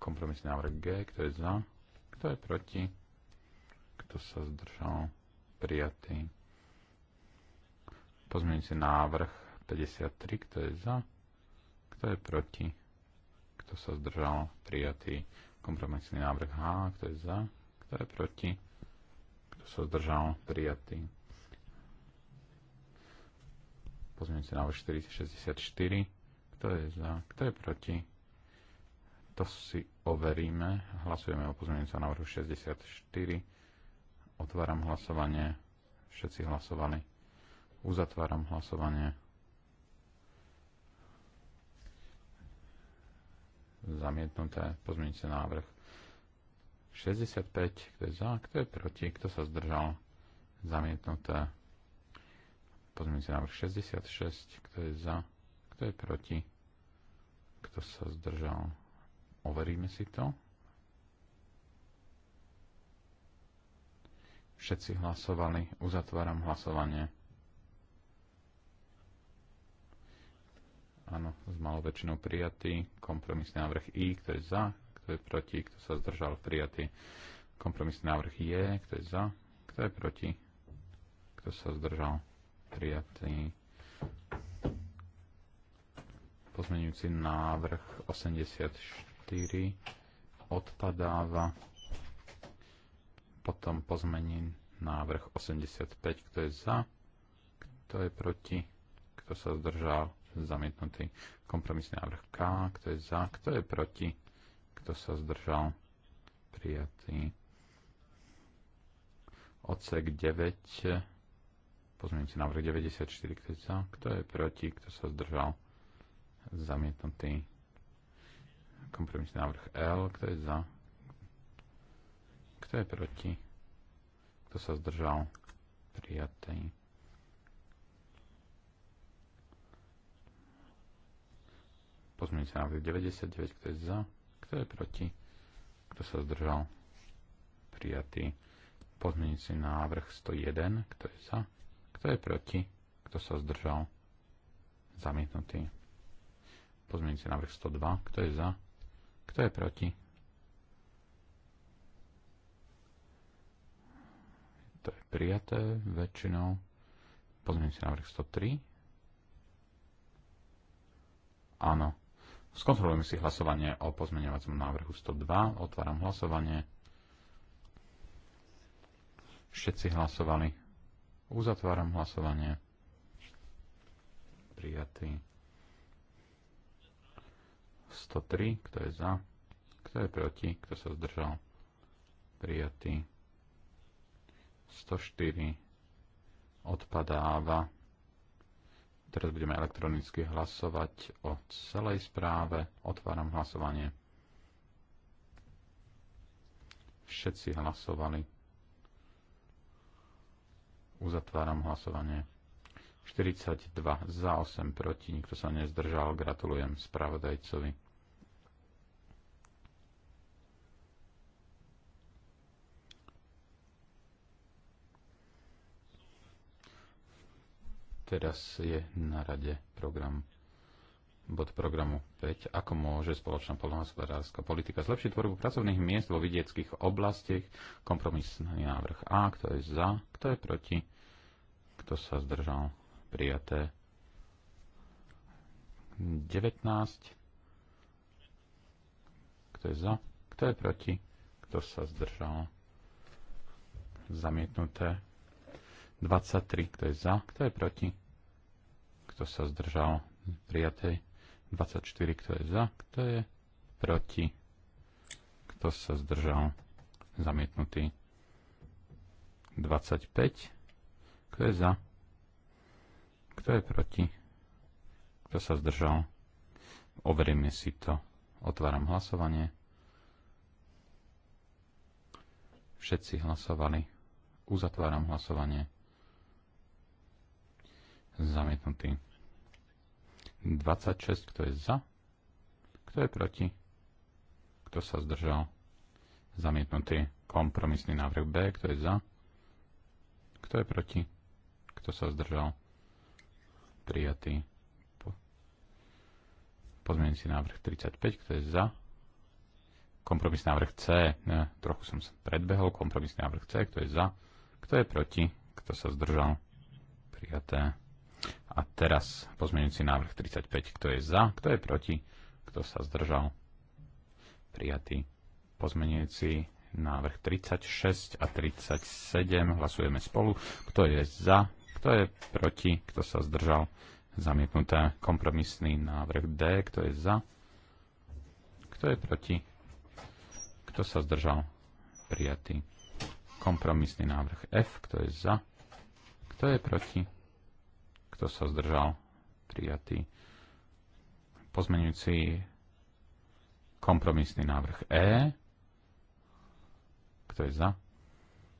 Kompromisný návrh G, kto je za, kto je proti, kto sa zdržal, prijatý. si návrh 53, kto je za, kto je proti, kto sa zdržal, prijatý. Kompromisný návrh H, kto je za, kto je proti, kto sa zdržal, prijatý Pozmeňujúci návrh 464. Kto je za? Kto je proti? To si overíme. Hlasujeme o pozmeňujúcom návrhu 64. Otváram hlasovanie. Všetci hlasovali. Uzatváram hlasovanie. Zamietnuté pozmeňujúci návrh 65. Kto je za? Kto je proti? Kto sa zdržal? Zamietnuté Pozmeňujúci návrh 66. Kto je za? Kto je proti? Kto sa zdržal? Overíme si to. Všetci hlasovali. Uzatváram hlasovanie. Áno, s malou väčšinou prijatý. Kompromisný návrh I, kto je za, kto je proti, kto sa zdržal, prijatý. Kompromisný návrh J, kto je za, kto je proti, kto sa zdržal prijatý pozmeňujúci návrh 84 odpadáva potom pozmení návrh 85 kto je za kto je proti kto sa zdržal zamietnutý kompromisný návrh K kto je za kto je proti kto sa zdržal prijatý odsek 9 Pozmeňujúci návrh 94, kto je za, kto je proti, kto sa zdržal. Zamietnutý. Kompromisný návrh L, kto je za, kto je proti, kto sa zdržal. Prijatý. Pozmeňujúci návrh 99, kto je za, kto je proti, kto sa zdržal. Prijatý. Pozmeňujúci návrh 101, kto je za, kto je proti? Kto sa zdržal? Zamietnutý. Pozmienujúci návrh 102. Kto je za? Kto je proti? To je prijaté väčšinou. Pozmienujúci návrh 103. Áno. Skontrolujeme si hlasovanie o pozmeňovacom návrhu 102. Otváram hlasovanie. Všetci hlasovali. Uzatváram hlasovanie. Prijatý. 103, kto je za, kto je proti, kto sa zdržal. Prijatý. 104 odpadáva. Teraz budeme elektronicky hlasovať o celej správe. Otváram hlasovanie. Všetci hlasovali. Uzatváram hlasovanie. 42 za 8 proti, nikto sa nezdržal. Gratulujem spravodajcovi. Teraz je na rade program bod programu 5. Ako môže spoločná polnohospodárska politika zlepšiť tvorbu pracovných miest vo vidieckých oblastiach? Kompromisný návrh A. Kto je za? Kto je proti? Kto sa zdržal? Prijaté. 19. Kto je za? Kto je proti? Kto sa zdržal? Zamietnuté. 23. Kto je za? Kto je proti? Kto sa zdržal? Prijaté. 24, kto je za, kto je proti, kto sa zdržal, zamietnutý. 25, kto je za, kto je proti, kto sa zdržal. Overíme si to. Otváram hlasovanie. Všetci hlasovali. Uzatváram hlasovanie. Zamietnutý. 26, kto je za, kto je proti, kto sa zdržal, zamietnutý kompromisný návrh B, kto je za, kto je proti, kto sa zdržal, prijatý si návrh 35, kto je za, kompromisný návrh C, ne, trochu som sa predbehol, kompromisný návrh C, kto je za, kto je proti, kto sa zdržal, prijaté a teraz pozmeňujúci návrh 35. Kto je za, kto je proti, kto sa zdržal? Prijatý. Pozmeňujúci návrh 36 a 37. Hlasujeme spolu. Kto je za, kto je proti, kto sa zdržal? Zamietnuté. Kompromisný návrh D. Kto je za, kto je proti, kto sa zdržal? Prijatý. Kompromisný návrh F. Kto je za, kto je proti, kto sa zdržal? Prijatý. Pozmenujúci kompromisný návrh E. Kto je za?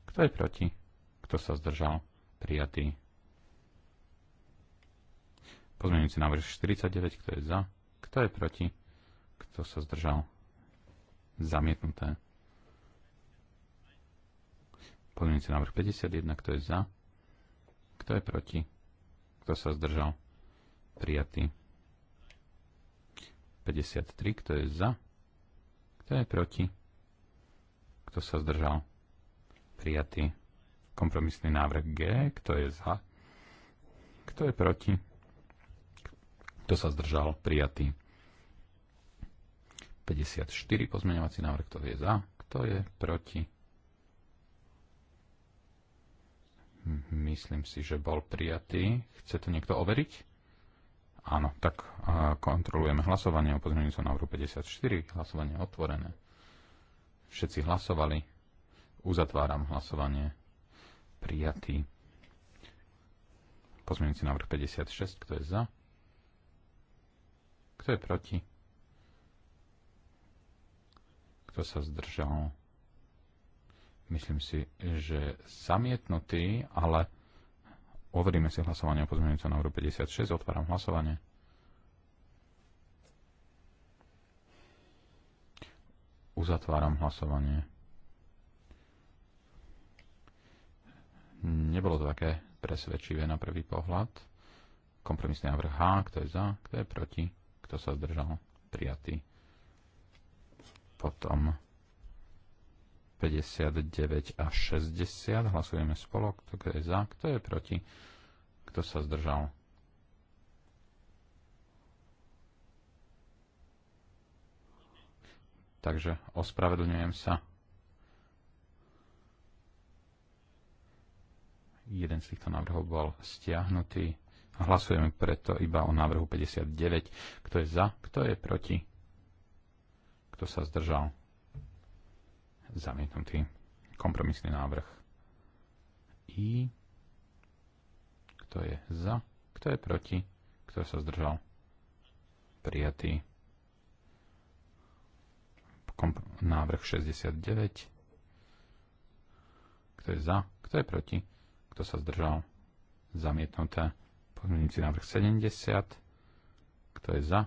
Kto je proti? Kto sa zdržal? Prijatý. Pozmeňujúci návrh 49. Kto je za? Kto je proti? Kto sa zdržal? Zamietnuté. Pozmeňujúci návrh 51. Kto je za? Kto je proti? Kto sa zdržal? Prijatý. 53. Kto je za? Kto je proti? Kto sa zdržal? Prijatý. Kompromisný návrh G. Kto je za? Kto je proti? Kto sa zdržal? Prijatý. 54. Pozmeňovací návrh. Kto je za? Kto je proti? Myslím si, že bol prijatý. Chce to niekto overiť? Áno, tak kontrolujeme hlasovanie o pozmeňujúcom návrhu 54. Hlasovanie otvorené. Všetci hlasovali. Uzatváram hlasovanie. Prijatý. Pozmeňujúci návrh 56. Kto je za? Kto je proti? Kto sa zdržal? myslím si, že zamietnutý, ale overíme si hlasovanie o pozmeňujúcom návrhu 56. Otváram hlasovanie. Uzatváram hlasovanie. Nebolo to také presvedčivé na prvý pohľad. Kompromisný návrh H, kto je za, kto je proti, kto sa zdržal, prijatý. Potom 59 a 60. Hlasujeme spolu, kto je za, kto je proti, kto sa zdržal. Takže ospravedlňujem sa. Jeden z týchto návrhov bol stiahnutý. Hlasujeme preto iba o návrhu 59. Kto je za, kto je proti, kto sa zdržal zamietnutý. Kompromisný návrh I. Kto je za? Kto je proti? Kto sa zdržal? Prijatý. Komp- návrh 69. Kto je za? Kto je proti? Kto sa zdržal? Zamietnuté. Pozmeňujúci návrh 70. Kto je za?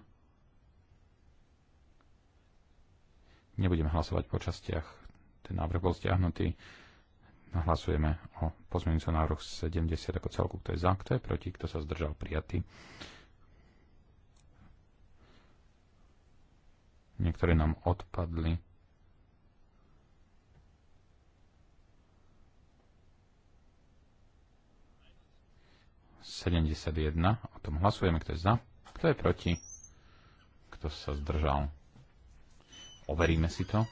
Nebudeme hlasovať po častiach. Ten návrh bol stiahnutý. Hlasujeme o pozmeňujúcom návrhu 70 ako celku. Kto je za, kto je proti, kto sa zdržal prijatý. Niektoré nám odpadli. O tom hlasujeme. Kto je za? Kto je proti? Kto sa zdržal? Overíme si to.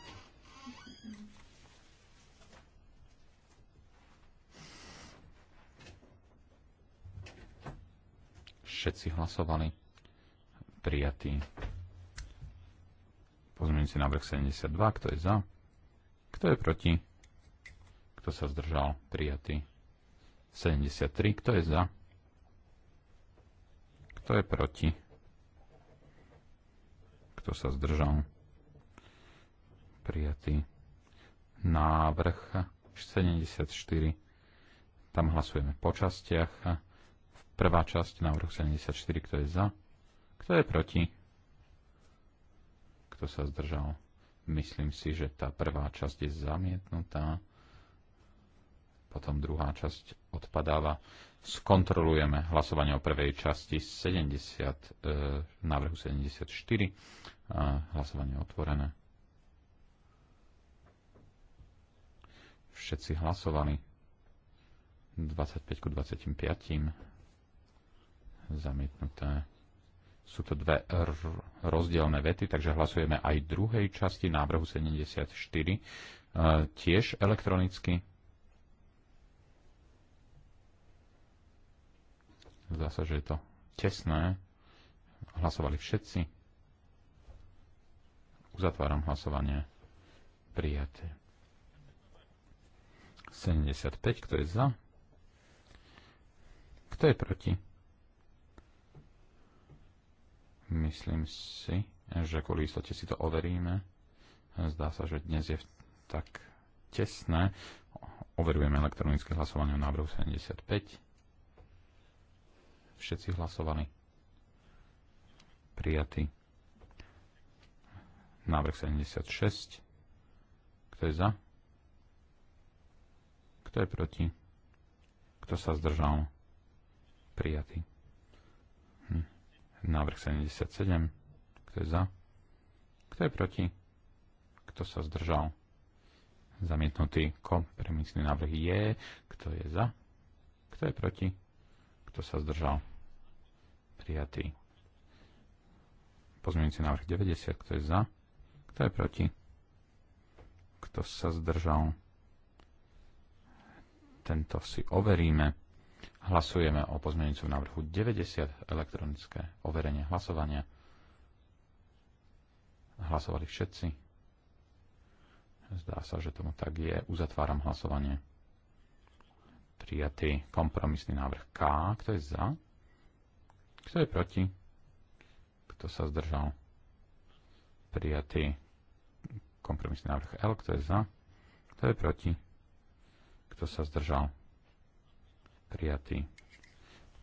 Všetci hlasovali. Prijatý. Pozmeňujúci návrh 72. Kto je za? Kto je proti? Kto sa zdržal? Prijatý. 73. Kto je za? Kto je proti? Kto sa zdržal? Prijatý. Návrh 74. Tam hlasujeme po častiach Prvá časť návrhu 74, kto je za, kto je proti, kto sa zdržal. Myslím si, že tá prvá časť je zamietnutá, potom druhá časť odpadáva. Skontrolujeme hlasovanie o prvej časti 70, e, návrhu 74, e, hlasovanie otvorené. Všetci hlasovali 25 ku 25 zamietnuté. Sú to dve rozdielne vety, takže hlasujeme aj druhej časti návrhu 74, e, tiež elektronicky. Zdá sa, že je to tesné. Hlasovali všetci. Uzatváram hlasovanie. Prijaté. 75, kto je za? Kto je proti? Myslím si, že kvôli istote si to overíme. Zdá sa, že dnes je tak tesné. Overujeme elektronické hlasovanie o návrhu 75. Všetci hlasovali. Prijatý. Návrh 76. Kto je za? Kto je proti? Kto sa zdržal? Prijatý. Návrh 77. Kto je za? Kto je proti? Kto sa zdržal? Zamietnutý kompromisný návrh je. Kto je za? Kto je proti? Kto sa zdržal? Prijatý. Pozmeňujúci návrh 90. Kto je za? Kto je proti? Kto sa zdržal? Tento si overíme. Hlasujeme o pozmeňujúcom návrhu 90 elektronické overenie hlasovania. Hlasovali všetci. Zdá sa, že tomu tak je. Uzatváram hlasovanie. Prijatý kompromisný návrh K. Kto je za? Kto je proti? Kto sa zdržal? Prijatý kompromisný návrh L. Kto je za? Kto je proti? Kto sa zdržal? prijatý.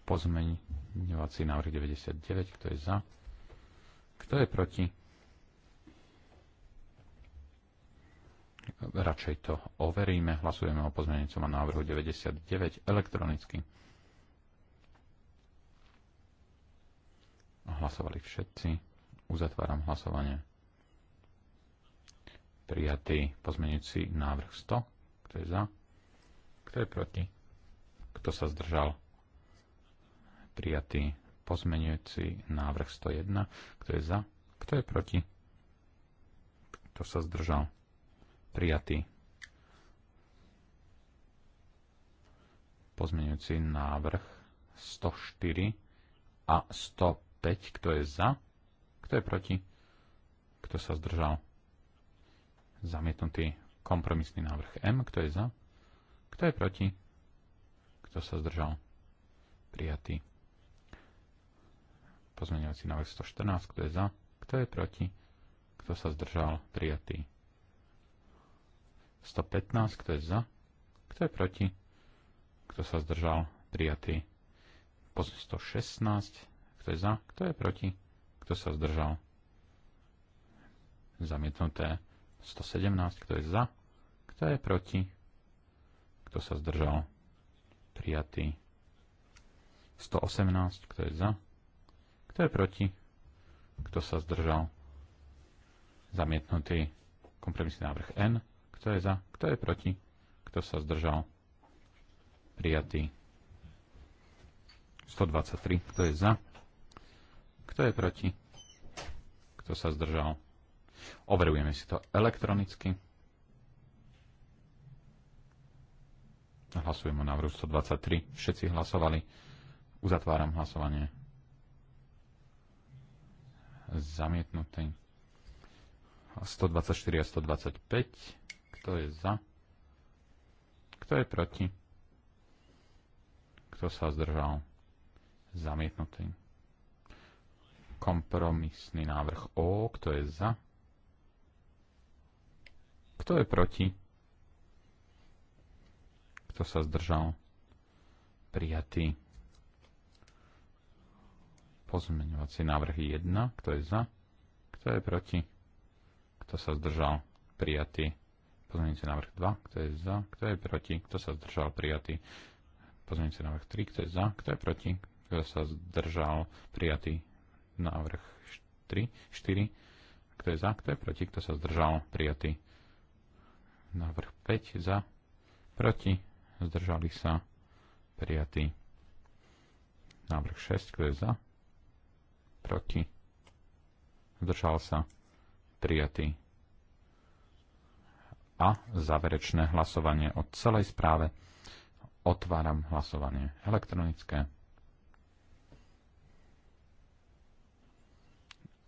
Pozmeňovací návrh 99, kto je za? Kto je proti? Radšej to overíme. Hlasujeme o pozmeňujúcom návrhu 99 elektronicky. Hlasovali všetci. Uzatváram hlasovanie. Prijatý pozmeňujúci návrh 100. Kto je za? Kto je proti? Kto sa zdržal? Prijatý pozmenujúci návrh 101. Kto je za? Kto je proti? Kto sa zdržal? Prijatý. Pozmenujúci návrh 104 a 105. Kto je za? Kto je proti? Kto sa zdržal? Zamietnutý kompromisný návrh M. Kto je za? Kto je proti? Kto sa zdržal? Prijatý. Pozmeňovací návrh 114. Kto je za? Kto je proti? Kto sa zdržal? Prijatý. 115. Kto je za? Kto je proti? Kto sa zdržal? Prijatý. 116. Kto je za? Kto je proti? Kto sa zdržal? Zamietnuté. 117. Kto je za? Kto je proti? Kto sa zdržal? prijatý. 118, kto je za, kto je proti, kto sa zdržal, zamietnutý. Kompromisný návrh N, kto je za, kto je proti, kto sa zdržal, prijatý. 123, kto je za, kto je proti, kto sa zdržal. Overujeme si to elektronicky. Hlasujem o návrhu 123. Všetci hlasovali. Uzatváram hlasovanie. Zamietnutý. 124 a 125. Kto je za? Kto je proti? Kto sa zdržal? Zamietnutý. Kompromisný návrh O. Kto je za? Kto je proti? Kto sa zdržal? Prijatý. Pozmeňovací návrh 1. Kto je za? Kto je proti? Kto sa zdržal? Prijatý. Pozmeňujúci návrh 2. Kto je za? Kto je proti? Kto sa zdržal? Prijatý. Pozmeňujúci návrh 3. Kto je za? Kto je proti? Kto sa zdržal? Prijatý. Návrh 3. 4. Kto je za? Kto je proti? Kto sa zdržal? Prijatý. Návrh 5. Za? Proti? zdržali sa, prijatý. Návrh 6, kto je za, proti, zdržal sa, prijatý. A záverečné hlasovanie o celej správe. Otváram hlasovanie elektronické.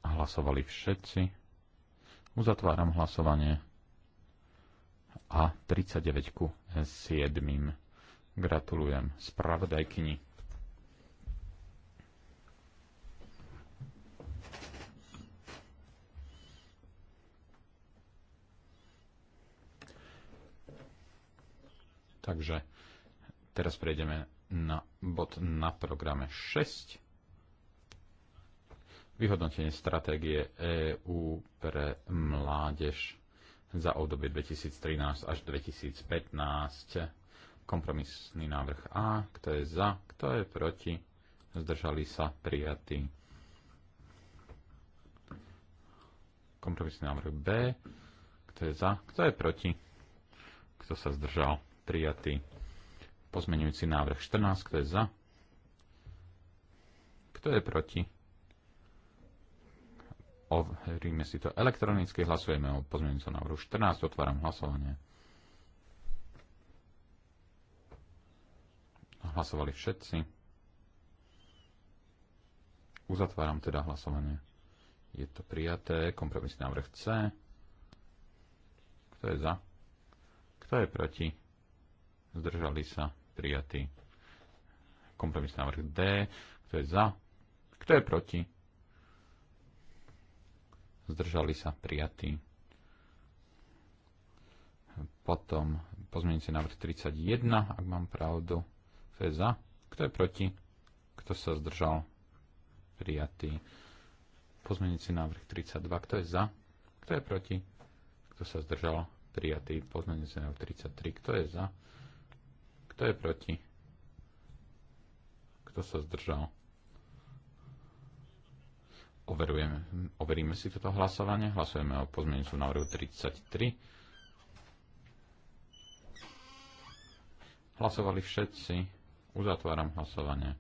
Hlasovali všetci. Uzatváram hlasovanie. A 39 ku Gratulujem spravodajkyni. Takže teraz prejdeme na bod na programe 6. Vyhodnotenie stratégie EÚ pre mládež za obdobie 2013 až 2015. Kompromisný návrh A, kto je za, kto je proti, zdržali sa prijatí. Kompromisný návrh B, kto je za, kto je proti, kto sa zdržal prijatý. Pozmenujúci návrh 14, kto je za, kto je proti, Overíme si to elektronicky. Hlasujeme o pozmeňujúcom návrhu 14. Otváram hlasovanie. Hlasovali všetci. Uzatváram teda hlasovanie. Je to prijaté. Kompromisný návrh C. Kto je za? Kto je proti? Zdržali sa. Prijatý. Kompromisný návrh D. Kto je za? Kto je proti? zdržali sa prijatí. Potom si návrh 31, ak mám pravdu, kto je za, kto je proti, kto sa zdržal prijatý. Pozmienujúci návrh 32, kto je za, kto je proti, kto sa zdržal prijatý. Pozmienujúci návrh 33, kto je za, kto je proti, kto sa zdržal prijatý. Overujeme, overíme si toto hlasovanie. Hlasujeme o pozmeňujúcom návrhu 33. Hlasovali všetci. Uzatváram hlasovanie.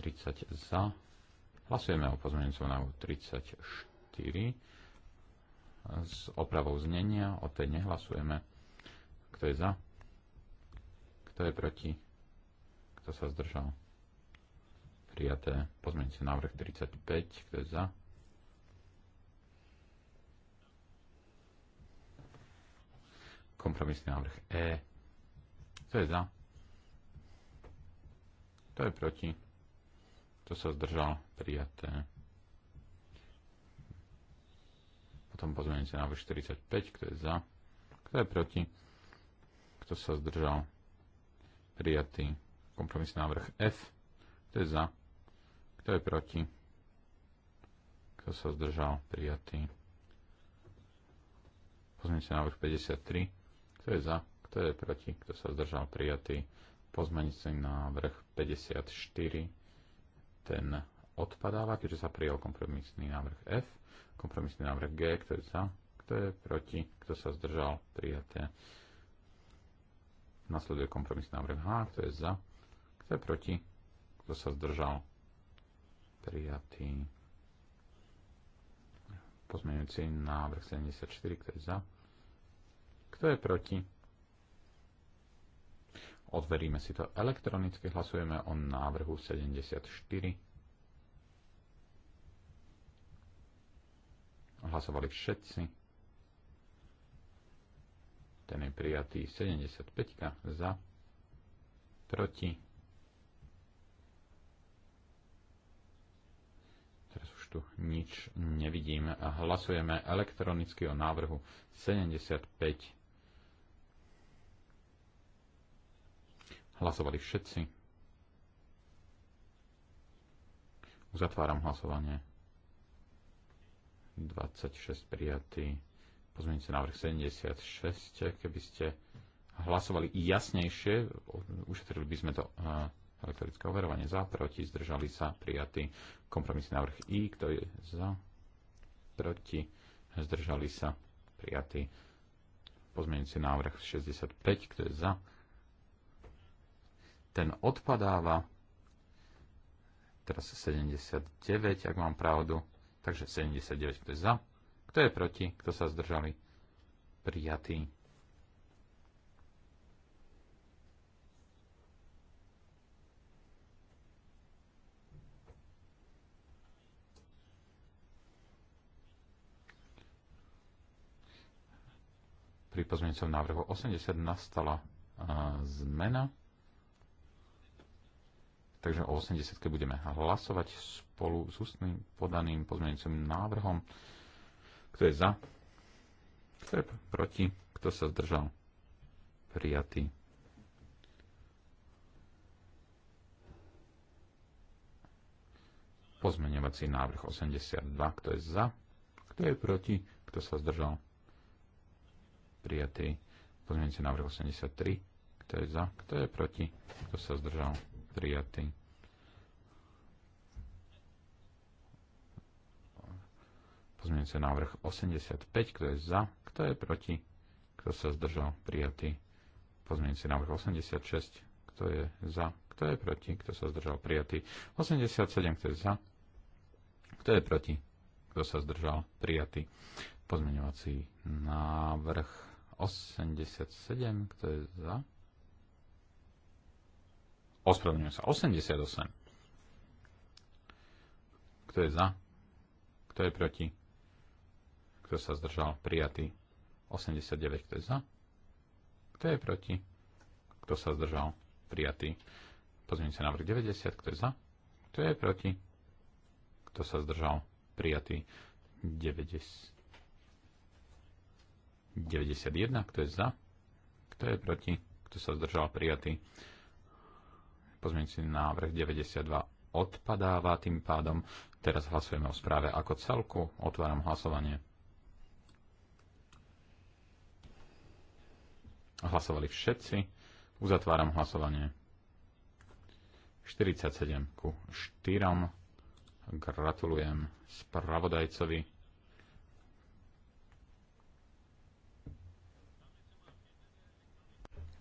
30 za. Hlasujeme o pozmeňujúcom návrhu 34 s opravou znenia. O tej nehlasujeme. Kto je za? Kto je proti? Kto sa zdržal? prijaté. Pozmeňujúci návrh 35, kto je za? Kompromisný návrh E. Kto je za? Kto je proti? Kto sa zdržal? Prijaté. Potom pozmeňujúci návrh 45, kto je za? Kto je proti? Kto sa zdržal? Prijatý. Kompromisný návrh F. Kto je za? Kto je proti? Kto sa zdržal? Prijatý. Pozmeňte návrh 53. Kto je za? Kto je proti? Kto sa zdržal? Prijatý. Pozmeňte návrh 54. Ten odpadáva, keďže sa prijal kompromisný návrh F. Kompromisný návrh G. Kto je za? Kto je proti? Kto sa zdržal? Prijaté. Nasleduje kompromisný návrh H. Kto je za? Kto je proti? Kto sa zdržal? prijatý. Pozmeňujúci návrh 74, kto je za? Kto je proti? Odveríme si to elektronicky, hlasujeme o návrhu 74. Hlasovali všetci. Ten je prijatý 75 za, proti tu nič nevidím. Hlasujeme elektronicky o návrhu 75. Hlasovali všetci. Uzatváram hlasovanie. 26 prijatý. Pozmeňte návrh 76. Keby ste hlasovali jasnejšie, ušetrili by sme to eh, elektronické overovanie za, proti, zdržali sa, prijatý. Kompromisný návrh I, kto je za, proti, zdržali sa, prijatý. Pozmeňujúci návrh 65, kto je za, ten odpadáva. Teraz 79, ak mám pravdu. Takže 79, kto je za, kto je proti, kto sa zdržali, prijatý. pri pozmeňujúcom návrhu 80 nastala zmena. Takže o 80 budeme hlasovať spolu s ústnym podaným pozmeňujúcim návrhom. Kto je za? Kto je proti? Kto sa zdržal? Prijatý. Pozmeňovací návrh 82. Kto je za? Kto je proti? Kto sa zdržal? prijatý. Pozmeňujúci návrh 83. Kto je za? Kto je proti? Kto sa zdržal? Prijatý. Pozmeňujúci návrh 85. Kto je za? Kto je proti? Kto sa zdržal? Prijatý. Pozmeňujúci návrh 86. Kto je za? Kto je proti? Kto sa zdržal? Prijatý. 87. Kto je za? Kto je proti? Kto sa zdržal? Prijatý. Pozmeňovací návrh 87, kto je za? Ospravedlňujem sa, 88. Kto je za? Kto je proti? Kto sa zdržal? Prijatý. 89, kto je za? Kto je proti? Kto sa zdržal? Prijatý. sa návrh 90, kto je za? Kto je proti? Kto sa zdržal? Prijatý. 90. 91, kto je za, kto je proti, kto sa zdržal prijatý. Pozmeňujúci návrh 92 odpadáva tým pádom. Teraz hlasujeme o správe ako celku. Otváram hlasovanie. Hlasovali všetci. Uzatváram hlasovanie. 47 ku 4. Gratulujem spravodajcovi.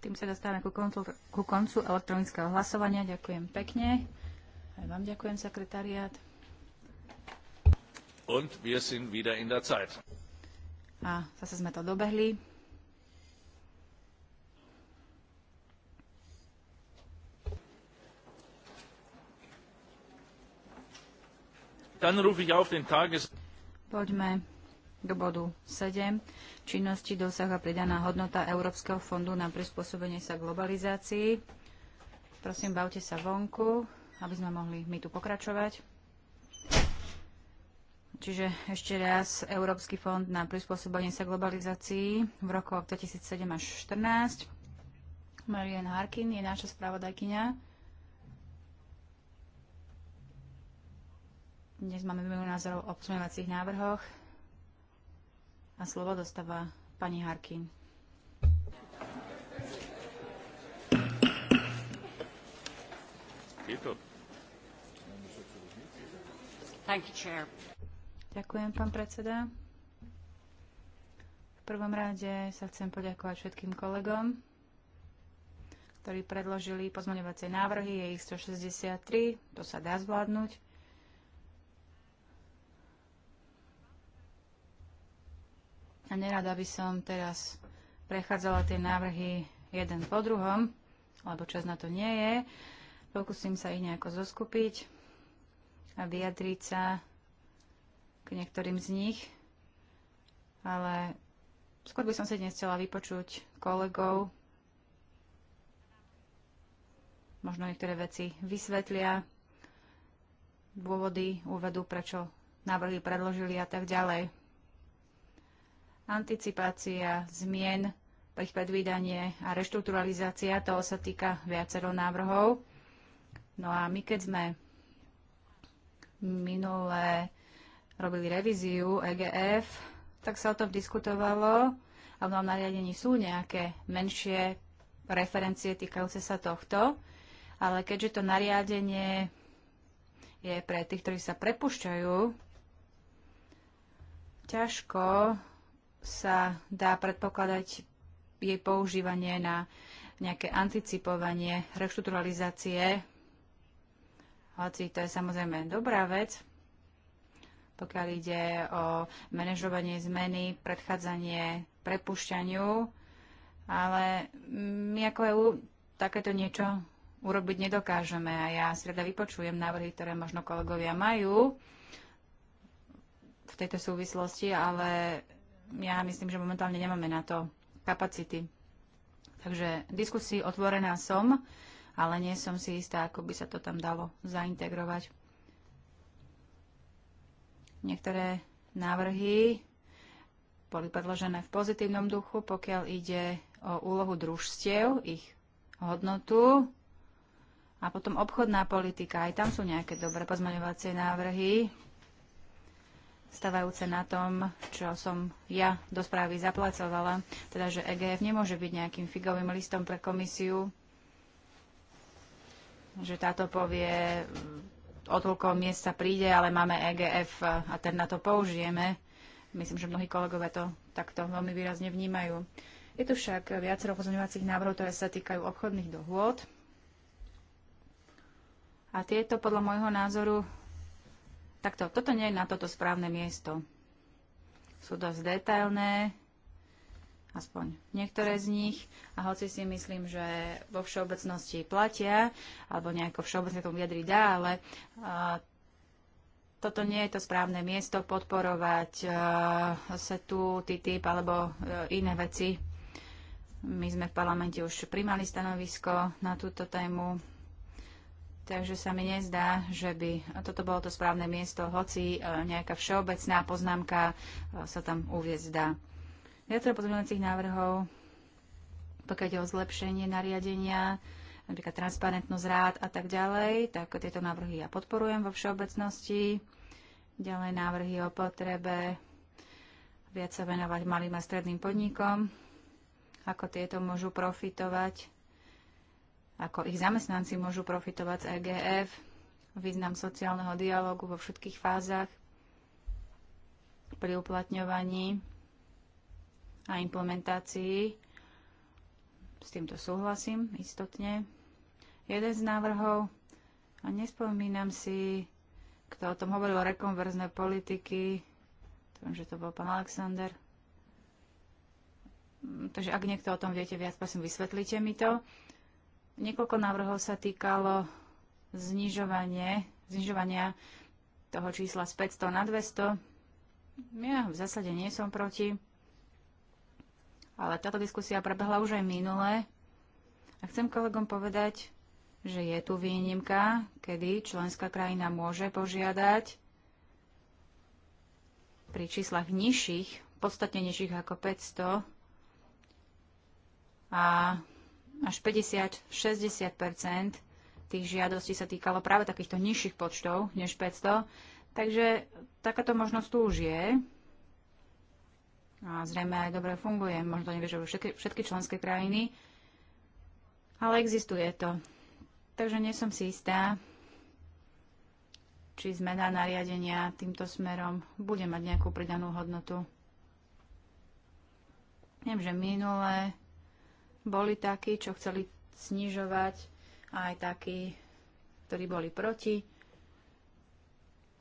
Tým sa dostávame ku koncu, ku koncu elektronického hlasovania. Ďakujem pekne. Aj vám ďakujem, sekretariát. Und wir sind wieder in der Zeit. A zase sme to dobehli. Dann rufe ich auf den Tages... Poďme do bodu 7 činnosti dosah a pridaná hodnota Európskeho fondu na prispôsobenie sa globalizácii. Prosím, bavte sa vonku, aby sme mohli my tu pokračovať. Čiže ešte raz Európsky fond na prispôsobenie sa globalizácii v rokoch 2007 až 2014. Marian Harkin je naša spravodajkyňa. Dnes máme mimo názorov o pozmeňovacích návrhoch. A slovo dostáva pani Harkin. You, Ďakujem, pán predseda. V prvom rade sa chcem poďakovať všetkým kolegom, ktorí predložili pozmaňovacie návrhy. Je ich 163, to sa dá zvládnuť. A nerada by som teraz prechádzala tie návrhy jeden po druhom, lebo čas na to nie je. Pokúsim sa ich nejako zoskupiť a vyjadriť sa k niektorým z nich, ale skôr by som si dnes chcela vypočuť kolegov, možno niektoré veci vysvetlia, dôvody uvedú, prečo návrhy predložili a tak ďalej. Anticipácia zmien, ich predvídanie a reštrukturalizácia, toho sa týka viacero návrhov. No a my keď sme minulé robili revíziu EGF, tak sa o tom diskutovalo a v novom nariadení sú nejaké menšie referencie týkajúce sa tohto, ale keďže to nariadenie je pre tých, ktorí sa prepušťajú, ťažko sa dá predpokladať jej používanie na nejaké anticipovanie reštrukturalizácie, hoci to je samozrejme dobrá vec, pokiaľ ide o manažovanie zmeny, predchádzanie prepušťaniu, ale my ako EU takéto niečo urobiť nedokážeme a ja si rada vypočujem návrhy, ktoré možno kolegovia majú v tejto súvislosti, ale ja myslím, že momentálne nemáme na to kapacity. Takže diskusii otvorená som, ale nie som si istá, ako by sa to tam dalo zaintegrovať. Niektoré návrhy boli predložené v pozitívnom duchu, pokiaľ ide o úlohu družstiev, ich hodnotu a potom obchodná politika. Aj tam sú nejaké dobré pozmaňovacie návrhy stavajúce na tom, čo som ja do správy zaplacovala, teda že EGF nemôže byť nejakým figovým listom pre komisiu, že táto povie, o toľko miest sa príde, ale máme EGF a ten na to použijeme. Myslím, že mnohí kolegovia to takto veľmi výrazne vnímajú. Je tu však viacero pozorňovacích návrhov, ktoré sa týkajú obchodných dohôd. A tieto podľa môjho názoru Takto, toto nie je na toto správne miesto. Sú dosť detailné, aspoň niektoré z nich. A hoci si myslím, že vo všeobecnosti platia, alebo nejako všeobecne tomu vyjadri dá, ale a, toto nie je to správne miesto podporovať sa tu, TTIP alebo a, e, iné veci. My sme v parlamente už primali stanovisko na túto tému Takže sa mi nezdá, že by toto bolo to správne miesto, hoci e, nejaká všeobecná poznámka e, sa tam uviezť dá. Viacero pozmeňovacích návrhov, pokiaľ ide o zlepšenie nariadenia, napríklad transparentnosť rád a tak ďalej, tak tieto návrhy ja podporujem vo všeobecnosti. Ďalej návrhy o potrebe viac sa venovať malým a stredným podnikom, ako tieto môžu profitovať ako ich zamestnanci môžu profitovať z EGF, význam sociálneho dialogu vo všetkých fázach pri uplatňovaní a implementácii. S týmto súhlasím istotne. Jeden z návrhov, a nespomínam si, kto o tom hovoril o rekonverznej politiky, Viem, že to bol pán Alexander. Mm, takže ak niekto o tom viete viac, prosím, vysvetlite mi to. Niekoľko návrhov sa týkalo znižovanie, znižovania toho čísla z 500 na 200. Ja v zásade nie som proti, ale táto diskusia prebehla už aj minule. A chcem kolegom povedať, že je tu výnimka, kedy členská krajina môže požiadať pri číslach nižších, podstatne nižších ako 500 a až 50-60 tých žiadostí sa týkalo práve takýchto nižších počtov než 500. Takže takáto možnosť tu už je. A zrejme aj dobre funguje. Možno to nevyžadujú všetky, všetky členské krajiny. Ale existuje to. Takže nie som si istá, či zmena nariadenia týmto smerom bude mať nejakú pridanú hodnotu. Viem, že minulé boli takí, čo chceli snižovať, aj takí, ktorí boli proti.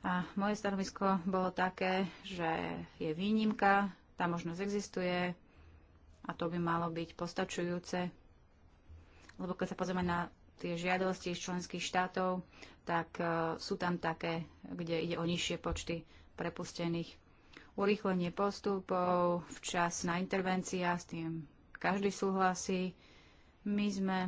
A moje stanovisko bolo také, že je výnimka, tá možnosť existuje a to by malo byť postačujúce. Lebo keď sa pozrieme na tie žiadosti z členských štátov, tak e, sú tam také, kde ide o nižšie počty prepustených. Urýchlenie postupov, včas na intervencia, s tým každý súhlasí. My sme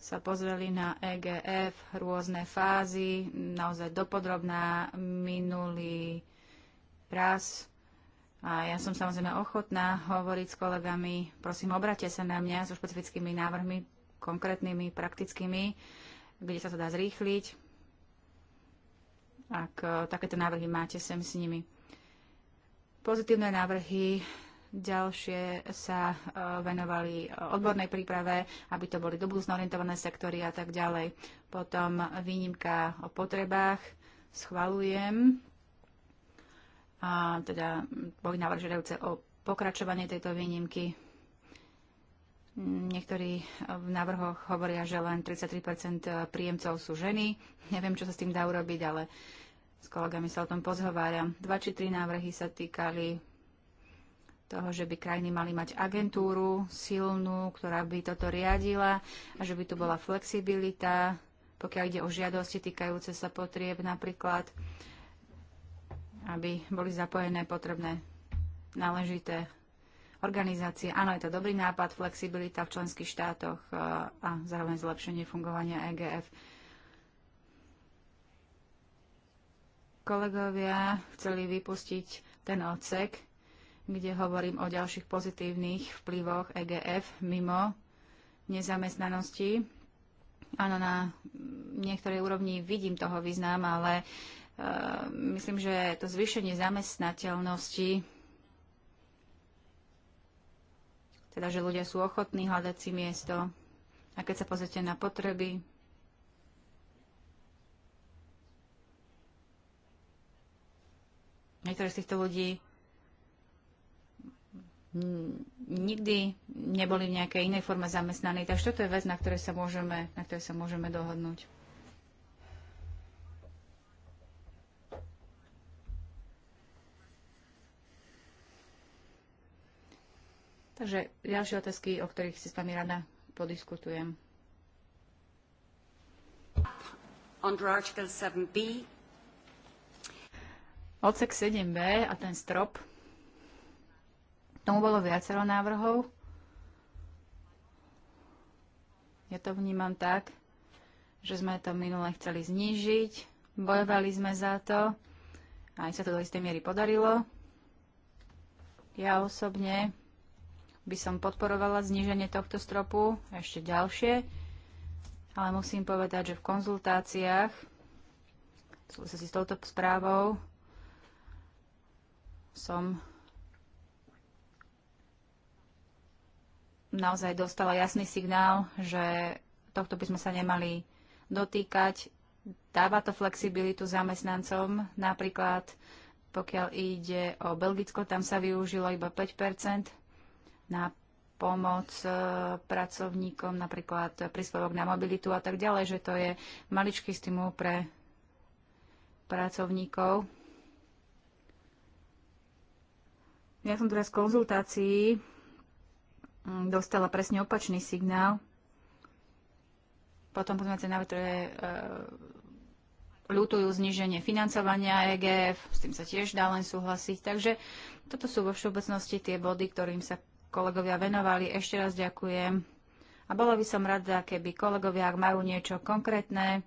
sa pozreli na EGF, rôzne fázy, naozaj dopodrobná minulý raz. A ja som samozrejme ochotná hovoriť s kolegami, prosím, obrate sa na mňa so špecifickými návrhmi, konkrétnymi, praktickými, kde sa to dá zrýchliť. Ak eh, takéto návrhy máte, sem s nimi. Pozitívne návrhy ďalšie sa e, venovali e, odbornej príprave, aby to boli do budúcna orientované sektory a tak ďalej. Potom výnimka o potrebách schvalujem. A teda boli návrh žiadajúce o pokračovanie tejto výnimky. Niektorí v návrhoch hovoria, že len 33 príjemcov sú ženy. Neviem, čo sa s tým dá urobiť, ale uh, s kolegami sa o tom pozhováram. Dva či tri návrhy sa týkali toho, že by krajiny mali mať agentúru silnú, ktorá by toto riadila a že by tu bola flexibilita, pokiaľ ide o žiadosti týkajúce sa potrieb napríklad, aby boli zapojené potrebné náležité organizácie. Áno, je to dobrý nápad, flexibilita v členských štátoch eh, a zároveň zlepšenie fungovania EGF. Kolegovia chceli vypustiť ten odsek, kde hovorím o ďalších pozitívnych vplyvoch EGF mimo nezamestnanosti. Áno, na niektorej úrovni vidím toho význam, ale uh, myslím, že to zvýšenie zamestnateľnosti, teda že ľudia sú ochotní hľadať si miesto a keď sa pozrite na potreby niektorí z týchto ľudí nikdy neboli v nejakej inej forme zamestnaní. Takže toto je vec, na ktorej sa môžeme, na ktorej sa môžeme dohodnúť. Takže ďalšie otázky, o ktorých si s vami rada podiskutujem. Under Article 7b Odsek 7b a ten strop. Tomu bolo viacero návrhov. Ja to vnímam tak, že sme to minule chceli znížiť, bojovali sme za to, aj sa to do istej miery podarilo. Ja osobne by som podporovala zníženie tohto stropu, ešte ďalšie, ale musím povedať, že v konzultáciách v si s touto správou som naozaj dostala jasný signál, že tohto by sme sa nemali dotýkať. Dáva to flexibilitu zamestnancom, napríklad pokiaľ ide o Belgicko, tam sa využilo iba 5 na pomoc e, pracovníkom, napríklad príspevok na mobilitu a tak ďalej, že to je maličký stimul pre pracovníkov. Ja som teraz z konzultácií mm, dostala presne opačný signál. Potom pozmeňovacie sa ktoré e, ľutujú zniženie financovania EGF, s tým sa tiež dá len súhlasiť. Takže toto sú vo všeobecnosti tie body, ktorým sa kolegovia venovali. Ešte raz ďakujem. A bola by som rada, keby kolegovia, ak majú niečo konkrétne,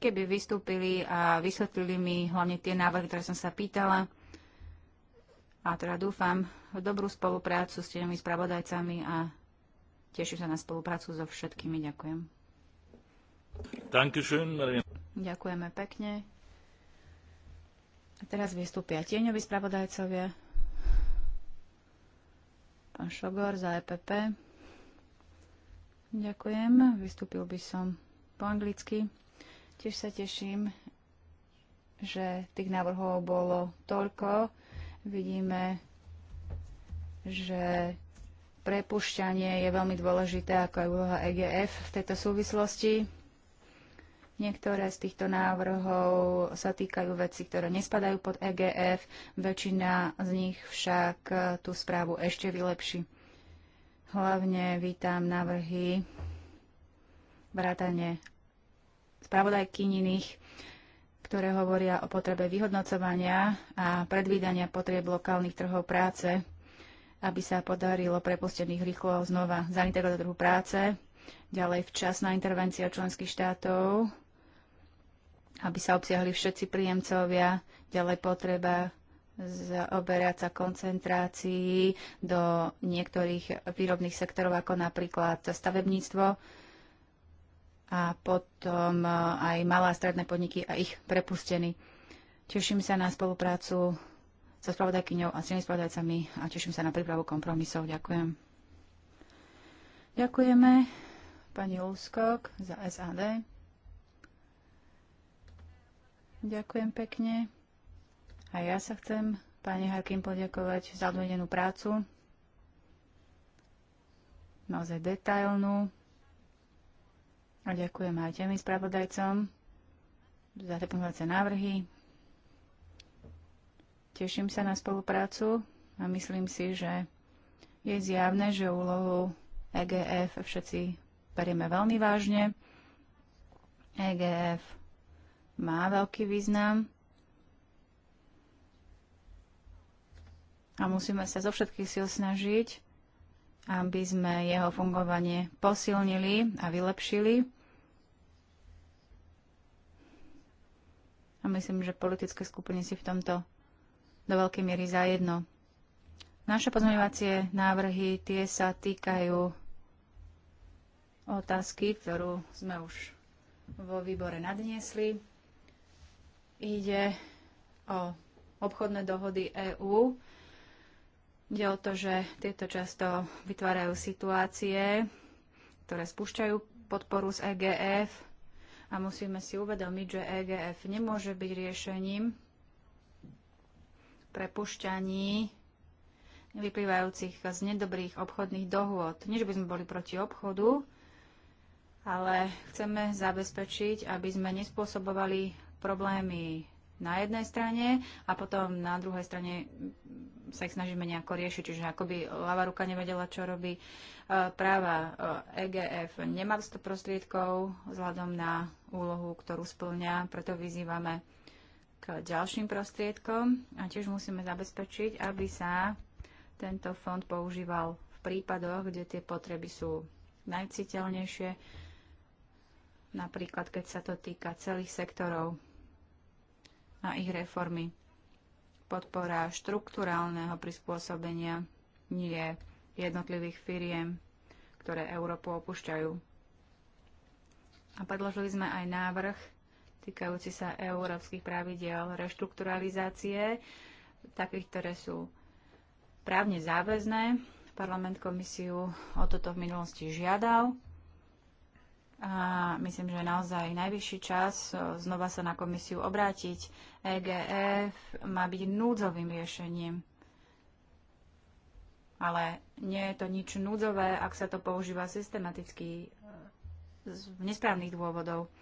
keby vystúpili a vysvetlili mi hlavne tie návrhy, ktoré som sa pýtala. A teda dúfam v dobrú spoluprácu s tými spravodajcami a teším sa na spoluprácu so všetkými. Ďakujem. Ďakujeme pekne. A teraz vystúpia tieňoví spravodajcovia. Pán Šogor za EPP. Ďakujem. Vystúpil by som po anglicky. Tiež sa teším, že tých návrhov bolo toľko. Vidíme, že prepušťanie je veľmi dôležité, ako aj úloha EGF v tejto súvislosti. Niektoré z týchto návrhov sa týkajú veci, ktoré nespadajú pod EGF, väčšina z nich však tú správu ešte vylepší. Hlavne vítam návrhy vrátane spravodajkyniných, ktoré hovoria o potrebe vyhodnocovania a predvídania potrieb lokálnych trhov práce, aby sa podarilo prepustených rýchlo znova zaintegrovať do trhu práce, ďalej včasná intervencia členských štátov, aby sa obsiahli všetci príjemcovia, ďalej potreba zaoberať sa koncentrácií do niektorých výrobných sektorov, ako napríklad stavebníctvo, a potom e, aj malé a stredné podniky a ich prepustení. Teším sa na spoluprácu so spravodajkyňou a s spravodajcami a teším sa na prípravu kompromisov. Ďakujem. Ďakujeme pani Úskok za SAD. Ďakujem pekne. A ja sa chcem pani Harkin poďakovať za odvedenú prácu. Naozaj detailnú. A ďakujem aj tým spravodajcom za doplňovacie návrhy. Teším sa na spoluprácu a myslím si, že je zjavné, že úlohu EGF všetci berieme veľmi vážne. EGF má veľký význam a musíme sa zo všetkých síl snažiť, aby sme jeho fungovanie posilnili a vylepšili A myslím, že politické skupiny si v tomto do veľkej miery zajedno. Naše pozmeňovacie návrhy, tie sa týkajú otázky, ktorú sme už vo výbore nadniesli. Ide o obchodné dohody EÚ. Ide o to, že tieto často vytvárajú situácie, ktoré spúšťajú podporu z EGF a musíme si uvedomiť, že EGF nemôže byť riešením prepušťaní vyplývajúcich z nedobrých obchodných dohôd. Nie, že by sme boli proti obchodu, ale chceme zabezpečiť, aby sme nespôsobovali problémy na jednej strane a potom na druhej strane sa ich snažíme nejako riešiť. Čiže akoby ľava ruka nevedela, čo robí. E, práva EGF e nemá 100 prostriedkov vzhľadom na úlohu, ktorú splňa, preto vyzývame k ďalším prostriedkom a tiež musíme zabezpečiť, aby sa tento fond používal v prípadoch, kde tie potreby sú najciteľnejšie, napríklad keď sa to týka celých sektorov a ich reformy podpora štruktúrálneho prispôsobenia, nie jednotlivých firiem, ktoré Európu opúšťajú. A predložili sme aj návrh týkajúci sa európskych pravidiel reštrukturalizácie, takých, ktoré sú právne záväzné. Parlament komisiu o toto v minulosti žiadal. A myslím, že je naozaj najvyšší čas e, znova sa na komisiu obrátiť. EGF má byť núdzovým riešením. Ale nie je to nič núdzové, ak sa to používa systematicky e, z nesprávnych dôvodov.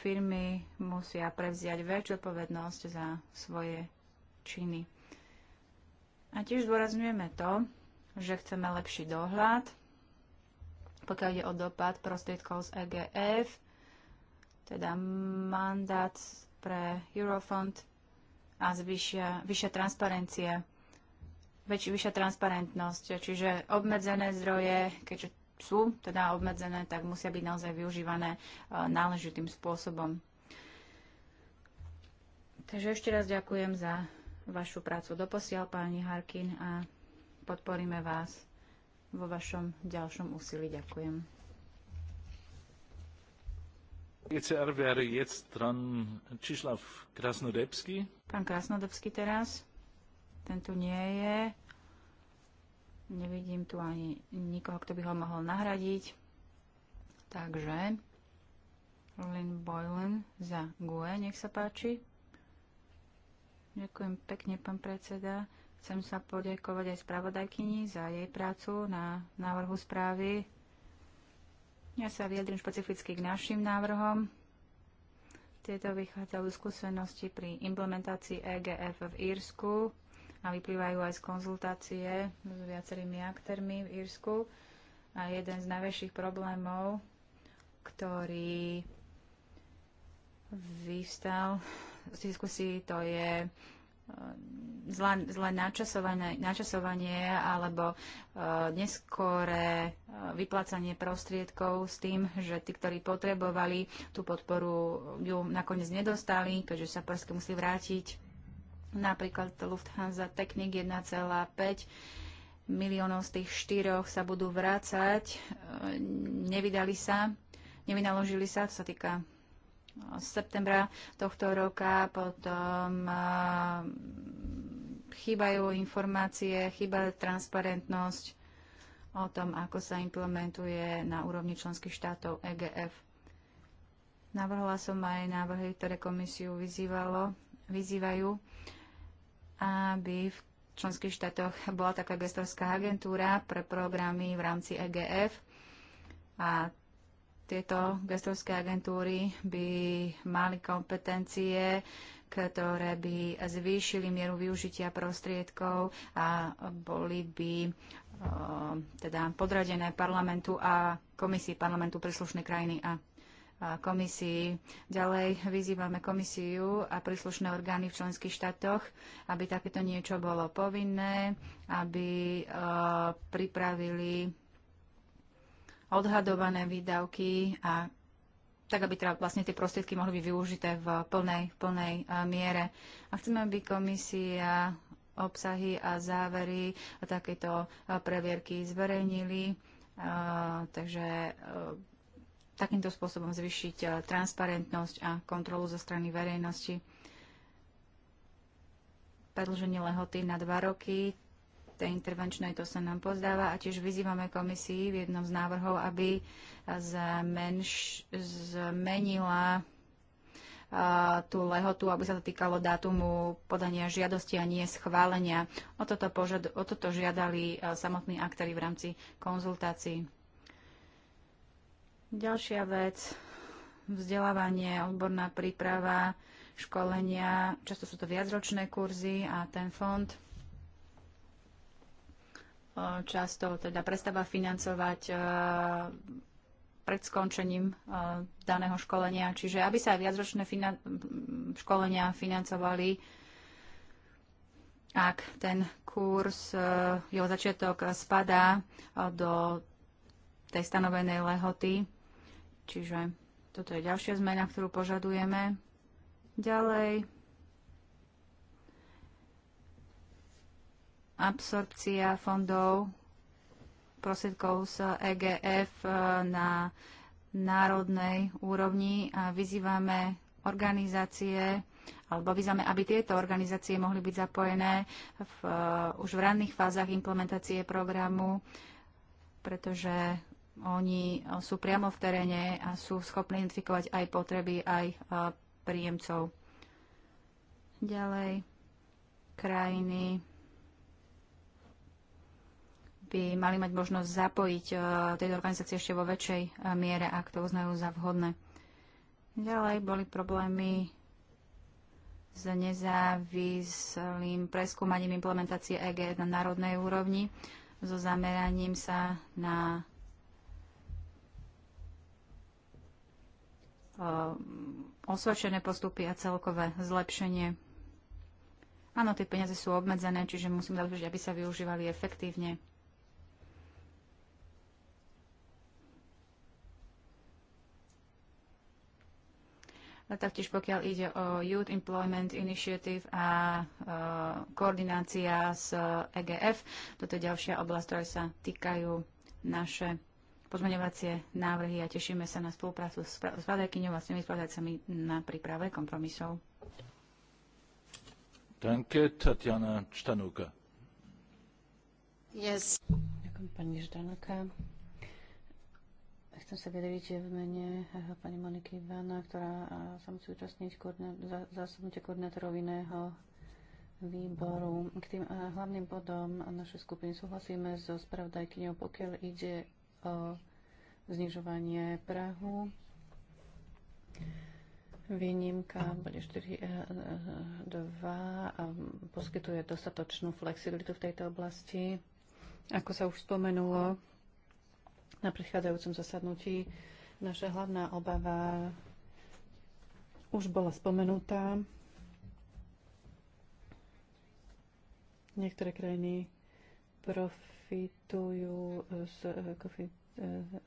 Firmy musia prevziať väčšiu odpovednosť za svoje činy. A tiež zdôrazňujeme to, že chceme lepší dohľad pokiaľ ide o dopad prostriedkov z EGF, teda mandát pre Eurofond a zvyšia, vyššia transparencia, väč, vyššia transparentnosť. Čiže obmedzené zdroje, keďže sú teda obmedzené, tak musia byť naozaj využívané e, náležitým spôsobom. Takže ešte raz ďakujem za vašu prácu doposiaľ, pani Harkin, a podporíme vás vo vašom ďalšom úsilí. Ďakujem. E pán Krasnodebský teraz. Ten tu nie je. Nevidím tu ani nikoho, kto by ho mohol nahradiť. Takže Lynn Boylan za GUE, nech sa páči. Ďakujem pekne, pán predseda. Chcem sa poďakovať aj spravodajkyni za jej prácu na návrhu správy. Ja sa vyjadrím špecificky k našim návrhom. Tieto vychádzajú skúsenosti pri implementácii EGF v Írsku a vyplývajú aj z konzultácie s viacerými aktérmi v Írsku. A jeden z najväčších problémov, ktorý vyvstal z diskusí, to je zlé, zlé načasovanie, alebo uh, neskoré uh, vyplácanie prostriedkov s tým, že tí, ktorí potrebovali tú podporu, ju nakoniec nedostali, keďže sa proste musí vrátiť. Napríklad Lufthansa Technik 1,5 miliónov z tých štyroch sa budú vrácať, e, nevydali sa, nevynaložili sa, to sa týka z septembra tohto roka, potom eh, chýbajú informácie, chýba transparentnosť o tom, ako sa implementuje na úrovni členských štátov EGF. Navrhla som aj návrhy, ktoré komisiu vyzývalo, vyzývajú, aby v členských štátoch bola taká gestorská agentúra pre programy v rámci EGF a tieto gestorské agentúry by mali kompetencie, ktoré by zvýšili mieru využitia prostriedkov a boli by eh, teda podradené parlamentu a komisii parlamentu príslušnej krajiny a komisii. Ďalej vyzývame komisiu a príslušné orgány v členských štátoch, aby takéto niečo bolo povinné, aby eh, pripravili odhadované výdavky a tak, aby teda vlastne tie prostriedky mohli byť využité v plnej, plnej e, miere. A chceme, aby komisia obsahy a závery a takéto e, previerky zverejnili. E, takže takýmto spôsobom zvyšiť transparentnosť a kontrolu zo strany verejnosti. Predlženie lehoty na dva roky, tej intervenčnej, to sa nám pozdáva a tiež vyzývame komisii v jednom z návrhov, aby zmenš, zmenila tú lehotu, aby sa to týkalo dátumu podania žiadosti a nie schválenia. O toto, požad- o toto žiadali samotní aktéry v rámci konzultácií. Ďalšia vec, vzdelávanie, odborná príprava, školenia, často sú to viacročné kurzy a ten fond – často teda prestáva financovať e, pred skončením e, daného školenia. Čiže aby sa viacročné finan- školenia financovali, ak ten kurz, e, jeho začiatok spadá do tej stanovenej lehoty. Čiže toto je ďalšia zmena, ktorú požadujeme. Ďalej, absorpcia fondov prostriedkov z EGF eh, na národnej úrovni a vyzývame organizácie, alebo vyzývame, aby tieto organizácie mohli byť zapojené v, eh, už v ranných fázach implementácie programu, pretože oni eh, sú priamo v teréne a sú schopní identifikovať aj potreby, aj príjemcov. Ďalej krajiny by mali mať možnosť zapojiť e, tejto organizácie ešte vo väčšej e, miere, ak to uznajú za vhodné. Ďalej boli problémy s nezávislým preskúmaním implementácie EG na národnej úrovni so zameraním sa na e, osvedčené postupy a celkové zlepšenie. Áno, tie peniaze sú obmedzené, čiže musím zabezpečiť, aby sa využívali efektívne. a taktiež pokiaľ ide o Youth Employment Initiative a e, koordinácia s EGF. Toto je ďalšia oblasť, ktoré sa týkajú naše pozmeňovacie návrhy a tešíme sa na spoluprácu s spravodajkyňou a s tými spoluprácami na príprave kompromisov. Danke, Tatiana Čtanúka. Yes. Ďakujem, pani Ždanuka. Chcem sa vyjadriť v mene eh, pani Moniky Ivana, ktorá eh, sa musí účastniť zásadnutia koordinátorov iného výboru. K tým eh, hlavným bodom našej skupiny súhlasíme so spravodajkyňou, pokiaľ ide o znižovanie Prahu. Výnimka bude 4.2 a poskytuje dostatočnú flexibilitu v tejto oblasti. Ako sa už spomenulo, na predchádzajúcom zasadnutí naša hlavná obava už bola spomenutá. Niektoré krajiny profitujú z eh, eh,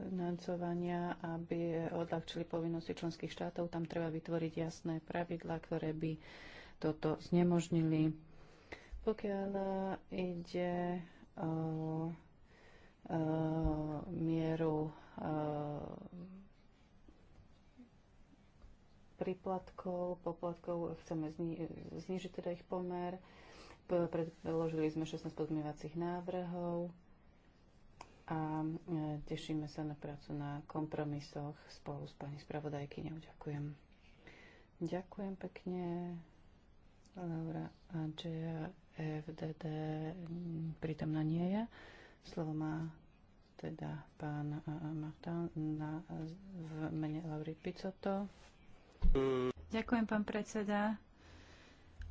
financovania, aby odľahčili povinnosti členských štátov. Tam treba vytvoriť jasné pravidlá, ktoré by toto znemožnili. Pokiaľ ide o Eh, mieru eh, príplatkov, poplatkov, chceme zni- znižiť teda ich pomer. Predložili sme 16 pozmývacích návrhov a eh, tešíme sa na prácu na kompromisoch spolu s pani spravodajkyňou. Ďakujem. Ďakujem pekne. Laura Andžeja, FDD, na nie je. Slovo má teda pán Martin na, v mene Laury Picoto. Ďakujem, pán predseda.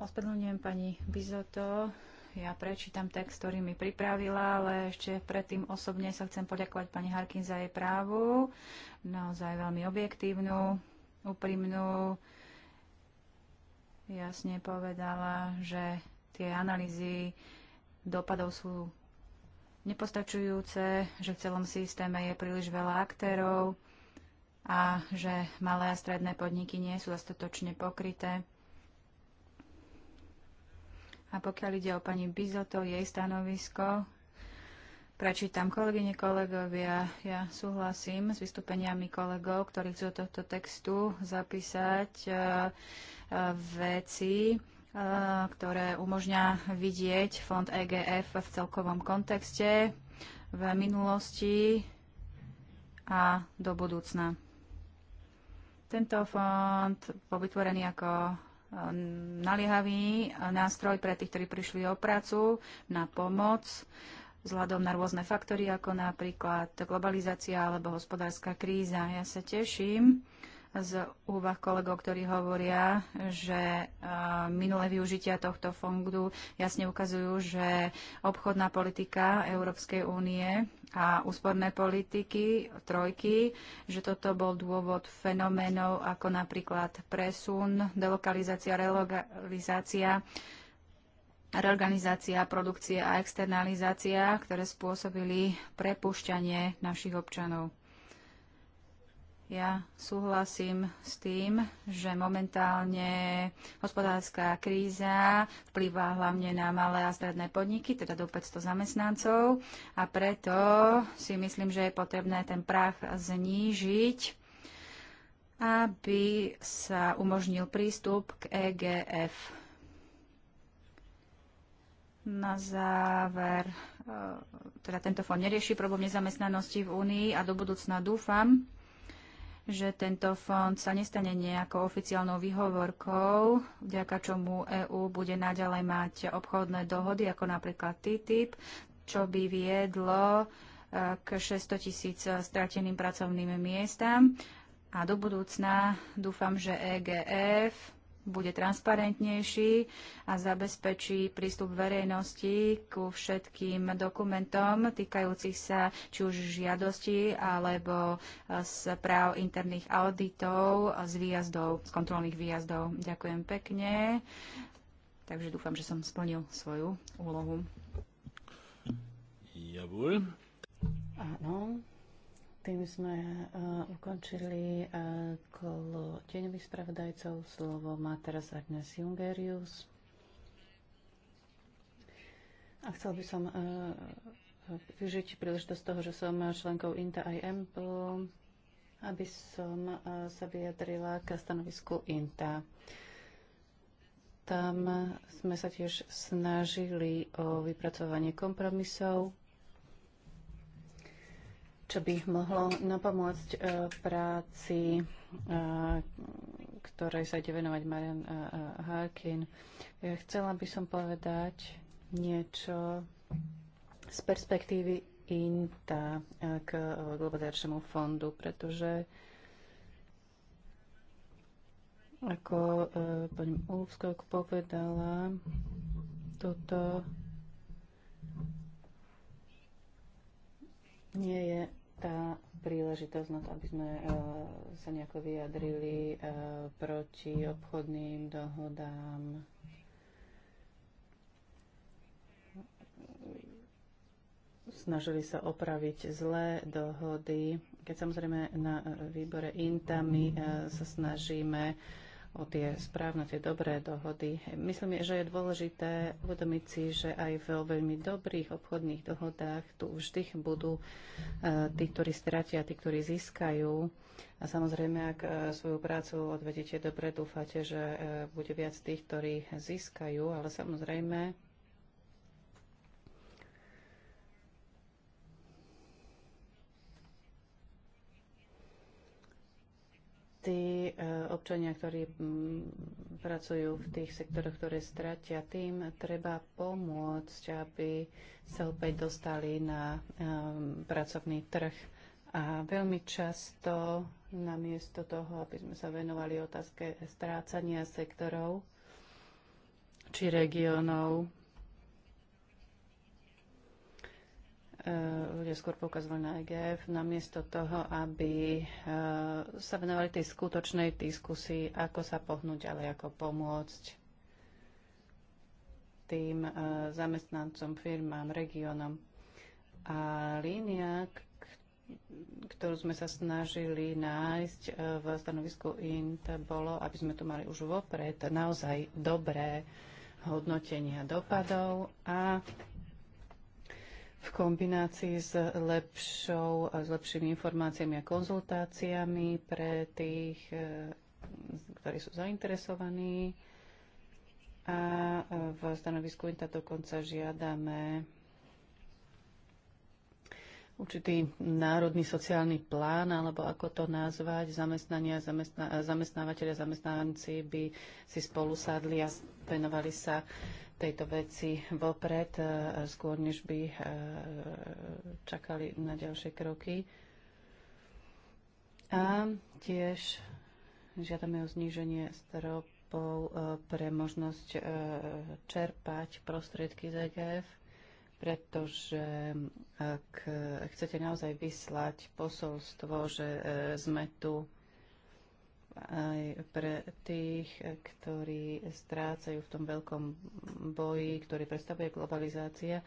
Ospedlňujem pani Bizoto. Ja prečítam text, ktorý mi pripravila, ale ešte predtým osobne sa chcem poďakovať pani Harkin za jej právu. Naozaj veľmi objektívnu, úprimnú. Jasne povedala, že tie analýzy dopadov sú nepostačujúce, že v celom systéme je príliš veľa aktérov a že malé a stredné podniky nie sú dostatočne pokryté. A pokiaľ ide o pani Bizoto, jej stanovisko, prečítam kolegyne, kolegovia, ja súhlasím s vystúpeniami kolegov, ktorí chcú do tohto textu zapísať uh, uh, veci, Eh, ktoré umožňa vidieť fond EGF v celkovom kontexte v minulosti a do budúcna. Tento fond bol vytvorený ako eh, naliehavý nástroj pre tých, ktorí prišli o prácu, na pomoc vzhľadom na rôzne faktory, ako napríklad globalizácia alebo hospodárska kríza. Ja sa teším, z úvah kolegov, ktorí hovoria, že minulé využitia tohto fondu jasne ukazujú, že obchodná politika Európskej únie a úsporné politiky, trojky, že toto bol dôvod fenoménov ako napríklad presun, delokalizácia, relokalizácia, reorganizácia produkcie a externalizácia, ktoré spôsobili prepušťanie našich občanov. Ja súhlasím s tým, že momentálne hospodárska kríza vplyvá hlavne na malé a stredné podniky, teda do 500 zamestnancov a preto si myslím, že je potrebné ten prach znížiť, aby sa umožnil prístup k EGF. Na záver, e, teda tento fond nerieši problém nezamestnanosti v Únii a do budúcna dúfam, že tento fond sa nestane nejakou oficiálnou výhovorkou, vďaka čomu EÚ bude naďalej mať obchodné dohody, ako napríklad TTIP, čo by viedlo e, k 600 tisíc strateným pracovným miestam. A do budúcna dúfam, že EGF bude transparentnejší a zabezpečí prístup verejnosti ku všetkým dokumentom týkajúcich sa či už žiadosti alebo eh, správ interných auditov z výjazdov, z kontrolných výjazdov. Ďakujem pekne. Takže dúfam, že som splnil svoju úlohu. Jawohl. no. Tým sme uh, ukončili uh, kolo tieňových spravodajcov. Slovo má teraz Agnes Jungerius. A chcel by som uh, využiť príležitosť toho, že som členkou INTA aj EMPL, aby som uh, sa vyjadrila k stanovisku INTA. Tam sme sa tiež snažili o vypracovanie kompromisov čo by mohlo napomôcť e, práci, e, ktorej sa ide venovať Marian e, Harkin. Ja chcela by som povedať niečo z perspektívy INTA k globalizačnému fondu, pretože ako pani Ulfskok povedala, toto nie je tá príležitosť na to, aby sme uh, sa nejako vyjadrili uh, proti obchodným dohodám. Snažili sa opraviť zlé dohody. Keď samozrejme na výbore INTA my uh, sa snažíme uh, o tie správne, tie dobré dohody. Myslím, že je dôležité uvedomiť si, že aj vo veľmi dobrých obchodných dohodách tu vždy budú e, tí, ktorí stratia, tí, ktorí získajú. A samozrejme, ak e, svoju prácu odvedete dobre, dúfate, že e, bude viac tých, ktorí získajú, ale samozrejme tí eh, občania, ktorí mm, pracujú v tých sektoroch, ktoré stratia, tým treba pomôcť, aby sa opäť dostali na eh, pracovný trh. A veľmi často, namiesto toho, aby sme sa venovali otázke strácania sektorov či regiónov, Eh, ľudia skôr poukazovali na EGF, namiesto toho, aby eh, sa venovali tej skutočnej diskusii, ako sa pohnúť, ale ako pomôcť tým eh, zamestnancom, firmám, regiónom. A línia, ktorú sme sa snažili nájsť v stanovisku INT, bolo, aby sme tu mali už vopred naozaj dobré hodnotenia dopadov a v kombinácii s, lepšou, s lepšími informáciami a konzultáciami pre tých, e, ktorí sú zainteresovaní. A e, v stanovisku INTA dokonca žiadame určitý národný sociálny plán, alebo ako to nazvať, zamestnania, zamestná, zamestnávateľia, zamestnanci by si spolu sadli a venovali sa tejto veci vopred, e, skôr než by e, čakali na ďalšie kroky. A tiež žiadame o zníženie stropov e, pre možnosť čerpať prostriedky z EGF, pretože ak chcete naozaj vyslať posolstvo, že sme tu aj pre tých, ktorí strácajú v tom veľkom boji, ktorý predstavuje globalizácia.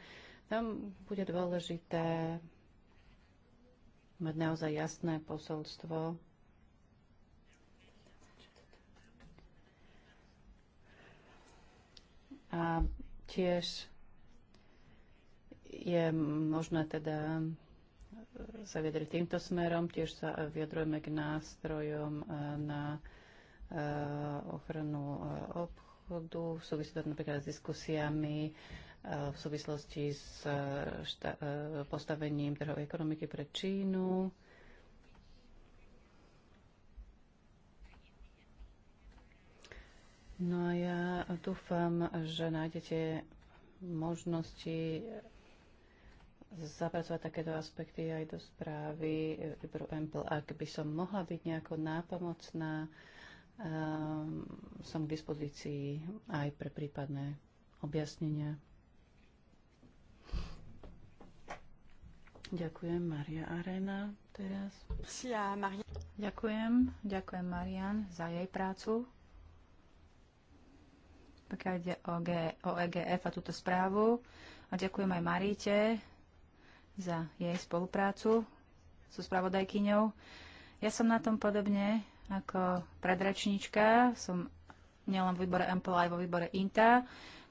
Tam bude dôležité mať naozaj jasné posolstvo. A tiež je možné teda sa vyjadriť týmto smerom. Tiež sa vyjadrujeme k nástrojom e, na e, ochranu e, obchodu. Súvisí to napríklad s diskusiami v súvislosti s postavením trhovej ekonomiky pre Čínu. No a ja dúfam, že nájdete možnosti zapracovať takéto aspekty aj do správy výboru Ample. Ak by som mohla byť nejako nápomocná, um, som k dispozícii aj pre prípadné objasnenia. Ďakujem, Maria Arena teraz. Ďakujem, ďakujem Marian za jej prácu. Pokiaľ ide o, G, o EGF a túto správu. A ďakujem aj Maríte za jej spoluprácu so spravodajkyňou. Ja som na tom podobne ako predrečníčka, som nielen v výbore MPL, aj vo výbore INTA.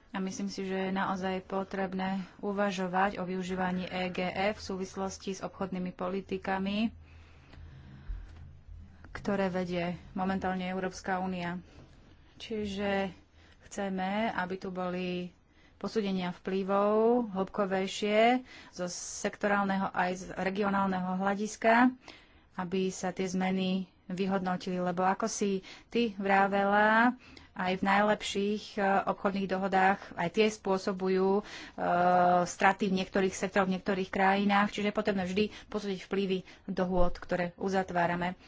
A myslím si, že je naozaj potrebné uvažovať o využívaní EGF v súvislosti s obchodnými politikami, ktoré vedie momentálne Európska únia. Čiže chceme, aby tu boli posúdenia vplyvov, hĺbkovejšie, zo sektorálneho aj z regionálneho hľadiska, aby sa tie zmeny vyhodnotili. Lebo ako si ty vravela, aj v najlepších e, obchodných dohodách, aj tie spôsobujú e, straty v niektorých sektoroch, v niektorých krajinách, čiže je potrebné vždy posúdiť vplyvy dohôd, ktoré uzatvárame.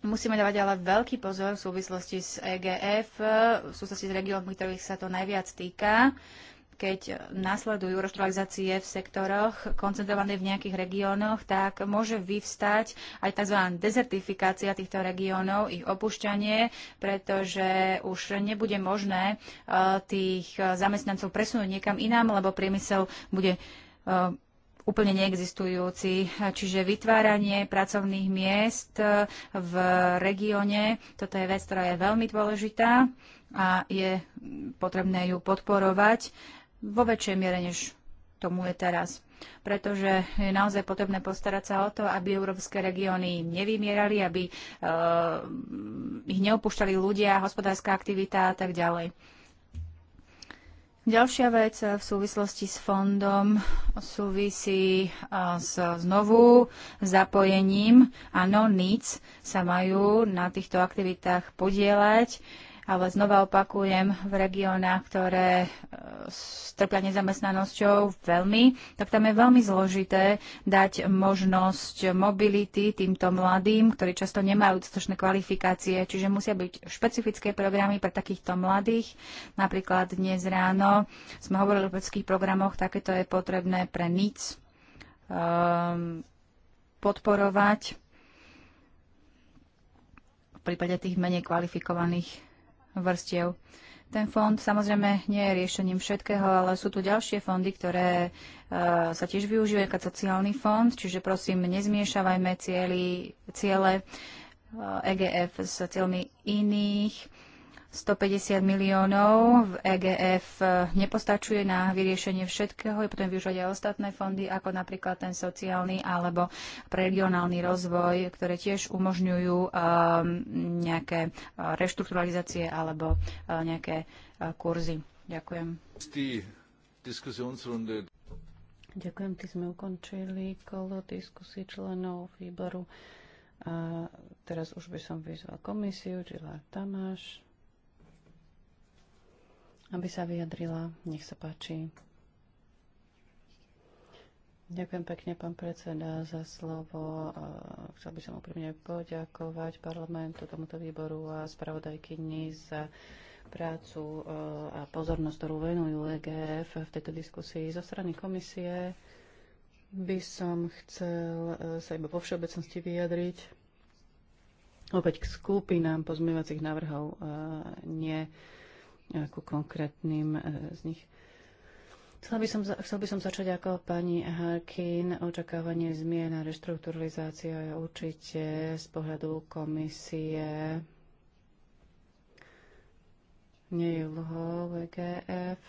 Musíme dávať ale veľký pozor v súvislosti s EGF, v súvislosti s regiónmi, ktorých sa to najviac týka, keď následujú roštralizácie v sektoroch koncentrované v nejakých regiónoch, tak môže vyvstať aj tzv. dezertifikácia týchto regiónov, ich opušťanie, pretože už nebude možné eh, tých eh, zamestnancov presunúť niekam inám, lebo priemysel bude eh, úplne neexistujúci. Čiže vytváranie pracovných miest v regióne, toto je vec, ktorá je veľmi dôležitá a je potrebné ju podporovať vo väčšej miere, než tomu je teraz. Pretože je naozaj potrebné postarať sa o to, aby európske regióny nevymierali, aby uh, ich neopúšťali ľudia, hospodárska aktivita a tak ďalej. Ďalšia vec v súvislosti s fondom súvisí s znovu zapojením. Áno, NIC sa majú na týchto aktivitách podielať ale znova opakujem, v regiónach, ktoré e, strpia nezamestnanosťou veľmi, tak tam je veľmi zložité dať možnosť mobility týmto mladým, ktorí často nemajú dostatočné kvalifikácie, čiže musia byť špecifické programy pre takýchto mladých. Napríklad dnes ráno sme hovorili o vedeckých programoch, takéto je potrebné pre NIC um, podporovať v prípade tých menej kvalifikovaných vrstiev. Ten fond samozrejme nie je riešením všetkého, ale sú tu ďalšie fondy, ktoré uh, sa tiež využívajú ako sociálny fond, čiže prosím, nezmiešavajme cieli, ciele uh, e, EGF s cieľmi iných 150 miliónov v EGF eh, nepostačuje na vyriešenie všetkého, je potom využívať aj ostatné fondy, ako napríklad ten sociálny alebo pre regionálny rozvoj, ktoré tiež umožňujú um, nejaké eh, reštrukturalizácie alebo uh, nejaké uh, kurzy. Ďakujem. Ďakujem, ty sme ukončili kolo diskusí členov výboru. A teraz už by som vyzval komisiu, Žila Tamáš aby sa vyjadrila. Nech sa páči. Ďakujem pekne, pán predseda, za slovo. Chcel by som úprimne poďakovať parlamentu, tomuto výboru a spravodajkyni za prácu e, a pozornosť, ktorú venujú EGF v tejto diskusii. Zo strany komisie by som chcel e, sa iba vo všeobecnosti vyjadriť opäť k skupinám pozmývacích návrhov, e, nie ku konkrétnym e, z nich. Chcel by, som, chcel by som začať ako pani Harkin. Očakávanie zmien a reštrukturalizácia je určite z pohľadu komisie nie je úlohou EGF.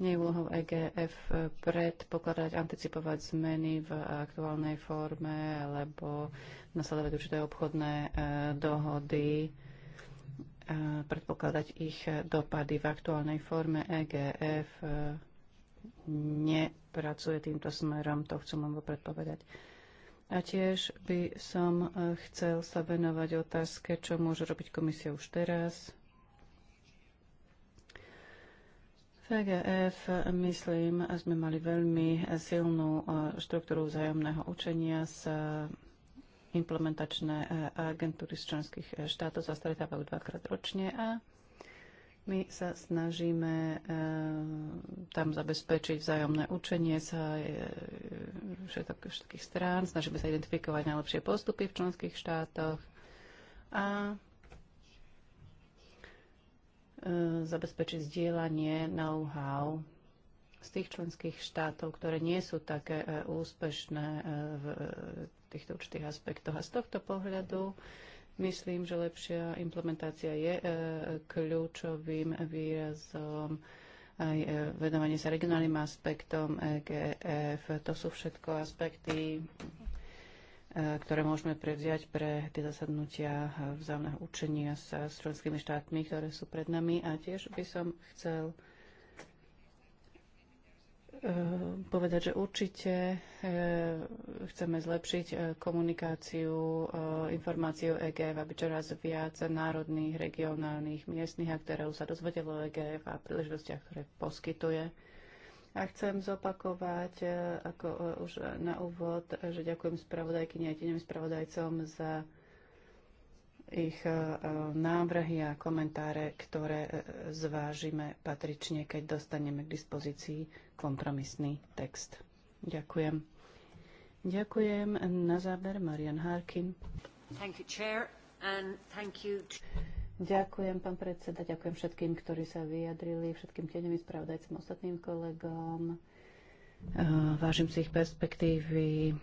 Nie je úlohou EGF predpokladať, anticipovať zmeny v aktuálnej forme alebo nasledovať určité obchodné e, dohody predpokladať ich dopady v aktuálnej forme EGF e, nepracuje týmto smerom, to chcem vám predpovedať. A tiež by som e, chcel sa venovať otázke, čo môže robiť komisia už teraz. V EGF, e, myslím, sme mali veľmi silnú štruktúru vzájomného učenia s implementačné e, agentúry z členských e, štátov sa stretávajú dvakrát ročne a my sa snažíme e, tam zabezpečiť vzájomné učenie sa všetkých strán, snažíme sa identifikovať najlepšie postupy v členských štátoch a zabezpečiť zdieľanie know-how z tých členských štátov, ktoré nie sú také úspešné v týchto určitých aspektoch. A z tohto pohľadu myslím, že lepšia implementácia je e, kľúčovým výrazom aj e, venovanie sa regionálnym aspektom EGF. To sú všetko aspekty, e, ktoré môžeme prevziať pre tie zasadnutia vzájomného učenia sa s členskými štátmi, ktoré sú pred nami. A tiež by som chcel Eh, povedať, že určite eh, chceme zlepšiť eh, komunikáciu, informáciu EGF, aby čoraz viac národných, regionálnych, miestnych aktérov sa dozvedelo EGF a príležitostiach, ktoré poskytuje. A chcem zopakovať, ako už na úvod, že ďakujem spravodajkyni a spravodajcom za ich e, e, návrhy a komentáre, ktoré e, zvážime patrične, keď dostaneme k dispozícii kompromisný text. Ďakujem. Ďakujem. Na záver Marian Harkin. Thank you, Chair, and thank you Ďakujem, pán predseda, ďakujem všetkým, ktorí sa vyjadrili, všetkým tieňovým spravodajcom, ostatným kolegom. Vážim si ich perspektívy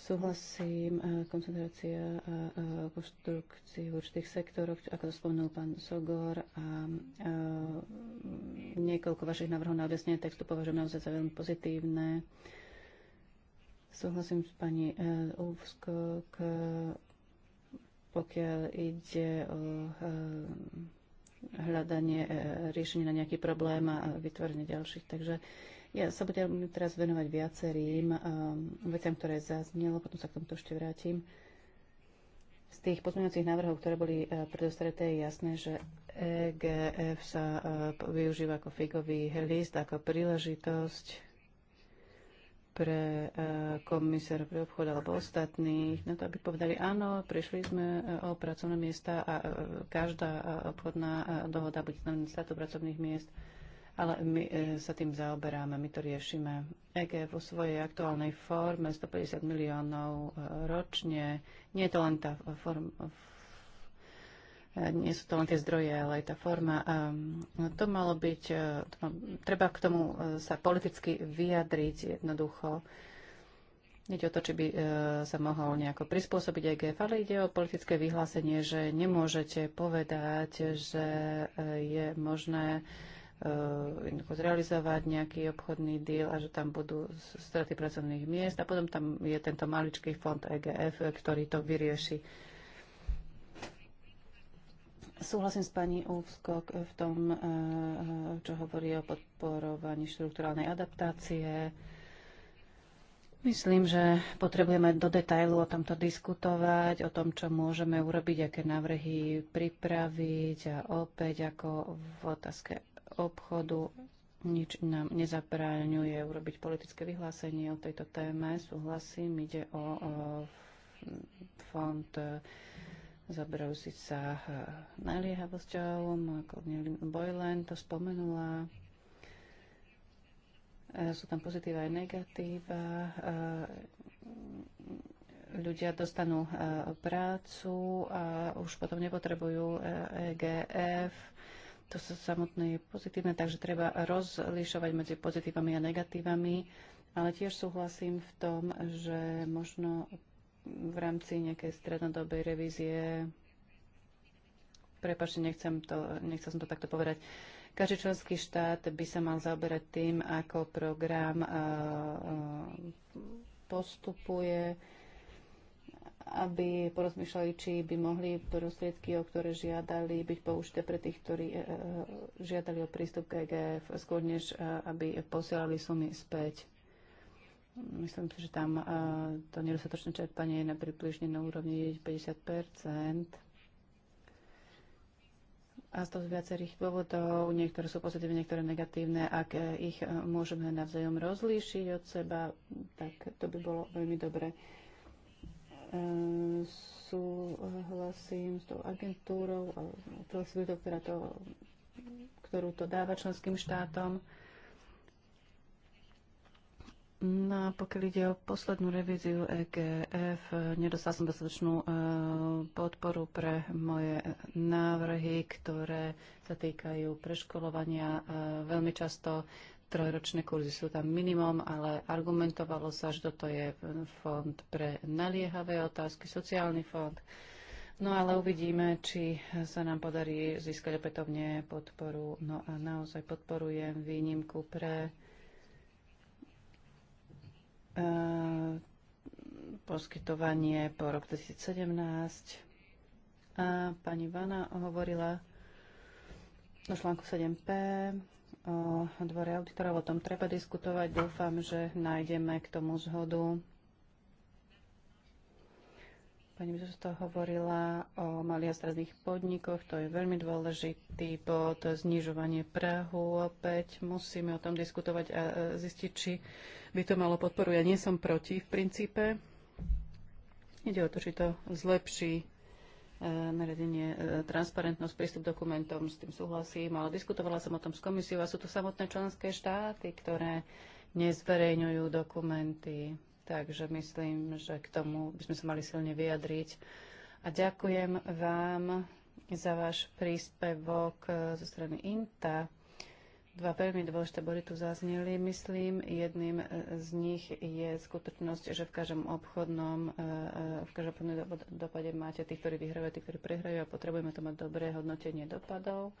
Súhlasím, e, koncentrácia a konštrukcií v určitých sektoroch, ako to spomenul pán Sogor, a e, niekoľko vašich návrhov na objasnenie textu považujem naozaj za veľmi pozitívne. Súhlasím s pani Úvskok, e, pokiaľ ide o hľadanie riešenia na nejaký problém a vytvorenie ďalších. Takže ja sa budem teraz venovať viacerým um, veciam, ktoré zaznelo, potom sa k tomu ešte vrátim. Z tých pozmeňujúcich návrhov, ktoré boli uh, predostreté, je jasné, že EGF sa uh, využíva ako figový list, ako príležitosť pre e, komisár pre obchod alebo ostatných, na to, aby povedali, áno, prišli sme o pracovné miesta a každá obchodná dohoda bude znamená státu pracovných miest ale my e, sa tým zaoberáme, my to riešime. EG vo svojej aktuálnej forme 150 miliónov e, ročne, nie je to len tá form, e, nie sú to len tie zdroje, ale aj tá forma. No, to malo byť, to treba k tomu sa politicky vyjadriť jednoducho. Ide o to, či by sa mohol nejako prispôsobiť EGF, ale ide o politické vyhlásenie, že nemôžete povedať, že je možné Eh, zrealizovať nejaký obchodný deal a že tam budú straty pracovných miest a potom tam je tento maličký fond EGF, eh, ktorý to vyrieši. Súhlasím s pani Úvskok eh, v tom, čo hovorí o podporovaní štruktúrálnej adaptácie. Myslím, že potrebujeme do detailu o tomto diskutovať, o tom, čo môžeme urobiť, aké návrhy pripraviť a opäť ako v otázke obchodu. Nič nám nezabráňuje urobiť politické vyhlásenie o tejto téme. Súhlasím, ide o, o fond e, zaberajúci sa e, naliehavosťou. Boylan to spomenula. E, sú tam pozitíva aj negatíva. Ľudia dostanú prácu a už potom nepotrebujú EGF to sa samotné pozitívne, takže treba rozlišovať medzi pozitívami a negatívami, ale tiež súhlasím v tom, že možno v rámci nejakej strednodobej revízie Prepačte, nechcem to, nechcel som to takto povedať. Každý členský štát by sa mal zaoberať tým, ako program eh, eh, postupuje aby porozmýšľali, či by mohli prostriedky, o ktoré žiadali, byť použité pre tých, ktorí e, e, žiadali o prístup k EGF, skôr než e, aby posielali sumy späť. Myslím si, že tam to nedostatočné čerpanie je na približne na úrovni 50 a to z viacerých dôvodov, niektoré sú pozitívne, niektoré negatívne. Ak ich môžeme navzájom rozlíšiť od seba, tak to by bolo veľmi dobré súhlasím s tou agentúrou, flexibilitou, ktorá to, ktorú to dáva členským štátom. No a pokiaľ ide o poslednú revíziu EGF, nedostal som dostatočnú e, podporu pre moje návrhy, ktoré sa týkajú preškolovania. E, veľmi často Trojročné kurzy sú tam minimum, ale argumentovalo sa, že toto je fond pre naliehavé otázky, sociálny fond. No ale uvidíme, či sa nám podarí získať opätovne podporu. No a naozaj podporujem výnimku pre e, poskytovanie po rok 2017. A pani Vana hovorila o článku 7p o eh, dvore auditorov, o tom treba diskutovať. Dúfam, že nájdeme k tomu zhodu. Pani Bzusto hovorila o malých a stredných podnikoch, to je veľmi dôležitý bod, znižovanie Prahu. Opäť musíme o tom diskutovať a e, zistiť, či by to malo podporu. Ja nie som proti v princípe. Ide o to, či to zlepší E, nariadenie e, transparentnosť, prístup dokumentom, s tým súhlasím, ale diskutovala som o tom s komisiou a sú tu samotné členské štáty, ktoré nezverejňujú dokumenty. Takže myslím, že k tomu by sme sa mali silne vyjadriť. A ďakujem vám za váš príspevok e, zo strany INTA. Dva veľmi dôležité body tu zazneli, myslím. Jedným e, z nich je skutočnosť, že v každom obchodnom, e, e, v každom obchodnom dopade máte tých, ktorí vyhrajú, tí, ktorí prehrajú a potrebujeme to mať dobré hodnotenie dopadov.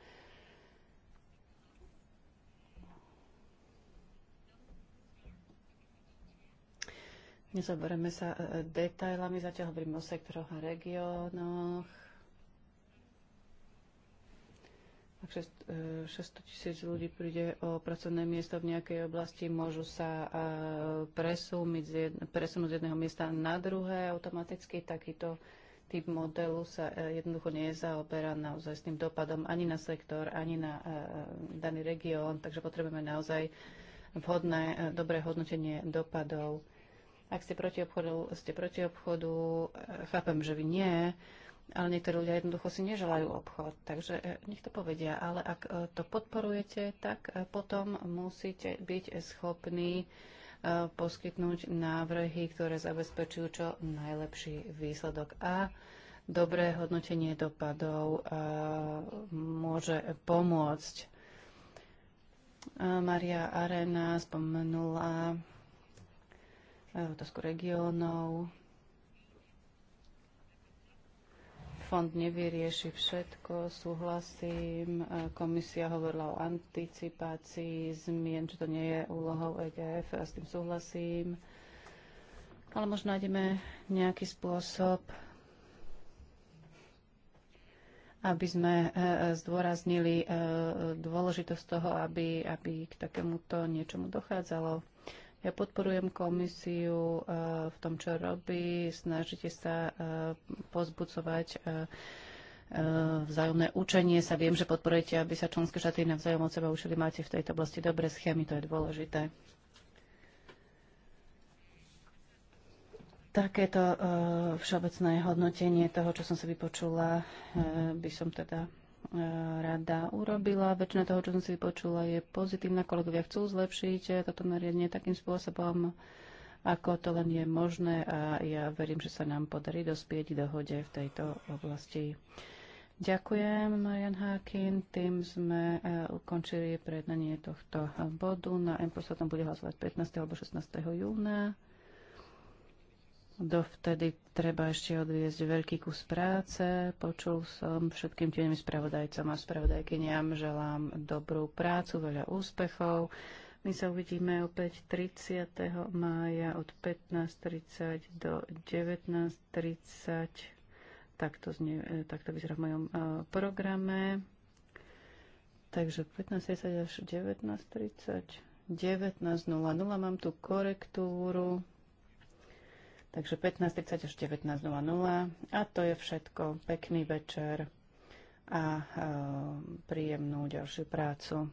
Nezoberieme sa detailami, zatiaľ hovoríme o sektoroch a regiónoch. Ak 600 e, tisíc ľudí príde o pracovné miesto v nejakej oblasti, môžu sa e, presunúť, presunúť z jedného miesta na druhé automaticky. Takýto typ modelu sa e, jednoducho nezaoberá naozaj s tým dopadom ani na sektor, ani na daný región, takže potrebujeme naozaj vhodné, dobré hodnotenie dopadov. Ak ste proti obchodu, ste proti obchodu, chápem, že vy nie, ale niektorí ľudia jednoducho si neželajú obchod. Takže e, nech to povedia. Ale ak e, to podporujete, tak e, potom musíte byť schopní poskytnúť návrhy, ktoré zabezpečujú čo najlepší výsledok. A dobré hodnotenie dopadov môže pomôcť. Maria Arena spomenula otázku regiónov fond nevyrieši všetko, súhlasím. E, komisia hovorila o anticipácii zmien, čo to nie je úlohou EGF, ja s tým súhlasím. Ale možno nájdeme nejaký spôsob, aby sme e, e, zdôraznili dôležitosť toho, aby, aby k takémuto niečomu dochádzalo. Ja podporujem komisiu eh, v tom, čo robí. Snažíte sa eh, pozbucovať eh, vzájomné učenie sa. Viem, že podporujete, aby sa členské štáty navzájom od seba učili. Máte v tejto oblasti dobré schémy, to je dôležité. Takéto všeobecné hodnotenie toho, čo som si vypočula, by som teda rada urobila. Väčšina toho, čo som si vypočula, je pozitívna. Kolegovia chcú zlepšiť toto nariadenie takým spôsobom, ako to len je možné a ja verím, že sa nám podarí dospieť dohode v tejto oblasti. Ďakujem, Marian Hákin. Tým sme e, ukončili prednanie tohto bodu. Na M tom bude hlasovať 15. alebo 16. júna. Dovtedy treba ešte odviezť veľký kus práce. Počul som všetkým tým spravodajcom a spravodajkyniam. Želám dobrú prácu, veľa úspechov. My sa uvidíme opäť 30. mája od 15.30 do 19.30. Takto, znie, e, takto vyzerá v mojom e, programe. Takže 15.30 až 19.30. 19.00. Mám tu korektúru. Takže 15.30 až 19.00 a to je všetko. Pekný večer a e, príjemnú ďalšiu prácu.